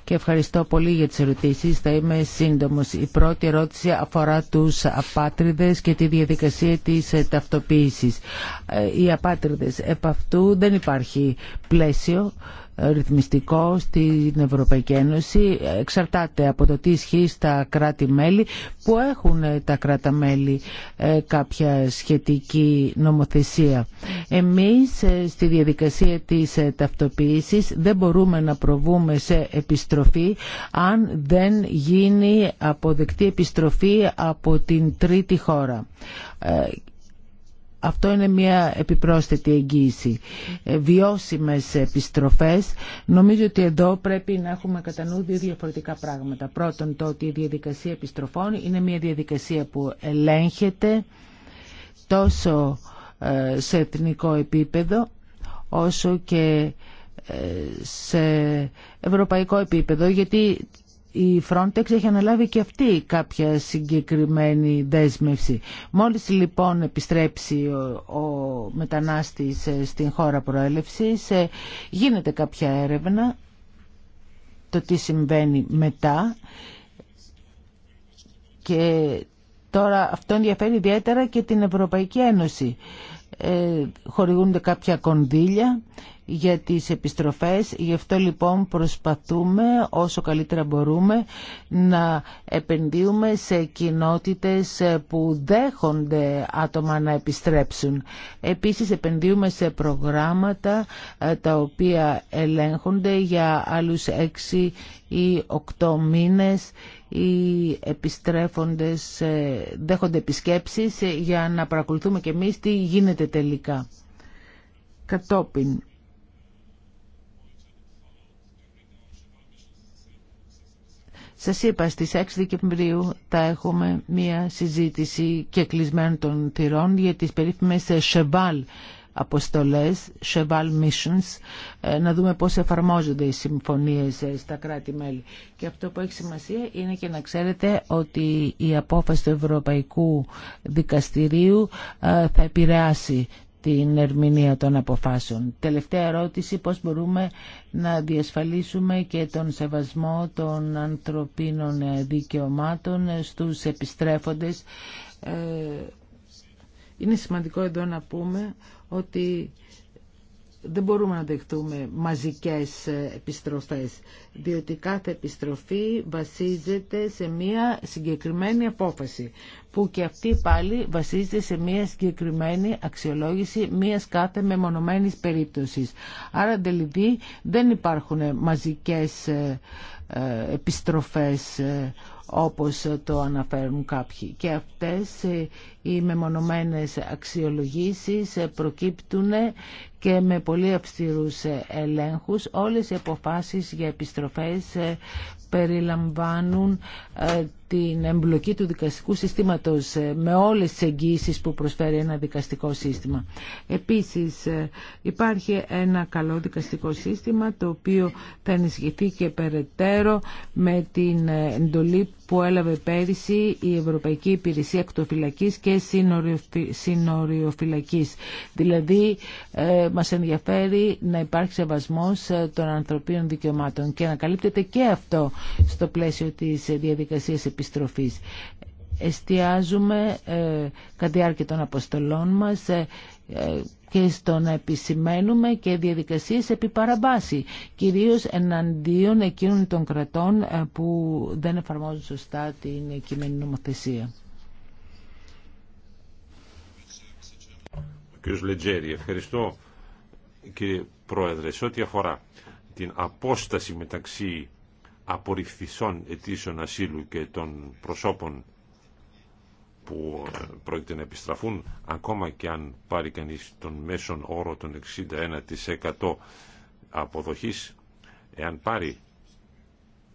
Speaker 1: και ευχαριστώ πολύ για τις ερωτήσεις. Θα είμαι σύντομος. Η πρώτη ερώτηση αφορά τους απάτριδες και τη διαδικασία της ταυτοποίησης. Ε, οι απάτριδες επ' αυτού δεν υπάρχει πλαίσιο ρυθμιστικό στην Ευρωπαϊκή Ένωση εξαρτάται από το τι ισχύει στα κράτη-μέλη που έχουν ε, τα κράτα-μέλη ε, κάποια σχετική νομοθεσία. Εμείς ε, στη διαδικασία της ταυτοποίησης δεν μπορούμε να προβούμε σε επιστροφή αν δεν γίνει αποδεκτή επιστροφή από την τρίτη χώρα αυτό είναι μια επιπρόσθετη εγγύηση. Ε, βιώσιμες επιστροφές. Νομίζω ότι εδώ πρέπει να έχουμε κατά νου δύο διαφορετικά πράγματα. Πρώτον, το ότι η διαδικασία επιστροφών είναι μια διαδικασία που ελέγχεται τόσο ε, σε εθνικό επίπεδο όσο και ε, σε ευρωπαϊκό επίπεδο γιατί η Frontex έχει αναλάβει και αυτή κάποια συγκεκριμένη δέσμευση. Μόλις λοιπόν επιστρέψει ο, ο μετανάστης ε, στην χώρα προέλευσης, ε, γίνεται κάποια έρευνα το τι συμβαίνει μετά και τώρα αυτό ενδιαφέρει ιδιαίτερα και την Ευρωπαϊκή Ένωση. Ε, χορηγούνται κάποια κονδύλια για τις επιστροφές. Γι' αυτό λοιπόν προσπαθούμε όσο καλύτερα μπορούμε να επενδύουμε σε κοινότητες ε, που δέχονται άτομα να επιστρέψουν. Επίσης επενδύουμε σε προγράμματα ε, τα οποία ελέγχονται για άλλους έξι ή οκτώ μήνες οι επιστρέφοντες ε, δέχονται επισκέψεις για να παρακολουθούμε και εμείς τι γίνεται τελικά. Κατόπιν, Σας είπα, στις 6 Δεκεμβρίου θα έχουμε μία συζήτηση και κλεισμένων των θυρών για τις περίφημες ε, Cheval αποστολές, Cheval Missions, ε, να δούμε πώς εφαρμόζονται οι συμφωνίες ε, στα κράτη-μέλη. Και αυτό που έχει σημασία είναι και να ξέρετε ότι η απόφαση του Ευρωπαϊκού Δικαστηρίου θα επηρεάσει την ερμηνεία των αποφάσεων. Τελευταία ερώτηση, πώς μπορούμε να διασφαλίσουμε και τον σεβασμό των ανθρωπίνων δικαιωμάτων στους επιστρέφοντες. Ε, είναι σημαντικό εδώ να πούμε ότι δεν μπορούμε να δεχτούμε μαζικές επιστροφές, διότι κάθε επιστροφή βασίζεται σε μία συγκεκριμένη απόφαση, που και αυτή πάλι βασίζεται σε μία συγκεκριμένη αξιολόγηση μίας κάθε μεμονωμένης περίπτωσης. Άρα δηλαδή δεν υπάρχουν μαζικές ε, ε, επιστροφές ε, όπως το αναφέρουν κάποιοι. Και αυτές ε, οι μεμονωμένες αξιολογήσεις ε, προκύπτουν ε, και με πολύ αυστηρούς ελέγχους. Όλες οι αποφάσεις για επιστροφές περιλαμβάνουν την εμπλοκή του δικαστικού συστήματος ε, με όλες τις εγγύησεις που προσφέρει ένα δικαστικό σύστημα. Επίσης ε, υπάρχει ένα καλό δικαστικό σύστημα το οποίο θα ενισχυθεί και περαιτέρω με την ε, εντολή που έλαβε πέρυσι η Ευρωπαϊκή Υπηρεσία Εκτοφυλακής και Συνοριοφυλακής. Δηλαδή μας ενδιαφέρει να υπάρχει σεβασμός των ανθρωπίνων δικαιωμάτων και να καλύπτεται και αυτό στο πλαίσιο της διαδικασίας επιστροφής. Εστιάζουμε ε, κατά διάρκεια των αποστολών μας ε, ε, και στο να επισημαίνουμε και διαδικασίες επί παραμπάση, κυρίως εναντίον εκείνων των κρατών που δεν εφαρμόζουν σωστά την κειμένη νομοθεσία.
Speaker 3: Κύριος Λετζέρη, ευχαριστώ κύριε Πρόεδρε. Σε ό,τι αφορά την απόσταση μεταξύ απορριφθησών αιτήσεων ασύλου και των προσώπων που ε, πρόκειται να επιστραφούν ακόμα και αν πάρει κανείς τον μέσον όρο των 61% αποδοχής εάν πάρει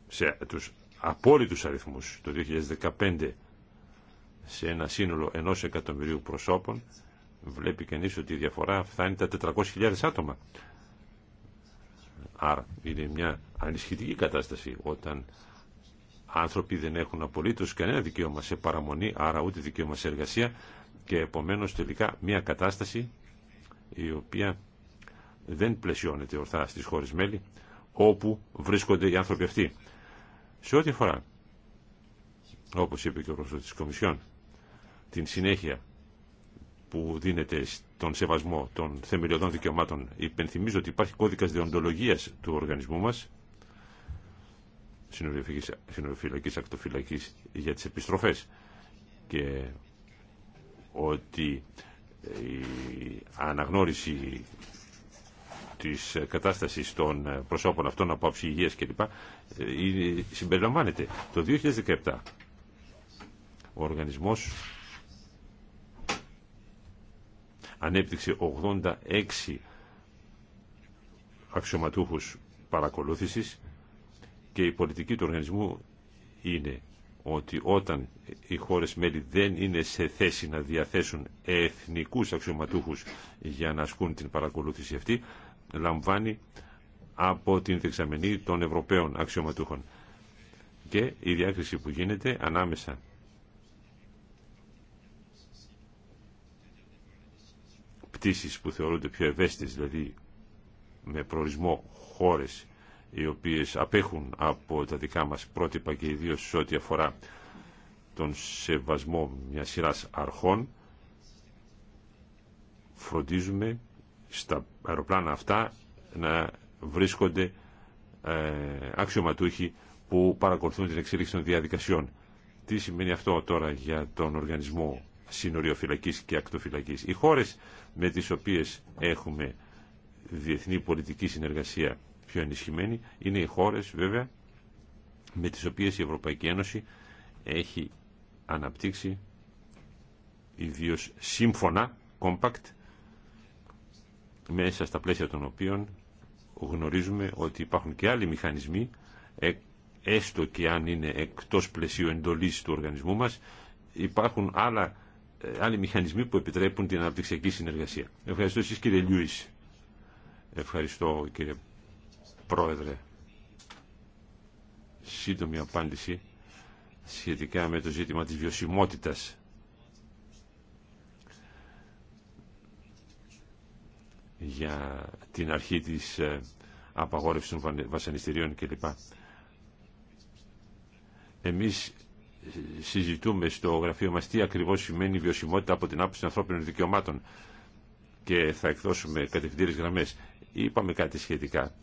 Speaker 3: σε τους απόλυτους αριθμούς το 2015 σε ένα σύνολο ενός εκατομμυρίου προσώπων βλέπει κανείς ότι η διαφορά φτάνει τα 400.000 άτομα άρα είναι μια ανισχυτική κατάσταση όταν άνθρωποι δεν έχουν απολύτως κανένα δικαίωμα σε παραμονή, άρα ούτε δικαίωμα σε εργασία και επομένως τελικά μια κατάσταση η οποία δεν πλαισιώνεται ορθά στις χώρες μέλη όπου βρίσκονται οι άνθρωποι αυτοί. Σε ό,τι αφορά, όπως είπε και ο Ρωσός της Κομισιόν, την συνέχεια που δίνεται στον σεβασμό των θεμελιωδών δικαιωμάτων, υπενθυμίζω ότι υπάρχει κώδικας διοντολογίας του οργανισμού μας, συνοριοφυλακής ακτοφυλακής για τις επιστροφές και ότι η αναγνώριση της κατάστασης των προσώπων αυτών από άψη κλπ. Ε, συμπεριλαμβάνεται. Το 2017 ο οργανισμός ανέπτυξε 86 αξιωματούχους παρακολούθησης και η πολιτική του οργανισμού είναι ότι όταν οι χώρες μέλη δεν είναι σε θέση να διαθέσουν εθνικούς αξιωματούχους για να ασκούν την παρακολούθηση αυτή, λαμβάνει από την δεξαμενή των Ευρωπαίων αξιωματούχων. Και η διάκριση που γίνεται ανάμεσα πτήσεις που θεωρούνται πιο ευαίσθητες, δηλαδή με προορισμό χώρες οι οποίες απέχουν από τα δικά μας πρότυπα και ιδίως σε ό,τι αφορά τον σεβασμό μιας σειράς αρχών φροντίζουμε στα αεροπλάνα αυτά να βρίσκονται ε, αξιωματούχοι που παρακολουθούν την εξέλιξη των διαδικασιών. Τι σημαίνει αυτό τώρα για τον οργανισμό συνοριοφυλακής και ακτοφυλακής. Οι χώρες με τις οποίες έχουμε διεθνή πολιτική συνεργασία πιο είναι οι χώρες βέβαια με τις οποίες η Ευρωπαϊκή Ένωση έχει αναπτύξει ιδίω σύμφωνα, compact, μέσα στα πλαίσια των οποίων γνωρίζουμε ότι υπάρχουν και άλλοι μηχανισμοί, ε, έστω και αν είναι εκτός πλαισίου εντολής του οργανισμού μας, υπάρχουν άλλα, ε, άλλοι μηχανισμοί που επιτρέπουν την αναπτυξιακή συνεργασία. Ευχαριστώ εσείς κύριε Λιούις. Ευχαριστώ κύριε Πρόεδρε. Σύντομη απάντηση σχετικά με το ζήτημα της βιωσιμότητας. για την αρχή της ε, απαγόρευσης των βασανιστήριων κλπ. Εμείς ε, συζητούμε στο γραφείο μας τι ακριβώς σημαίνει η βιωσιμότητα από την άποψη των ανθρώπινων δικαιωμάτων και θα εκδώσουμε κατευθυντήρες γραμμές. Είπαμε κάτι σχετικά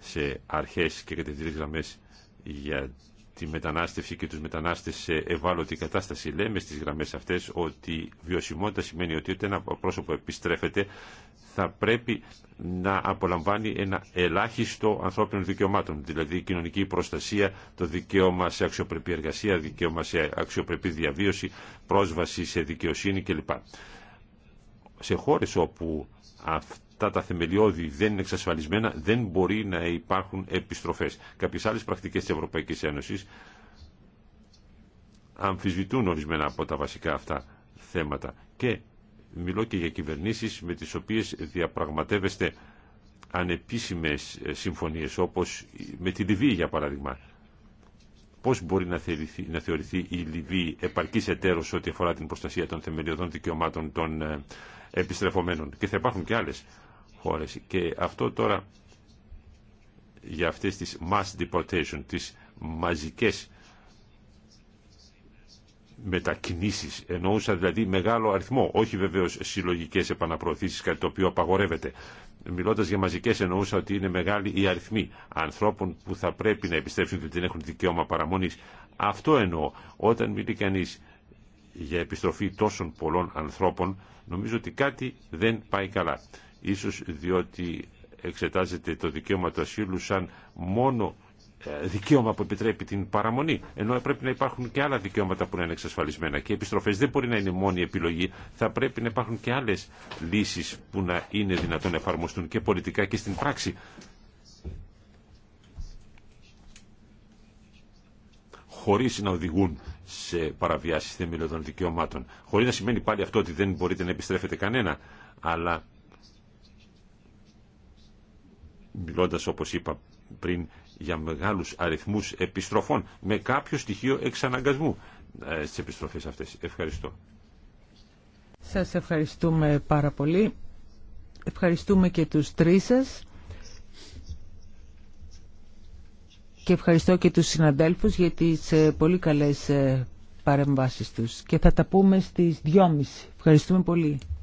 Speaker 3: σε αρχές και κατευθυντήρες γραμμές για τη μετανάστευση και τους μετανάστες σε ευάλωτη κατάσταση. Λέμε στις γραμμές αυτές ότι βιωσιμότητα σημαίνει ότι όταν ένα πρόσωπο επιστρέφεται θα πρέπει να απολαμβάνει ένα ελάχιστο ανθρώπινων δικαιωμάτων, δηλαδή κοινωνική προστασία, το δικαίωμα σε αξιοπρεπή εργασία, δικαίωμα σε αξιοπρεπή διαβίωση, πρόσβαση σε δικαιοσύνη κλπ. Σε χώρες όπου αυτό αυτά τα θεμελιώδη δεν είναι εξασφαλισμένα, δεν μπορεί να υπάρχουν επιστροφέ. Κάποιε άλλε πρακτικέ τη Ευρωπαϊκή Ένωση αμφισβητούν ορισμένα από τα βασικά αυτά θέματα. Και μιλώ και για κυβερνήσεις με τις οποίες διαπραγματεύεστε ανεπίσημες ε, συμφωνίες, όπως με τη Λιβύη για παράδειγμα. Πώς μπορεί να θεωρηθεί, να θεωρηθεί η Λιβύη επαρκής εταίρος ό,τι αφορά την προστασία των θεμελιωδών δικαιωμάτων των ε, επιστρεφομένων. Και θα υπάρχουν και άλλες χώρες. Και αυτό τώρα για αυτές τις mass deportation, τις μαζικές μετακινήσεις, εννοούσα δηλαδή μεγάλο αριθμό, όχι βεβαίως συλλογικές επαναπροωθήσεις, κάτι το οποίο απαγορεύεται. Μιλώντας για μαζικές εννοούσα ότι είναι μεγάλη η αριθμή ανθρώπων που θα πρέπει να επιστρέψουν και δεν έχουν δικαίωμα παραμονής. Αυτό εννοώ. Όταν μιλεί κανεί για επιστροφή τόσων πολλών ανθρώπων, νομίζω ότι κάτι δεν πάει καλά ίσως διότι εξετάζεται το δικαίωμα του ασύλου σαν μόνο ε, δικαίωμα που επιτρέπει την παραμονή. Ενώ πρέπει να υπάρχουν και άλλα δικαιώματα που να είναι εξασφαλισμένα. Και οι επιστροφέ δεν μπορεί να είναι μόνη επιλογή. Θα πρέπει να υπάρχουν και άλλες λύσεις που να είναι δυνατόν να εφαρμοστούν και πολιτικά και στην πράξη. Χωρί να οδηγούν σε παραβιάσεις θεμελιωδών δικαιωμάτων. Χωρίς να σημαίνει πάλι αυτό ότι δεν μπορείτε να επιστρέφετε κανένα. Αλλά μιλώντας όπως είπα πριν για μεγάλους αριθμούς επιστροφών με κάποιο στοιχείο εξαναγκασμού ε, στις επιστροφές αυτές. Ευχαριστώ.
Speaker 1: Σας ευχαριστούμε πάρα πολύ. Ευχαριστούμε και τους τρεις σας. Και ευχαριστώ και τους συναντέλφους για τις ε, πολύ καλές ε, παρεμβάσεις τους. Και θα τα πούμε στις 2.30. Ευχαριστούμε πολύ.